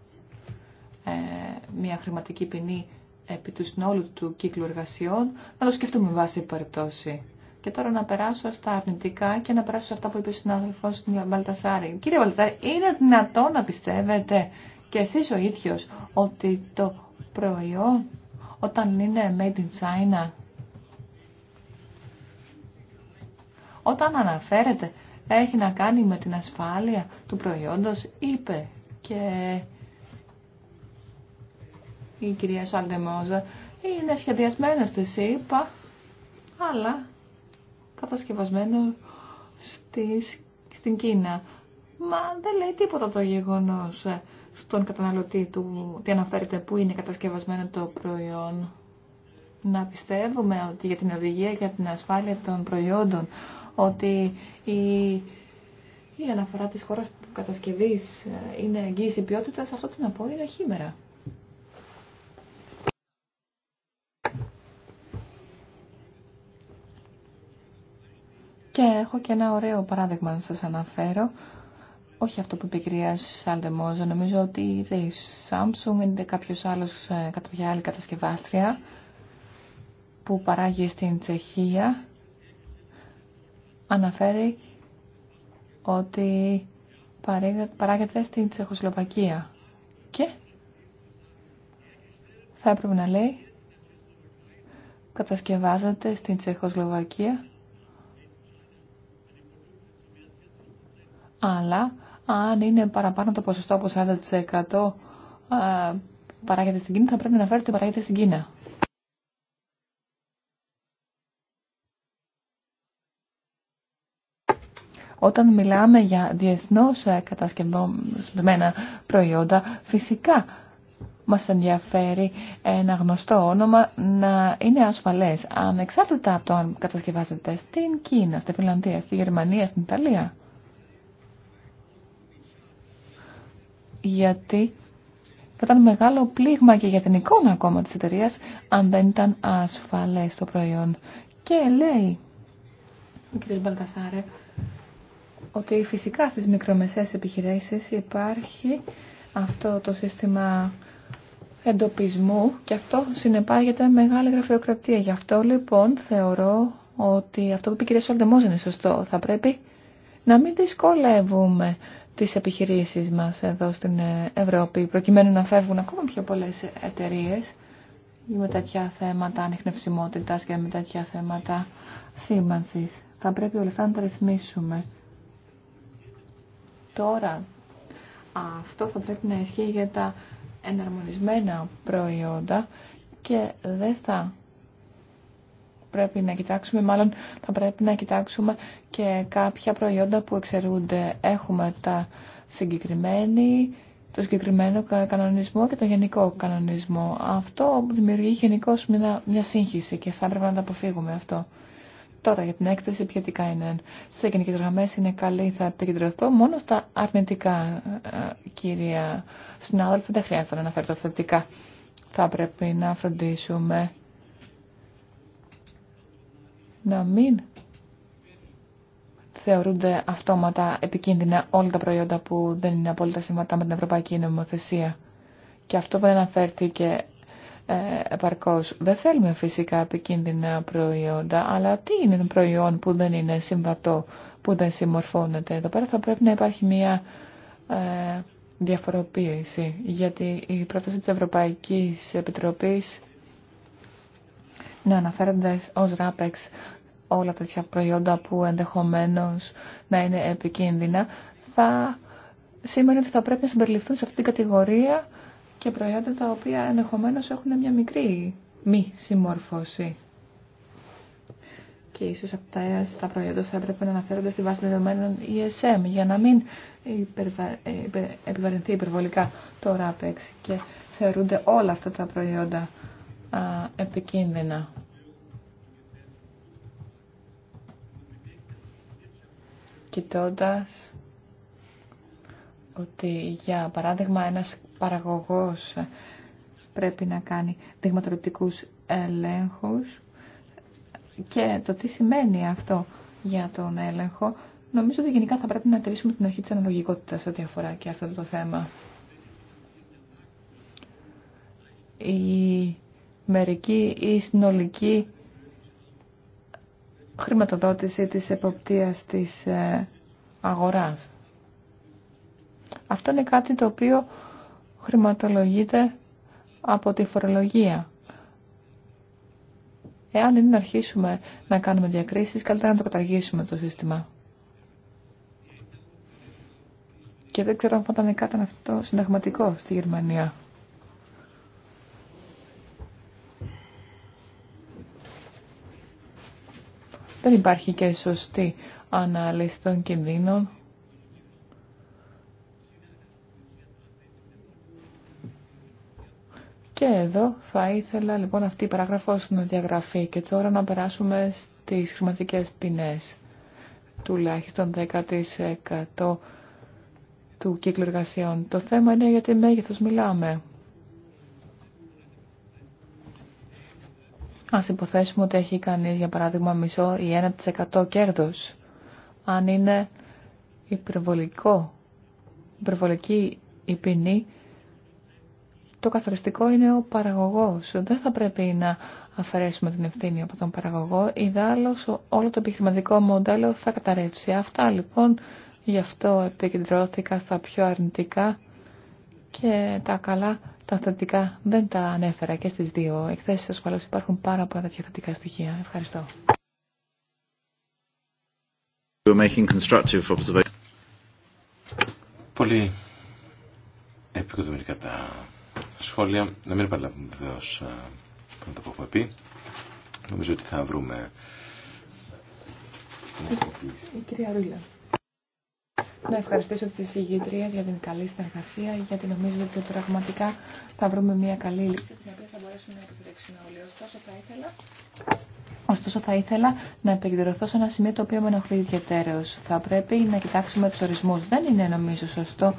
ε, μια χρηματική ποινή επί του συνόλου του κύκλου εργασιών, να το σκεφτούμε βάση περιπτώσει. Και τώρα να περάσω στα αρνητικά και να περάσω σε αυτά που είπε ο συνάδελφο Μπαλτασάρη. Κύριε Μπαλτασάρη, είναι δυνατό να πιστεύετε και εσεί ο ίδιο ότι το προϊόν όταν είναι made in China, όταν αναφέρεται έχει να κάνει με την ασφάλεια του προϊόντος, είπε και η κυρία Σαντεμόζα, είναι σχεδιασμένο στη ΣΥΠΑ, αλλά κατασκευασμένο στις, στην Κίνα. Μα δεν λέει τίποτα το γεγονός ε, στον καταναλωτή του τι αναφέρεται που είναι κατασκευασμένο το προϊόν. Να πιστεύουμε ότι για την οδηγία για την ασφάλεια των προϊόντων ότι η, η αναφορά της χώρας που κατασκευής ε, είναι εγγύηση ποιότητας, αυτό τι να πω είναι χήμερα. έχω και ένα ωραίο παράδειγμα να σας αναφέρω. Όχι αυτό που είπε η κυρία Σαλτεμόζο, νομίζω ότι είτε η Samsung είτε κάποιος άλλος, ε, κάποια άλλη κατασκευάστρια που παράγει στην Τσεχία αναφέρει ότι παράγεται στην Τσεχοσλοβακία και θα έπρεπε να λέει κατασκευάζεται στην Τσεχοσλοβακία αλλά αν είναι παραπάνω το ποσοστό από 40% ε, παράγεται στην Κίνα, θα πρέπει να φέρετε παράγεται στην Κίνα. Όταν μιλάμε για διεθνώς ε, κατασκευασμένα προϊόντα, φυσικά μας ενδιαφέρει ένα γνωστό όνομα να είναι ασφαλές, ανεξάρτητα από το αν κατασκευάζεται στην Κίνα, στη Φιλανδία, στη Γερμανία, στην Ιταλία. γιατί θα ήταν μεγάλο πλήγμα και για την εικόνα ακόμα της εταιρεία αν δεν ήταν ασφαλές το προϊόν. Και λέει ο κ. Μπαλτασάρε ότι φυσικά στις μικρομεσαίες επιχειρήσεις υπάρχει αυτό το σύστημα εντοπισμού και αυτό συνεπάγεται μεγάλη γραφειοκρατία. Γι' αυτό λοιπόν θεωρώ ότι αυτό που είπε η κυρία είναι σωστό. Θα πρέπει να μην δυσκολεύουμε τις επιχειρήσεις μας εδώ στην ε, Ευρώπη, προκειμένου να φεύγουν ακόμα πιο πολλές εταιρείε με τέτοια θέματα ανιχνευσιμότητας και με τέτοια θέματα σήμανσης. Θα πρέπει όλα να τα ρυθμίσουμε. Τώρα, αυτό θα πρέπει να ισχύει για τα εναρμονισμένα προϊόντα και δεν θα πρέπει να κοιτάξουμε, μάλλον θα πρέπει να κοιτάξουμε και κάποια προϊόντα που εξαιρούνται. Έχουμε τα συγκεκριμένη, το συγκεκριμένο κανονισμό και το γενικό κανονισμό. Αυτό δημιουργεί γενικώ μια, μια σύγχυση και θα έπρεπε να τα αποφύγουμε αυτό. Τώρα για την έκθεση ποιοτικά είναι. Σε γενικέ γραμμέ είναι καλή, θα επικεντρωθώ μόνο στα αρνητικά, ε, κυρία συνάδελφε. Δεν χρειάζεται να αναφέρω τα θετικά. Θα πρέπει να φροντίσουμε να μην θεωρούνται αυτόματα επικίνδυνα όλα τα προϊόντα που δεν είναι απόλυτα συμβατά με την Ευρωπαϊκή Νομοθεσία. Και αυτό δεν αναφέρθηκε ε, επαρκώς. Δεν θέλουμε φυσικά επικίνδυνα προϊόντα, αλλά τι είναι το προϊόν που δεν είναι συμβατό, που δεν συμμορφώνεται. Εδώ πέρα θα πρέπει να υπάρχει μια ε, διαφοροποίηση, γιατί η πρόταση της Ευρωπαϊκής Επιτροπής να αναφέρονται ως RAPEX όλα τέτοια προϊόντα που ενδεχομένως να είναι επικίνδυνα, θα σημαίνει ότι θα πρέπει να συμπεριληφθούν σε αυτή την κατηγορία και προϊόντα τα οποία ενδεχομένως έχουν μια μικρή μη συμμορφώση. Και ίσως αυτά τα προϊόντα θα έπρεπε να αναφέρονται στη βάση δεδομένων ESM για να μην υπερβα... Ε, υπε... επιβαρυνθεί υπερβολικά το RAPEX και θεωρούνται όλα αυτά τα προϊόντα επικίνδυνα. κοιτώντας ότι για παράδειγμα ένας παραγωγός πρέπει να κάνει δειγματοληπτικούς ελέγχους και το τι σημαίνει αυτό για τον έλεγχο, νομίζω ότι γενικά θα πρέπει να τηρήσουμε την αρχή της αναλογικότητας ό,τι αφορά και αυτό το θέμα. Η μερική ή συνολική χρηματοδότηση της εποπτείας της ε, αγοράς. Αυτό είναι κάτι το οποίο χρηματολογείται από τη φορολογία. Εάν είναι να αρχίσουμε να κάνουμε διακρίσεις, καλύτερα να το καταργήσουμε το σύστημα. Και δεν ξέρω αν κάτι αυτό συνταγματικό στη Γερμανία. δεν υπάρχει και σωστή ανάλυση των κινδύνων. Και εδώ θα ήθελα λοιπόν αυτή η παράγραφος να διαγραφεί και τώρα να περάσουμε στις χρηματικές ποινές. Τουλάχιστον 10% του κύκλου εργασιών. Το θέμα είναι γιατί τι μέγεθος μιλάμε. Ας υποθέσουμε ότι έχει κανείς, για παράδειγμα, μισό ή 1% κέρδος. Αν είναι υπερβολικό, υπερβολική η ποινή, το καθοριστικό είναι ο παραγωγός. Δεν θα πρέπει να αφαιρέσουμε την ευθύνη από τον παραγωγό. Ιδάλλως όλο το επιχειρηματικό μοντέλο θα καταρρεύσει. Αυτά λοιπόν γι' αυτό επικεντρώθηκα στα πιο αρνητικά και τα καλά τα θετικά δεν τα ανέφερα και στις δύο εκθέσεις. Ασφαλώς υπάρχουν πάρα πολλά τέτοια θετικά στοιχεία. Ευχαριστώ. Πολύ επικοδομητικά τα σχόλια. Να μην επαναλάβουμε βεβαίω πρώτα ε, που έχουμε πει. Νομίζω ότι θα βρούμε. Η κυρία Ρούλα να ευχαριστήσω τις ηγητρίες για την καλή συνεργασία, γιατί νομίζω ότι πραγματικά θα βρούμε μια καλή λύση, την οποία θα μπορέσουμε να υποστηρίξουμε όλοι. Ωστόσο θα ήθελα... Ωστόσο θα ήθελα να επικεντρωθώ σε ένα σημείο το οποίο με ενοχλεί ιδιαίτερως. Θα πρέπει να κοιτάξουμε του ορισμού. Δεν είναι νομίζω σωστό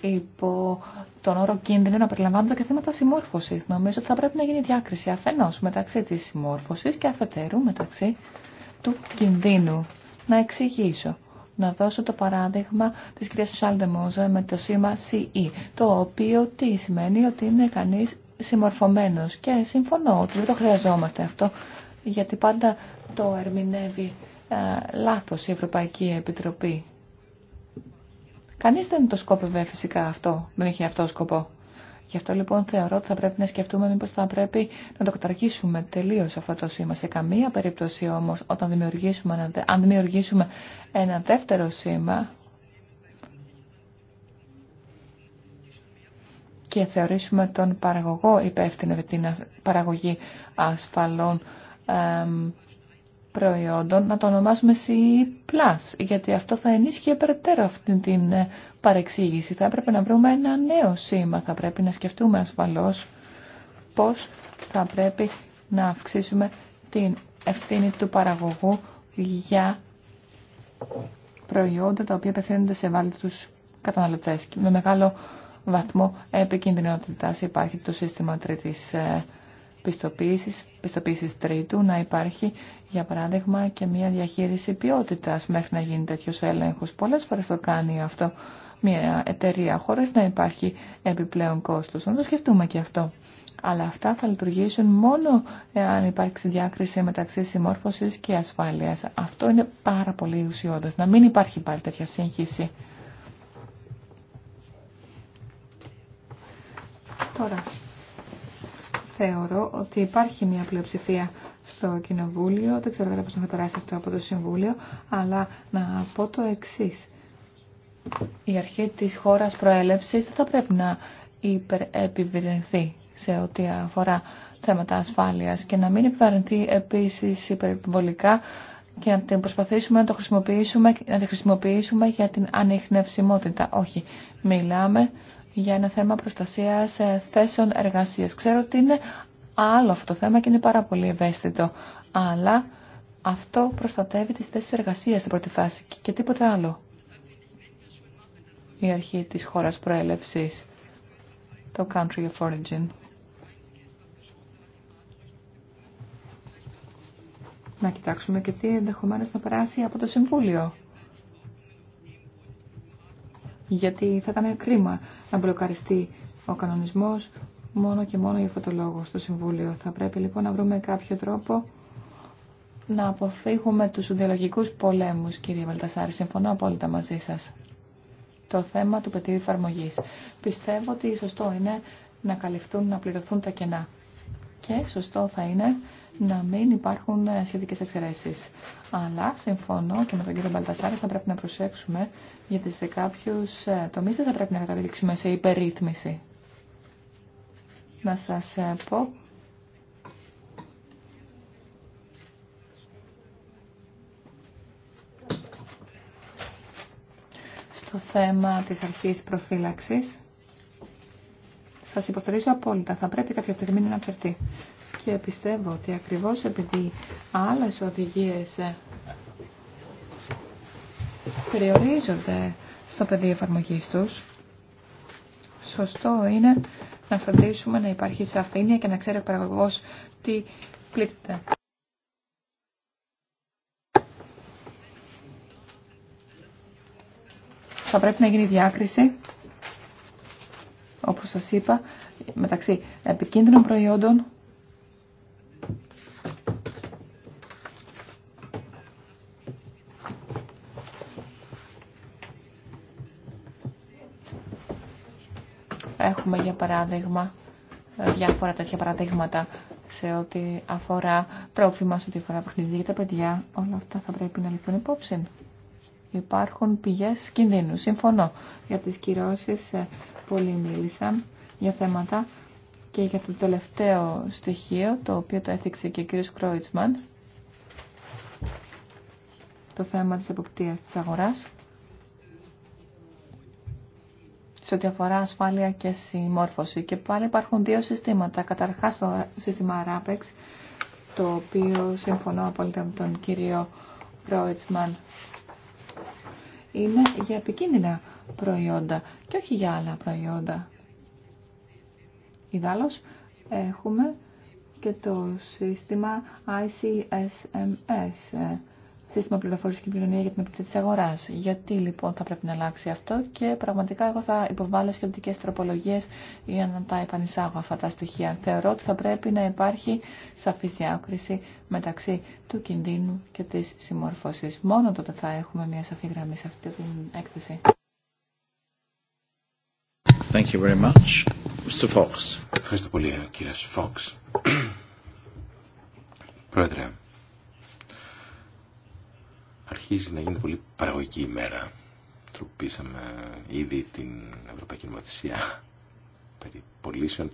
υπό τον όρο κίνδυνο να περιλαμβάνονται και θέματα συμμόρφωση. Νομίζω ότι θα πρέπει να γίνει διάκριση αφενό μεταξύ τη συμμόρφωση και αφετέρου μεταξύ του κινδύνου. Να εξηγήσω να δώσω το παράδειγμα της κυρίας Σάλντεμόζα με το σήμα CE, το οποίο τι σημαίνει ότι είναι κανείς συμμορφωμένος και συμφωνώ ότι δεν το χρειαζόμαστε αυτό γιατί πάντα το ερμηνεύει ε, λάθος η Ευρωπαϊκή Επιτροπή. Κανείς δεν το σκόπευε φυσικά αυτό, δεν είχε αυτό σκοπό. Γι' αυτό λοιπόν θεωρώ ότι θα πρέπει να σκεφτούμε μήπως θα πρέπει να το καταργήσουμε τελείως αυτό το σήμα. Σε καμία περίπτωση όμως όταν δημιουργήσουμε, αν δημιουργήσουμε ένα δεύτερο σήμα και θεωρήσουμε τον παραγωγό υπεύθυνο για την παραγωγή ασφαλών προϊόντων να το ονομάσουμε C+, γιατί αυτό θα ενίσχυε περαιτέρω αυτή την ε, παρεξήγηση. Θα έπρεπε να βρούμε ένα νέο σήμα, θα πρέπει να σκεφτούμε ασφαλώς πώς θα πρέπει να αυξήσουμε την ευθύνη του παραγωγού για προϊόντα τα οποία απευθύνονται σε ευάλωτους καταναλωτές. με μεγάλο βαθμό επικίνδυνοτητάς υπάρχει το σύστημα τρίτης ε, πιστοποίησης, πιστοποίησης τρίτου να υπάρχει για παράδειγμα και μια διαχείριση ποιότητας μέχρι να γίνει τέτοιο έλεγχος. Πολλές φορές το κάνει αυτό μια εταιρεία χωρίς να υπάρχει επιπλέον κόστος. Να το σκεφτούμε και αυτό. Αλλά αυτά θα λειτουργήσουν μόνο αν υπάρξει διάκριση μεταξύ συμμόρφωσης και ασφάλειας. Αυτό είναι πάρα πολύ ουσιώδες. Να μην υπάρχει πάλι τέτοια σύγχυση. Τώρα, θεωρώ ότι υπάρχει μια πλειοψηφία στο Κοινοβούλιο. Δεν ξέρω κατά πόσο θα περάσει αυτό από το Συμβούλιο, αλλά να πω το εξή. Η αρχή της χώρας προέλευσης δεν θα πρέπει να υπερεπιβληθεί σε ό,τι αφορά θέματα ασφάλειας και να μην επιβαρυνθεί επίσης υπερβολικά και να την προσπαθήσουμε να το χρησιμοποιήσουμε, να τη χρησιμοποιήσουμε για την ανιχνευσιμότητα. Όχι, μιλάμε για ένα θέμα προστασίας ε, θέσεων εργασίας. Ξέρω ότι είναι άλλο αυτό το θέμα και είναι πάρα πολύ ευαίσθητο, αλλά αυτό προστατεύει τις θέσεις εργασία σε πρώτη φάση και τίποτε άλλο. Η αρχή της χώρας προέλευσης, το country of origin. Να κοιτάξουμε και τι ενδεχομένως να περάσει από το Συμβούλιο γιατί θα ήταν κρίμα να μπλοκαριστεί ο κανονισμός μόνο και μόνο για αυτό το λόγο στο Συμβούλιο. Θα πρέπει λοιπόν να βρούμε κάποιο τρόπο να αποφύγουμε τους ιδεολογικούς πολέμους, κύριε Βαλτασάρη. Συμφωνώ απόλυτα μαζί σας. Το θέμα του πεδίου εφαρμογή. Πιστεύω ότι σωστό είναι να καλυφθούν, να πληρωθούν τα κενά. Και σωστό θα είναι να μην υπάρχουν ε, σχετικέ εξαιρέσει. Αλλά συμφωνώ και με τον κύριο Μπαλτασάρη θα πρέπει να προσέξουμε γιατί σε κάποιους ε, τομεί δεν θα πρέπει να καταλήξουμε σε υπερρύθμιση. Να σα ε, πω στο θέμα της αρχής προφύλαξης. Σας υποστηρίζω απόλυτα. Θα πρέπει κάποια στιγμή να αναφερθεί και πιστεύω ότι ακριβώς επειδή άλλες οδηγίες περιορίζονται στο πεδίο εφαρμογή τους, σωστό είναι να φροντίσουμε να υπάρχει σαφήνεια και να ξέρει ο παραγωγός τι πλήττεται. Θα πρέπει να γίνει διάκριση, όπως σας είπα, μεταξύ επικίνδυνων προϊόντων Έχουμε για παράδειγμα ε, διάφορα τέτοια παραδείγματα σε ό,τι αφορά τρόφιμα, σε ό,τι αφορά παιχνίδια για τα παιδιά. Όλα αυτά θα πρέπει να λυθούν υπόψη. Υπάρχουν πηγές κινδύνου. Συμφωνώ. Για τις κυρώσει ε, πολλοί μίλησαν για θέματα και για το τελευταίο στοιχείο, το οποίο το έθιξε και ο κ. Κρόιτσμαν, το θέμα της εποπτείας της αγοράς. σε ό,τι αφορά ασφάλεια και συμμόρφωση. Και πάλι υπάρχουν δύο συστήματα. Καταρχάς το σύστημα RAPEX, το οποίο συμφωνώ απόλυτα με τον κύριο Ρόιτσμαν, είναι για επικίνδυνα προϊόντα και όχι για άλλα προϊόντα. Ιδάλλως έχουμε και το σύστημα ICSMS σύστημα πληροφόρηση και για την επιτροπή τη αγορά. Γιατί λοιπόν θα πρέπει να αλλάξει αυτό και πραγματικά εγώ θα υποβάλω σχετικέ τροπολογίε για να τα επανεισάγω αυτά τα στοιχεία. Θεωρώ ότι θα πρέπει να υπάρχει σαφή διάκριση μεταξύ του κινδύνου και τη συμμόρφωση. Μόνο τότε θα έχουμε μια σαφή γραμμή σε αυτή την έκθεση. Thank you very much. Mr. Fox. Ευχαριστώ πολύ, κύριε Fox. Πρόεδρε, αρχίζει να γίνεται πολύ παραγωγική ημέρα. Τροπήσαμε ήδη την Ευρωπαϊκή Νομοθεσία περί πολίσεων.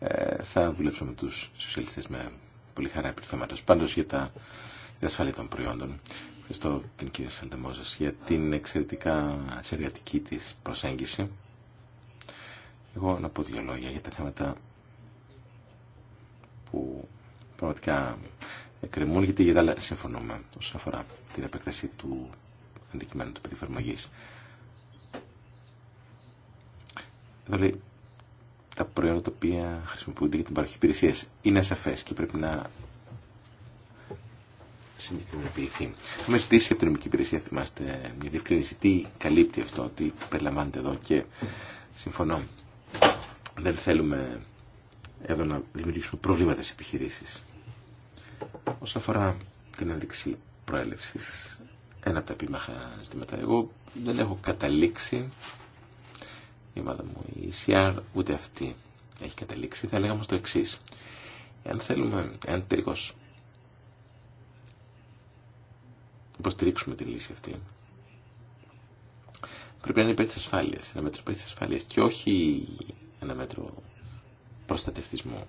Ε, θα δουλέψω με τους σοσιαλιστές με πολύ χαρά επί του θέματος. Πάντως για τα ασφάλεια των προϊόντων. Ευχαριστώ την κυρία σα για την εξαιρετικά συνεργατική της προσέγγιση. Εγώ να πω δύο λόγια για τα θέματα που πραγματικά εκκρεμούν γιατί για τα άλλα συμφωνούμε όσον αφορά την επέκταση του αντικειμένου του πεδιοφαρμαγής. Εδώ λέει τα προϊόντα τα οποία χρησιμοποιούνται για την παροχή υπηρεσία είναι ασαφέ και πρέπει να συγκεκριμενοποιηθεί. Έχουμε ζητήσει από την νομική υπηρεσία, θυμάστε, μια διευκρίνηση. Τι καλύπτει αυτό, τι περιλαμβάνεται εδώ και συμφωνώ. Δεν θέλουμε εδώ να δημιουργήσουμε προβλήματα στι επιχειρήσεις. Όσον αφορά την ένδειξη προέλευσης, ένα από τα επίμαχα ζητήματα. Εγώ δεν έχω καταλήξει, η ομάδα μου, η ECR, ούτε αυτή έχει καταλήξει. Θα λέγαμε στο το εξή. Εάν θέλουμε, εάν τελικώ υποστηρίξουμε τη λύση αυτή, πρέπει να είναι υπέρ ασφάλεια, ένα μέτρο υπέρ τη και όχι ένα μέτρο προστατευτισμού.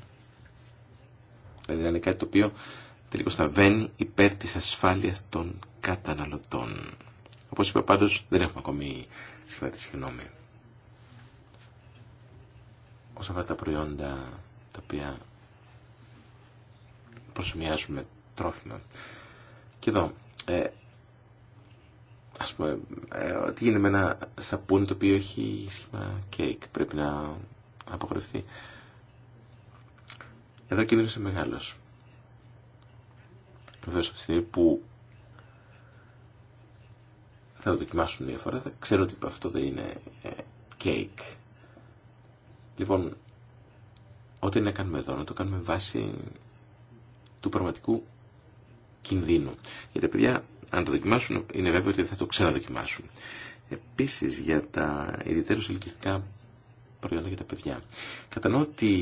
Δηλαδή είναι κάτι το οποίο τελικώς θα βαίνει υπέρ της ασφάλειας των καταναλωτών. Όπως είπα πάντως δεν έχουμε ακόμη σχεδιά συγγνώμη. Όσον αφορά τα προϊόντα τα οποία προσωμιάζουν με τρόφιμα. Και εδώ, ε, ας πούμε, ε, τι γίνεται με ένα σαπούνι το οποίο έχει σχήμα κέικ, πρέπει να απογορευτεί. Εδώ κίνδυνος είναι μεγάλος. Βεβαίως τη στιγμή που θα το δοκιμάσουν μια φορά, θα ξέρουν ότι αυτό δεν είναι κέικ. Ε, λοιπόν, ό,τι να κάνουμε εδώ, να το κάνουμε βάση του πραγματικού κινδύνου. Γιατί τα παιδιά, αν το δοκιμάσουν, είναι βέβαιο ότι θα το ξαναδοκιμάσουν. Επίσης, για τα ιδιαίτερως ελκυστικά προϊόντα για τα παιδιά. Κατανοώ ότι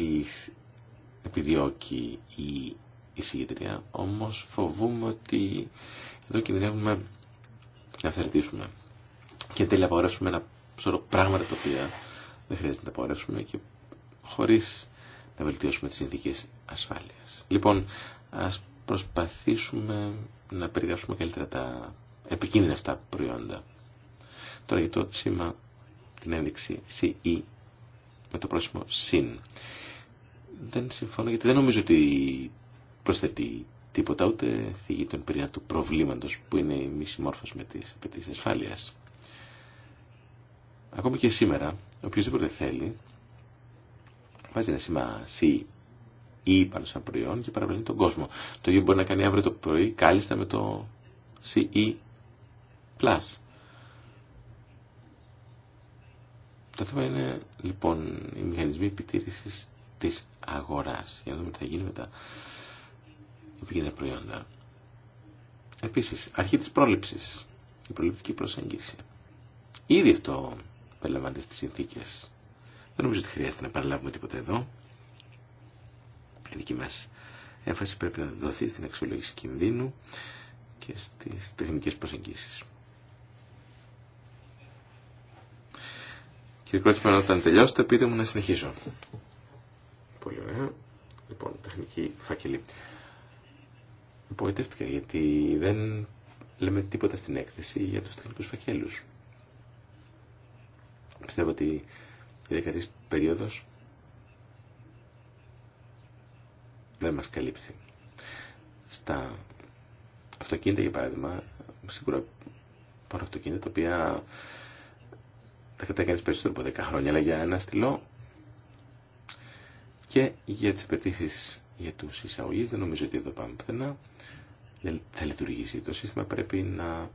επιδιώκει η εισηγητρία, όμως φοβούμε ότι εδώ κινδυνεύουμε να θερτήσουμε και εν τέλει ένα σωρό πράγματα τα οποία δεν χρειάζεται να απαγορεύσουμε και χωρίς να βελτιώσουμε τις συνθήκες ασφάλειας. Λοιπόν, ας προσπαθήσουμε να περιγράψουμε καλύτερα τα επικίνδυνα αυτά προϊόντα. Τώρα για το σήμα, την ένδειξη CE με το πρόσημο SIN δεν συμφωνώ γιατί δεν νομίζω ότι προσθέτει τίποτα ούτε θίγει τον πυρήνα του προβλήματος που είναι η μη συμμόρφωση με τις απαιτήσει ασφάλεια. Ακόμη και σήμερα, οποιοδήποτε θέλει, βάζει ένα σήμα C ή e πάνω σαν προϊόν και παραπλανεί τον κόσμο. Το ίδιο μπορεί να κάνει αύριο το πρωί κάλλιστα με το CE+. Το θέμα είναι λοιπόν οι μηχανισμοί επιτήρησης της αγοράς για να δούμε τι θα γίνει με τα επικίνδυνα προϊόντα. Επίσης, αρχή της πρόληψης, η προληπτική προσέγγιση. Ήδη αυτό περιλαμβάνεται στις συνθήκες. Δεν νομίζω ότι χρειάζεται να παραλάβουμε τίποτα εδώ. Η δική μας έμφαση πρέπει να δοθεί στην αξιολόγηση κινδύνου και στις τεχνικές προσεγγίσεις. Κύριε Κρότσμαν, όταν τελειώσετε πείτε μου να συνεχίσω. Πολύ ωραία. Λοιπόν, τεχνική φάκελη. Απογοητεύτηκα γιατί δεν λέμε τίποτα στην έκθεση για τους τεχνικούς φακέλους. Πιστεύω ότι η δεκατής περίοδος δεν μας καλύπτει. Στα αυτοκίνητα, για παράδειγμα, σίγουρα πάνω αυτοκίνητα, τα οποία τα κρατάει περισσότερο από 10 χρόνια, αλλά για ένα στυλό και για τις απαιτήσει για τους εισαγωγείς. Δεν νομίζω ότι εδώ πάμε πουθενά. Δεν θα λειτουργήσει το σύστημα. Πρέπει να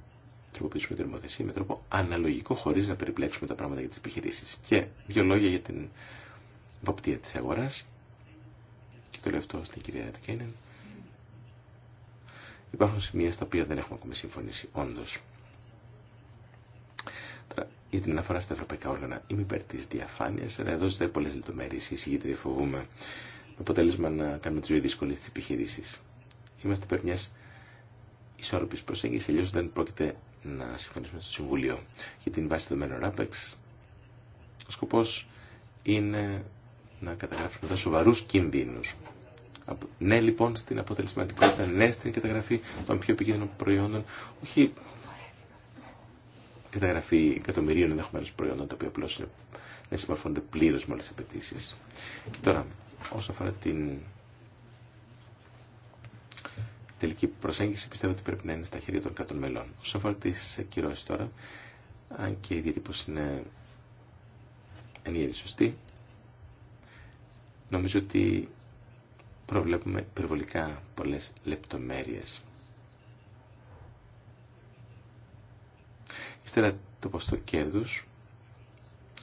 τροποποιήσουμε την νομοθεσία με τρόπο αναλογικό χωρίς να περιπλέξουμε τα πράγματα για τις επιχειρήσεις. Και δύο λόγια για την βαπτία της αγοράς. Και το λέω αυτό στην κυρία Τικένεν. Υπάρχουν σημεία στα οποία δεν έχουμε ακόμη συμφωνήσει όντως για την αναφορά στα ευρωπαϊκά όργανα. Είμαι υπέρ τη διαφάνεια, αλλά εδώ ζητάει πολλέ λεπτομέρειε και συγκεκριμένα φοβούμε. Με αποτέλεσμα να κάνουμε τη ζωή δύσκολη στι επιχειρήσει. Είμαστε υπέρ μια ισόρροπη προσέγγιση, αλλιώ δεν πρόκειται να συμφωνήσουμε στο Συμβούλιο για την βάση δεδομένων RAPEX. Ο σκοπό είναι να καταγράψουμε τα σοβαρού κινδύνου. Ναι λοιπόν στην αποτελεσματικότητα, ναι στην καταγραφή των πιο επικίνδυνων προϊόντων, όχι καταγραφή εκατομμυρίων ενδεχομένω προϊόντων τα οποία απλώ δεν συμμορφώνονται πλήρω με όλε τι απαιτήσει. Και τώρα, όσον αφορά την τελική προσέγγιση, πιστεύω ότι πρέπει να είναι στα χέρια των κρατών μελών. Όσον αφορά τι κυρώσει τώρα, αν και η διατύπωση είναι εν σωστή, νομίζω ότι προβλέπουμε περιβολικά πολλές λεπτομέρειες. Ιδιαίτερα το ποστό κέρδους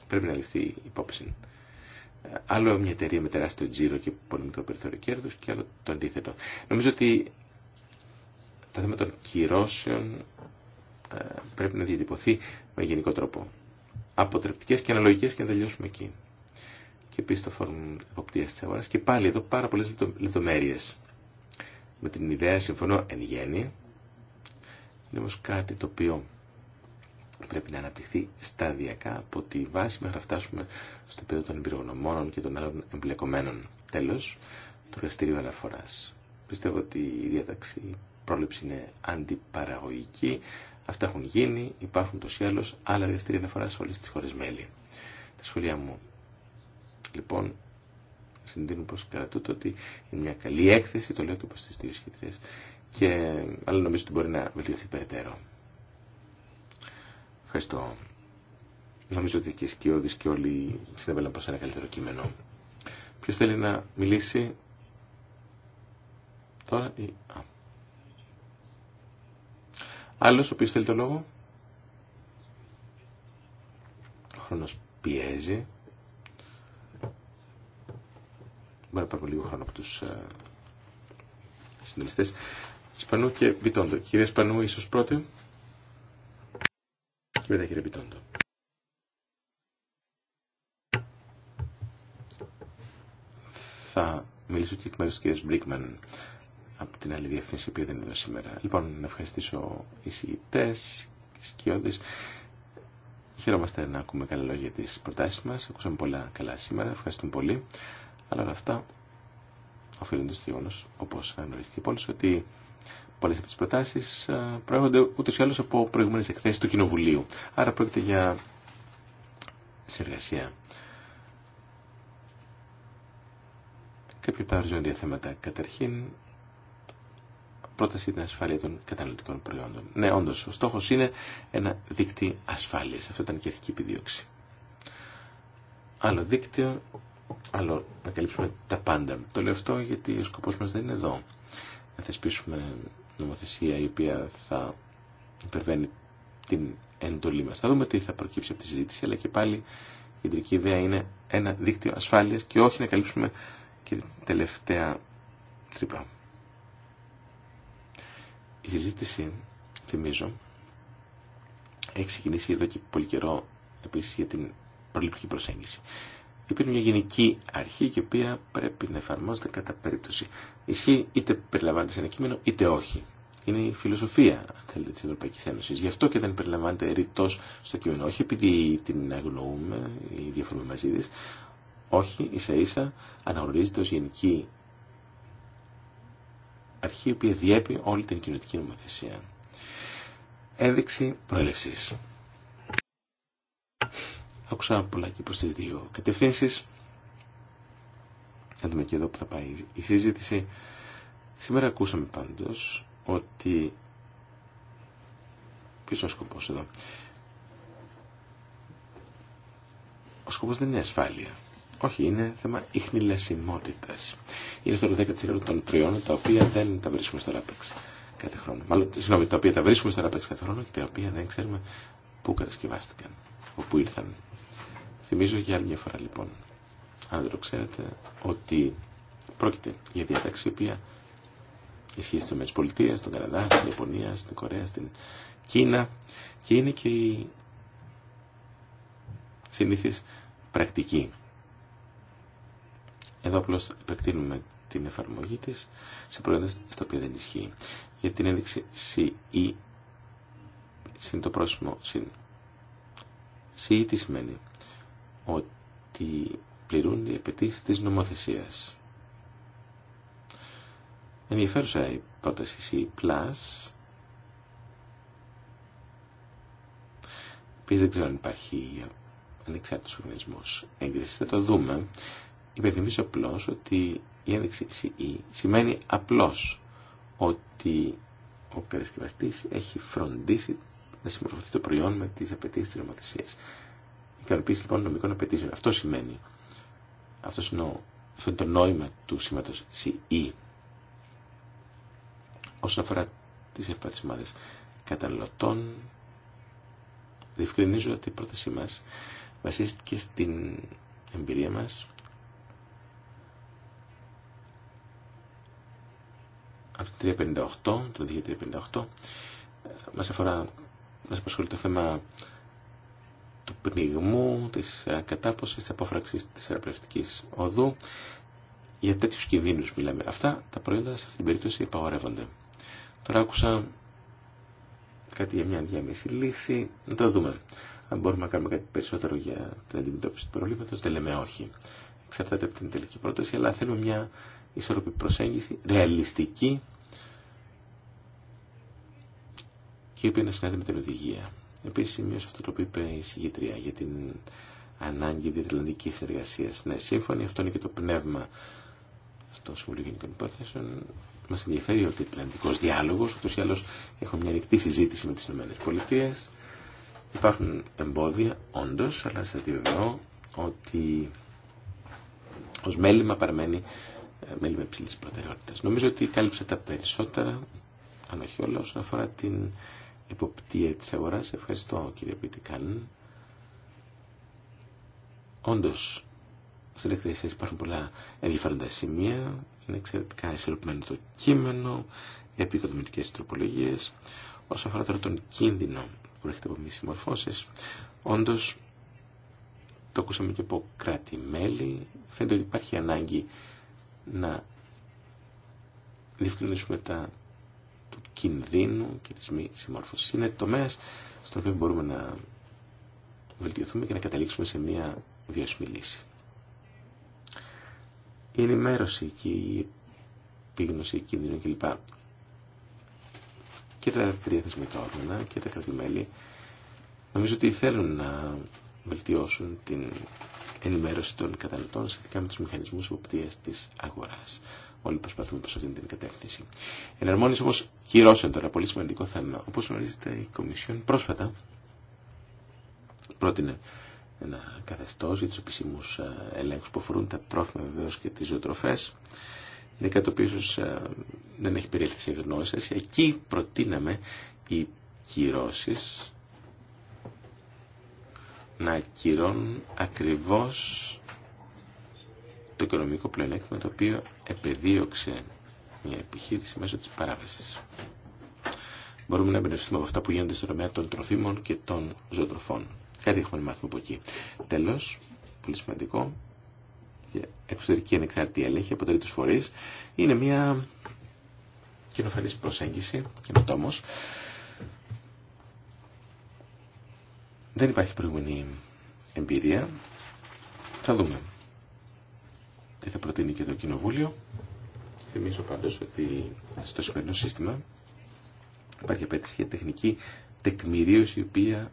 πρέπει να ληφθεί υπόψη. Άλλο μια εταιρεία με τεράστιο τζίρο και πολύ μικρό περιθώριο κέρδου και άλλο το αντίθετο. Νομίζω ότι το θέμα των κυρώσεων ε, πρέπει να διατυπωθεί με γενικό τρόπο. Αποτρεπτικές και αναλογικέ και να τελειώσουμε εκεί. Και επίση το φόρουμ εποπτεία τη αγορά. Και πάλι εδώ πάρα πολλέ λεπτομέρειε. Με την ιδέα συμφωνώ εν γέννη. Είναι όμω κάτι το οποίο πρέπει να αναπτυχθεί σταδιακά από τη βάση μέχρι να φτάσουμε στο επίπεδο των εμπειρογνωμόνων και των άλλων εμπλεκομένων. τέλο, το εργαστήριο αναφορά. Πιστεύω ότι η διάταξη πρόληψη είναι αντιπαραγωγική. Αυτά έχουν γίνει, υπάρχουν το άλλω άλλα εργαστήρια αναφορά σε όλε τι χώρε μέλη. Τα σχολεία μου, λοιπόν, συντείνουν προ καρατούτο ότι είναι μια καλή έκθεση, το λέω και προ τι δύο αλλά νομίζω ότι μπορεί να βελτιωθεί περαιτέρω. Ευχαριστώ. Νομίζω ότι και οι και όλοι συνέβαλαν πως ένα καλύτερο κείμενο. Ποιος θέλει να μιλήσει τώρα ή... Α. Άλλος ο οποίος θέλει το λόγο. Ο χρόνος πιέζει. Μπορεί να πάρουμε λίγο χρόνο από τους ε, Σπανού και Βιτόντο. Κυρία Σπανού, ίσως πρώτη. Καλησπέρα κύριε Πιτόντο. Θα μιλήσω και εκ μέρους της κυρίας Μπρίκμαν από την άλλη διευθύνση που δεν είναι εδώ σήμερα. Λοιπόν, να ευχαριστήσω εισηγητές, σκιώδεις. Χαιρόμαστε να ακούμε καλά λόγια τις προτάσεις μας. Ακούσαμε πολλά καλά σήμερα. Ευχαριστούμε πολύ. Αλλά όλα αυτά οφείλονται στο γεγονό, όπως αναγνωρίστηκε ότι Πολλέ από τι προτάσει ε, προέρχονται ούτω ή άλλω από προηγούμενε εκθέσει του Κοινοβουλίου. Άρα πρόκειται για συνεργασία. Κάποια τα οριζόντια θέματα. Καταρχήν, πρόταση για την ασφάλεια των καταναλωτικών προϊόντων. Ναι, όντω, ο στόχος είναι ένα δίκτυο ασφάλεια. Αυτό ήταν και η αρχική επιδίωξη. Άλλο δίκτυο, άλλο να καλύψουμε τα πάντα. Το λέω αυτό γιατί ο σκοπό μα δεν είναι εδώ θεσπίσουμε νομοθεσία η οποία θα υπερβαίνει την εντολή μας. Θα δούμε τι θα προκύψει από τη συζήτηση, αλλά και πάλι η κεντρική ιδέα είναι ένα δίκτυο ασφάλειας και όχι να καλύψουμε και την τελευταία τρύπα. Η συζήτηση, θυμίζω, έχει ξεκινήσει εδώ και πολύ καιρό επίσης για την προληπτική προσέγγιση υπήρχε μια γενική αρχή η οποία πρέπει να εφαρμόζεται κατά περίπτωση. Ισχύει είτε περιλαμβάνεται σε ένα κείμενο είτε όχι. Είναι η φιλοσοφία, αν τη Ευρωπαϊκή Ένωση. Γι' αυτό και δεν περιλαμβάνεται ρητό στο κείμενο. Όχι επειδή την αγνοούμε ή διαφωνούμε μαζί τη. Όχι, ίσα ίσα αναγνωρίζεται ω γενική αρχή η διαφορουμε μαζι τη οχι ισα διέπει όλη την κοινωτική νομοθεσία. έδειξη προέλευση. Το πολλά και προς τις δύο κατευθύνσεις. Να δούμε και εδώ που θα πάει η συζήτηση. Σήμερα ακούσαμε πάντως ότι... Ποιος είναι ο σκοπός εδώ. Ο σκοπός δεν είναι ασφάλεια. Όχι, είναι θέμα ίχνηλασιμότητας. Είναι στο 10% των τριών τα οποία δεν τα βρίσκουμε στο ράπεξ κάθε χρόνο. Μάλλον, συγγνώμη, τα οποία τα βρίσκουμε στο ράπεξ κάθε χρόνο και τα οποία δεν ξέρουμε πού κατασκευάστηκαν, όπου ήρθαν. Θυμίζω για άλλη μια φορά λοιπόν, αν δεν το ξέρετε, ότι πρόκειται για διάταξη η οποία ισχύει στις Πολιτείες, στον Καναδά, στην Ιαπωνία, στην Κορέα, στην Κίνα και είναι και η συνήθις πρακτική. Εδώ απλώ επεκτείνουμε την εφαρμογή της σε προϊόντα στα οποία δεν ισχύει. Για την ένδειξη CE συν το πρόσημο συν. CE τι σημαίνει ότι πληρούν οι απαιτήσει της νομοθεσίας. Ενδιαφέρουσα η πρόταση C+. Επίσης δεν ξέρω αν υπάρχει ανεξάρτητος οργανισμός έγκρισης. Θα το δούμε. Υπενθυμίζω απλώ ότι η ένδειξη CE σημαίνει απλώς ότι ο κατασκευαστής έχει φροντίσει να συμμορφωθεί το προϊόν με τις απαιτήσεις της νομοθεσίας ικανοποίηση λοιπόν νομικών απαιτήσεων. Αυτό σημαίνει. αυτό είναι το νόημα του σήματος CE. Όσον αφορά τις ευπαθείς ομάδες καταναλωτών, διευκρινίζω ότι η πρότασή μας βασίστηκε στην εμπειρία μας από την 358, το 2358, ε, μας αφορά, μας απασχολεί το θέμα του πνιγμού, της ε, κατάποσης, της απόφραξης της θεραπευτικής οδού. Για τέτοιους κινδύνους μιλάμε. Αυτά τα προϊόντα σε αυτήν την περίπτωση υπαγορεύονται. Τώρα άκουσα κάτι για μια διάμεση λύση. Να τα δούμε. Αν μπορούμε να κάνουμε κάτι περισσότερο για την αντιμετώπιση του προβλήματος, δεν λέμε όχι. Εξαρτάται από την τελική πρόταση, αλλά θέλουμε μια ισορροπή προσέγγιση, ρεαλιστική και η οποία να συνάδει με την οδηγία. Επίσης σημείωσα αυτό το οποίο είπε η συγγήτρια για την ανάγκη διατλαντικής εργασίας. Ναι, σύμφωνοι, αυτό είναι και το πνεύμα στο Συμβουλίο Γενικών Υπόθεσεων. Μα ενδιαφέρει ο διατλαντικό διάλογο. Ούτω ή άλλω έχω μια ανοιχτή συζήτηση με τι ΗΠΑ. Υπάρχουν εμπόδια, όντω, αλλά σα διαβεβαιώ ότι ω μέλημα παραμένει ε, μέλημα υψηλή προτεραιότητα. Νομίζω ότι κάλυψε τα περισσότερα, αν όχι όλα, όσον αφορά την εποπτεία της αγοράς. Ευχαριστώ κύριε Πιτικάν. Όντως, στην έκθεση υπάρχουν πολλά ενδιαφέροντα σημεία. Είναι εξαιρετικά ισορροπημένο το κείμενο, επικοδομητικές τροπολογίες. Όσον αφορά τώρα τον κίνδυνο που έχετε από μη συμμορφώσεις, όντως το ακούσαμε και από κράτη-μέλη. Φαίνεται ότι υπάρχει ανάγκη να διευκρινίσουμε τα κινδύνου και της μη συμμόρφωσης. Είναι τομέας στον οποίο μπορούμε να βελτιωθούμε και να καταλήξουμε σε μια βιώσιμη λύση. Η ενημέρωση και η επίγνωση κινδύνου κλπ. Και τα τρία θεσμικά όργανα και τα κρατημέλη νομίζω ότι θέλουν να βελτιώσουν την ενημέρωση των καταναλωτών σχετικά με τους μηχανισμούς εποπτείας της αγοράς. Όλοι προσπαθούμε προ αυτήν την κατεύθυνση. Εναρμόνιση όμω κυρώσεων τώρα, πολύ σημαντικό θέμα. Όπω γνωρίζετε η Κομισιόν πρόσφατα πρότεινε ένα καθεστώ για του επισήμους ε, ελέγχου που αφορούν τα τρόφιμα βεβαίω και τι ζωοτροφέ. Είναι κάτι το οποίο ίσω ε, δεν έχει περιέλθει σε γνώσει. Εκεί προτείναμε οι κυρώσει να κυρώνουν ακριβώς το οικονομικό πλεονέκτημα το οποίο επεδίωξε μια επιχείρηση μέσω της παράβασης. Μπορούμε να εμπνευστούμε από αυτά που γίνονται στον τομέα των τροφίμων και των ζωοτροφών. Κάτι έχουμε να μάθουμε από εκεί. Τέλο, πολύ σημαντικό, η εξωτερική ανεξάρτητη έλεγχη από τρίτου φορεί είναι μια κοινοφανή προσέγγιση, και καινοτόμος. Δεν υπάρχει προηγούμενη εμπειρία. Θα δούμε τι θα προτείνει και το Κοινοβούλιο. Θυμίζω πάντως ότι στο σημερινό σύστημα υπάρχει απέτηση για τεχνική τεκμηρίωση η οποία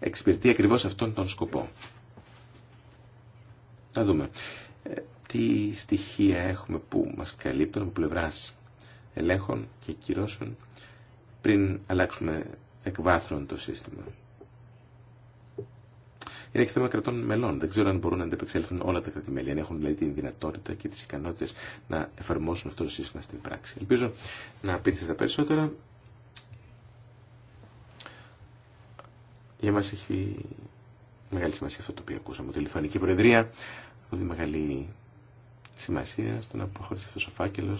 εξυπηρετεί ακριβώς αυτόν τον σκοπό. Να δούμε ε, τι στοιχεία έχουμε που μας καλύπτουν από πλευράς ελέγχων και κυρώσεων πριν αλλάξουμε εκβάθρον το σύστημα είναι και θέμα κρατών μελών. Δεν ξέρω αν μπορούν να αντεπεξέλθουν όλα τα κρατημέλη, αν έχουν δηλαδή την δυνατότητα και τι ικανότητε να εφαρμόσουν αυτό το σύστημα στην πράξη. Ελπίζω να πείτε τα περισσότερα. Για μα έχει μεγάλη σημασία αυτό το οποίο ακούσαμε. τηλεφωνική η Λιθουανική Προεδρία μεγάλη σημασία στο να προχωρήσει αυτό ο φάκελο,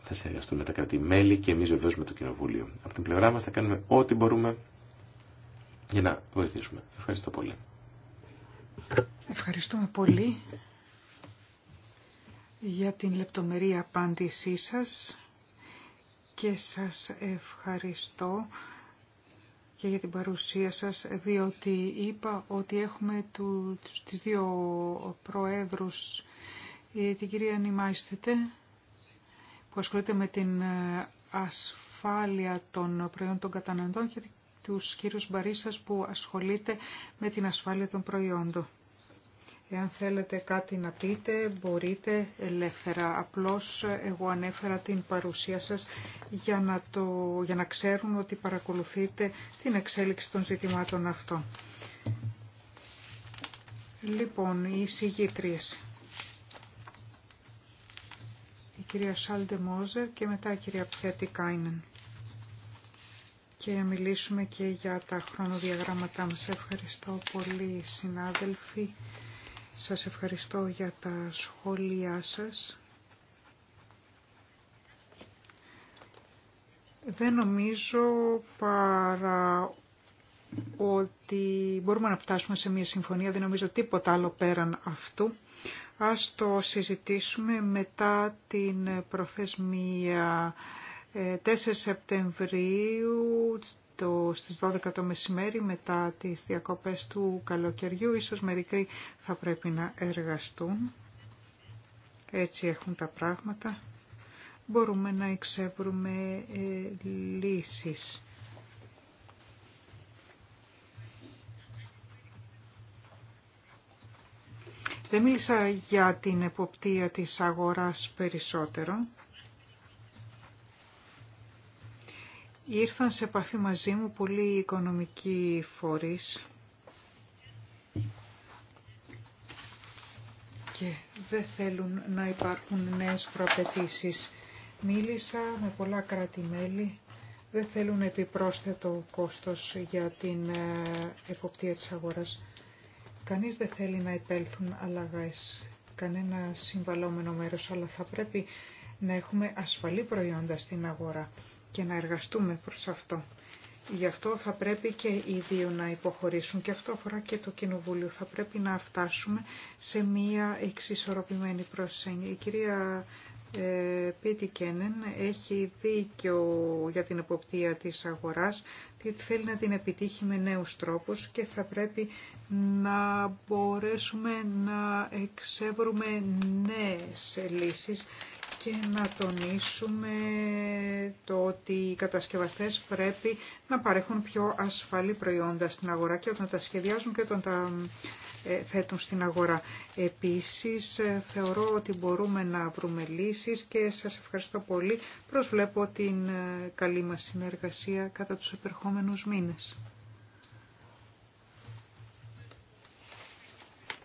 Θα συνεργαστούμε με τα κρατημέλη και εμεί βεβαίω με το Κοινοβούλιο. Από την πλευρά μα θα κάνουμε ό,τι μπορούμε για να βοηθήσουμε. Ευχαριστώ πολύ. Ευχαριστούμε πολύ για την λεπτομερή απάντησή σας και σας ευχαριστώ και για την παρουσία σας, διότι είπα ότι έχουμε του, τις δύο προέδρους, ε, την κυρία Νιμάιστητε, που ασχολείται με την ε, ασφάλεια των προϊόντων των καταναλωτών και τους κύριους Μπαρίσα που ασχολείται με την ασφάλεια των προϊόντων. Εάν θέλετε κάτι να πείτε, μπορείτε ελεύθερα. Απλώς εγώ ανέφερα την παρουσία σας για να, το, για να ξέρουν ότι παρακολουθείτε την εξέλιξη των ζητημάτων αυτών. Λοιπόν, οι εισηγήτριες. Η κυρία Σάλντε Μόζερ και μετά η κυρία Πιέτη Κάινεν και μιλήσουμε και για τα χρονοδιαγράμματά μας. Ευχαριστώ πολύ συνάδελφοι. Σας ευχαριστώ για τα σχόλιά σας. Δεν νομίζω παρά ότι μπορούμε να φτάσουμε σε μια συμφωνία, δεν νομίζω τίποτα άλλο πέραν αυτού. Ας το συζητήσουμε μετά την προθεσμία 4 ε, Σεπτεμβρίου το, στις 12 το μεσημέρι μετά τις διακοπές του καλοκαιριού. Ίσως μερικοί θα πρέπει να εργαστούν. Έτσι έχουν τα πράγματα. Μπορούμε να εξεύρουμε ε, λύσεις. Δεν μίλησα για την εποπτεία της αγοράς περισσότερο. Ήρθαν σε επαφή μαζί μου πολλοί οικονομικοί φορείς και δεν θέλουν να υπάρχουν νέες προαπαιτήσεις. Μίλησα με πολλά κράτη-μέλη, δεν θέλουν επιπρόσθετο κόστος για την ε, εποπτεία της αγοράς. Κανείς δεν θέλει να επέλθουν αλλαγές, κανένα συμβαλόμενο μέρος, αλλά θα πρέπει να έχουμε ασφαλή προϊόντα στην αγορά και να εργαστούμε προς αυτό. Γι' αυτό θα πρέπει και οι δύο να υποχωρήσουν και αυτό αφορά και το Κοινοβούλιο. Θα πρέπει να φτάσουμε σε μία εξισορροπημένη προσέγγιση. Η κυρία ε, Πίτι Κένεν έχει δίκιο για την εποπτεία της αγοράς, ότι θέλει να την επιτύχει με νέους τρόπους και θα πρέπει να μπορέσουμε να εξεύρουμε νέες λύσεις και να τονίσουμε το ότι οι κατασκευαστές πρέπει να παρέχουν πιο ασφαλή προϊόντα στην αγορά και όταν τα σχεδιάζουν και όταν τα ε, θέτουν στην αγορά. Επίσης, ε, θεωρώ ότι μπορούμε να βρούμε λύσεις και σας ευχαριστώ πολύ. Προσβλέπω την ε, καλή μας συνεργασία κατά τους επερχόμενους μήνες.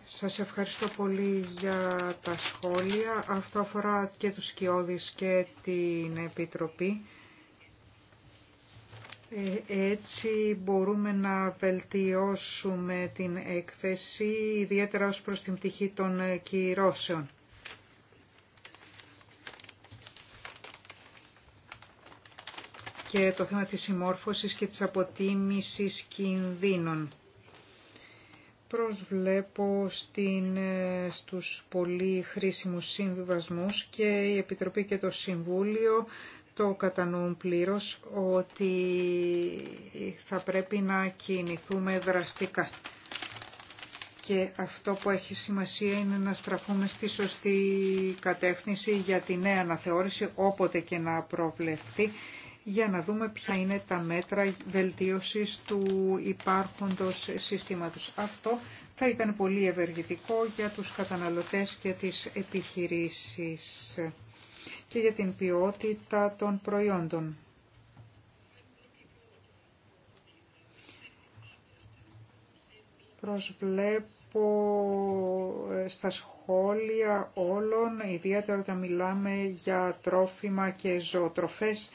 Σας ευχαριστώ πολύ για τα σχόλια. Αυτό αφορά και τους Σκιώδης και την Επιτροπή. Ε, έτσι μπορούμε να βελτιώσουμε την έκθεση, ιδιαίτερα ως προς την πτυχή των κυρώσεων. Και το θέμα της συμμόρφωσης και της αποτίμησης κινδύνων προσβλέπω στην, ε, στους πολύ χρήσιμους συμβιβασμούς και η Επιτροπή και το Συμβούλιο το κατανοούν πλήρως ότι θα πρέπει να κινηθούμε δραστικά. Και αυτό που έχει σημασία είναι να στραφούμε στη σωστή κατεύθυνση για τη νέα αναθεώρηση όποτε και να προβλεφθεί για να δούμε ποια είναι τα μέτρα βελτίωσης του υπάρχοντος συστήματος. Αυτό θα ήταν πολύ ευεργητικό για τους καταναλωτές και τις επιχειρήσεις και για την ποιότητα των προϊόντων. Προσβλέπω ε, στα σχόλια όλων, ιδιαίτερα όταν μιλάμε για τρόφιμα και ζωοτροφές,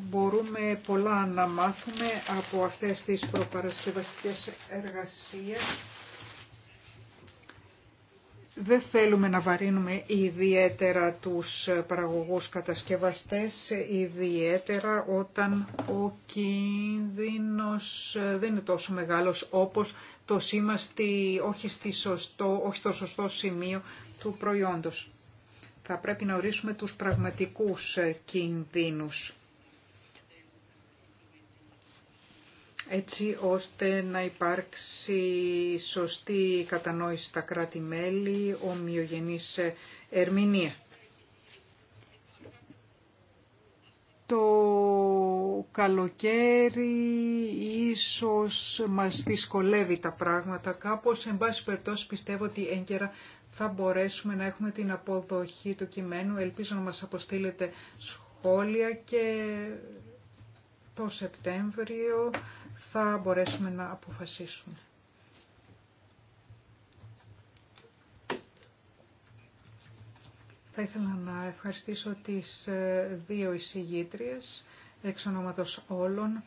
μπορούμε πολλά να μάθουμε από αυτές τις προπαρασκευαστικές εργασίες. Δεν θέλουμε να βαρύνουμε ιδιαίτερα τους παραγωγούς κατασκευαστές, ιδιαίτερα όταν ο κίνδυνος δεν είναι τόσο μεγάλος όπως το σήμα στη, όχι, στη σωστό, όχι στο σωστό σημείο του προϊόντος. Θα πρέπει να ορίσουμε τους πραγματικούς κινδύνους έτσι ώστε να υπάρξει σωστή κατανόηση στα κράτη-μέλη, ομοιογενής ερμηνεία. Το καλοκαίρι ίσως μας δυσκολεύει τα πράγματα κάπως. Εν πάση περιπτώσει πιστεύω ότι έγκαιρα θα μπορέσουμε να έχουμε την αποδοχή του κειμένου. Ελπίζω να μας αποστείλετε σχόλια και το Σεπτέμβριο θα μπορέσουμε να αποφασίσουμε. Θα ήθελα να ευχαριστήσω τις ε, δύο εισηγήτριες εξ ονόματος όλων.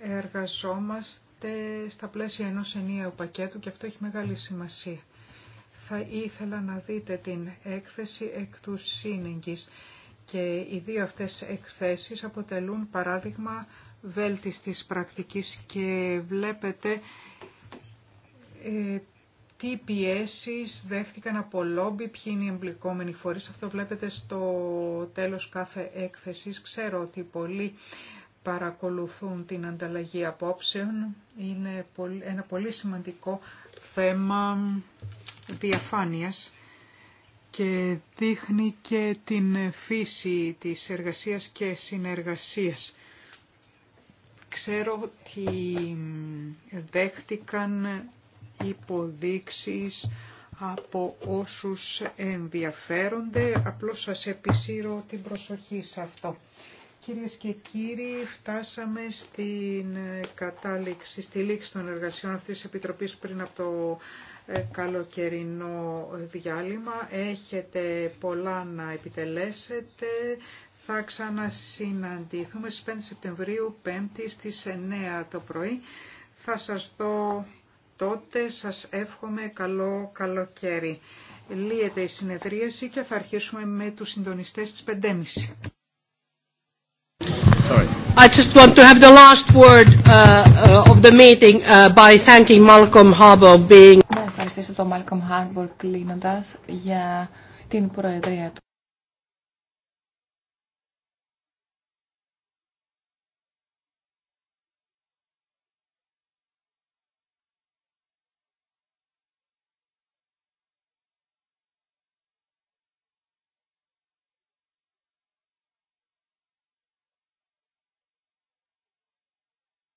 Εργαζόμαστε στα πλαίσια ενός ενιαίου πακέτου και αυτό έχει μεγάλη σημασία. Θα ήθελα να δείτε την έκθεση εκ του και οι δύο αυτές εκθέσεις αποτελούν παράδειγμα βέλτιστης πρακτικής και βλέπετε ε, τι πιέσει δέχτηκαν από λόμπι, ποιοι είναι οι εμπληκόμενοι φορείς. Αυτό βλέπετε στο τέλος κάθε έκθεσης. Ξέρω ότι πολλοί παρακολουθούν την ανταλλαγή απόψεων. Είναι ένα πολύ σημαντικό θέμα διαφάνειας και δείχνει και την φύση της εργασίας και συνεργασίας. Ξέρω ότι δέχτηκαν υποδείξεις από όσους ενδιαφέρονται. Απλώς σας επισύρω την προσοχή σε αυτό. Κυρίες και κύριοι, φτάσαμε στην ε, κατάληξη, στη λήξη των εργασιών αυτής της Επιτροπής πριν από το ε, καλοκαιρινό διάλειμμα. Έχετε πολλά να επιτελέσετε. Θα ξανασυναντηθούμε στις 5 Σεπτεμβρίου, 5η στις 9 το πρωί. Θα σας δω τότε. Σας εύχομαι καλό καλοκαίρι. Λύεται η συνεδρίαση και θα αρχίσουμε με τους συντονιστές στις 5.30. Sorry. I just want to have the last word uh, uh, of the meeting uh, by thanking Malcolm Harbour being. τον Malcolm Harbour κλείνοντας για την προεδρία του.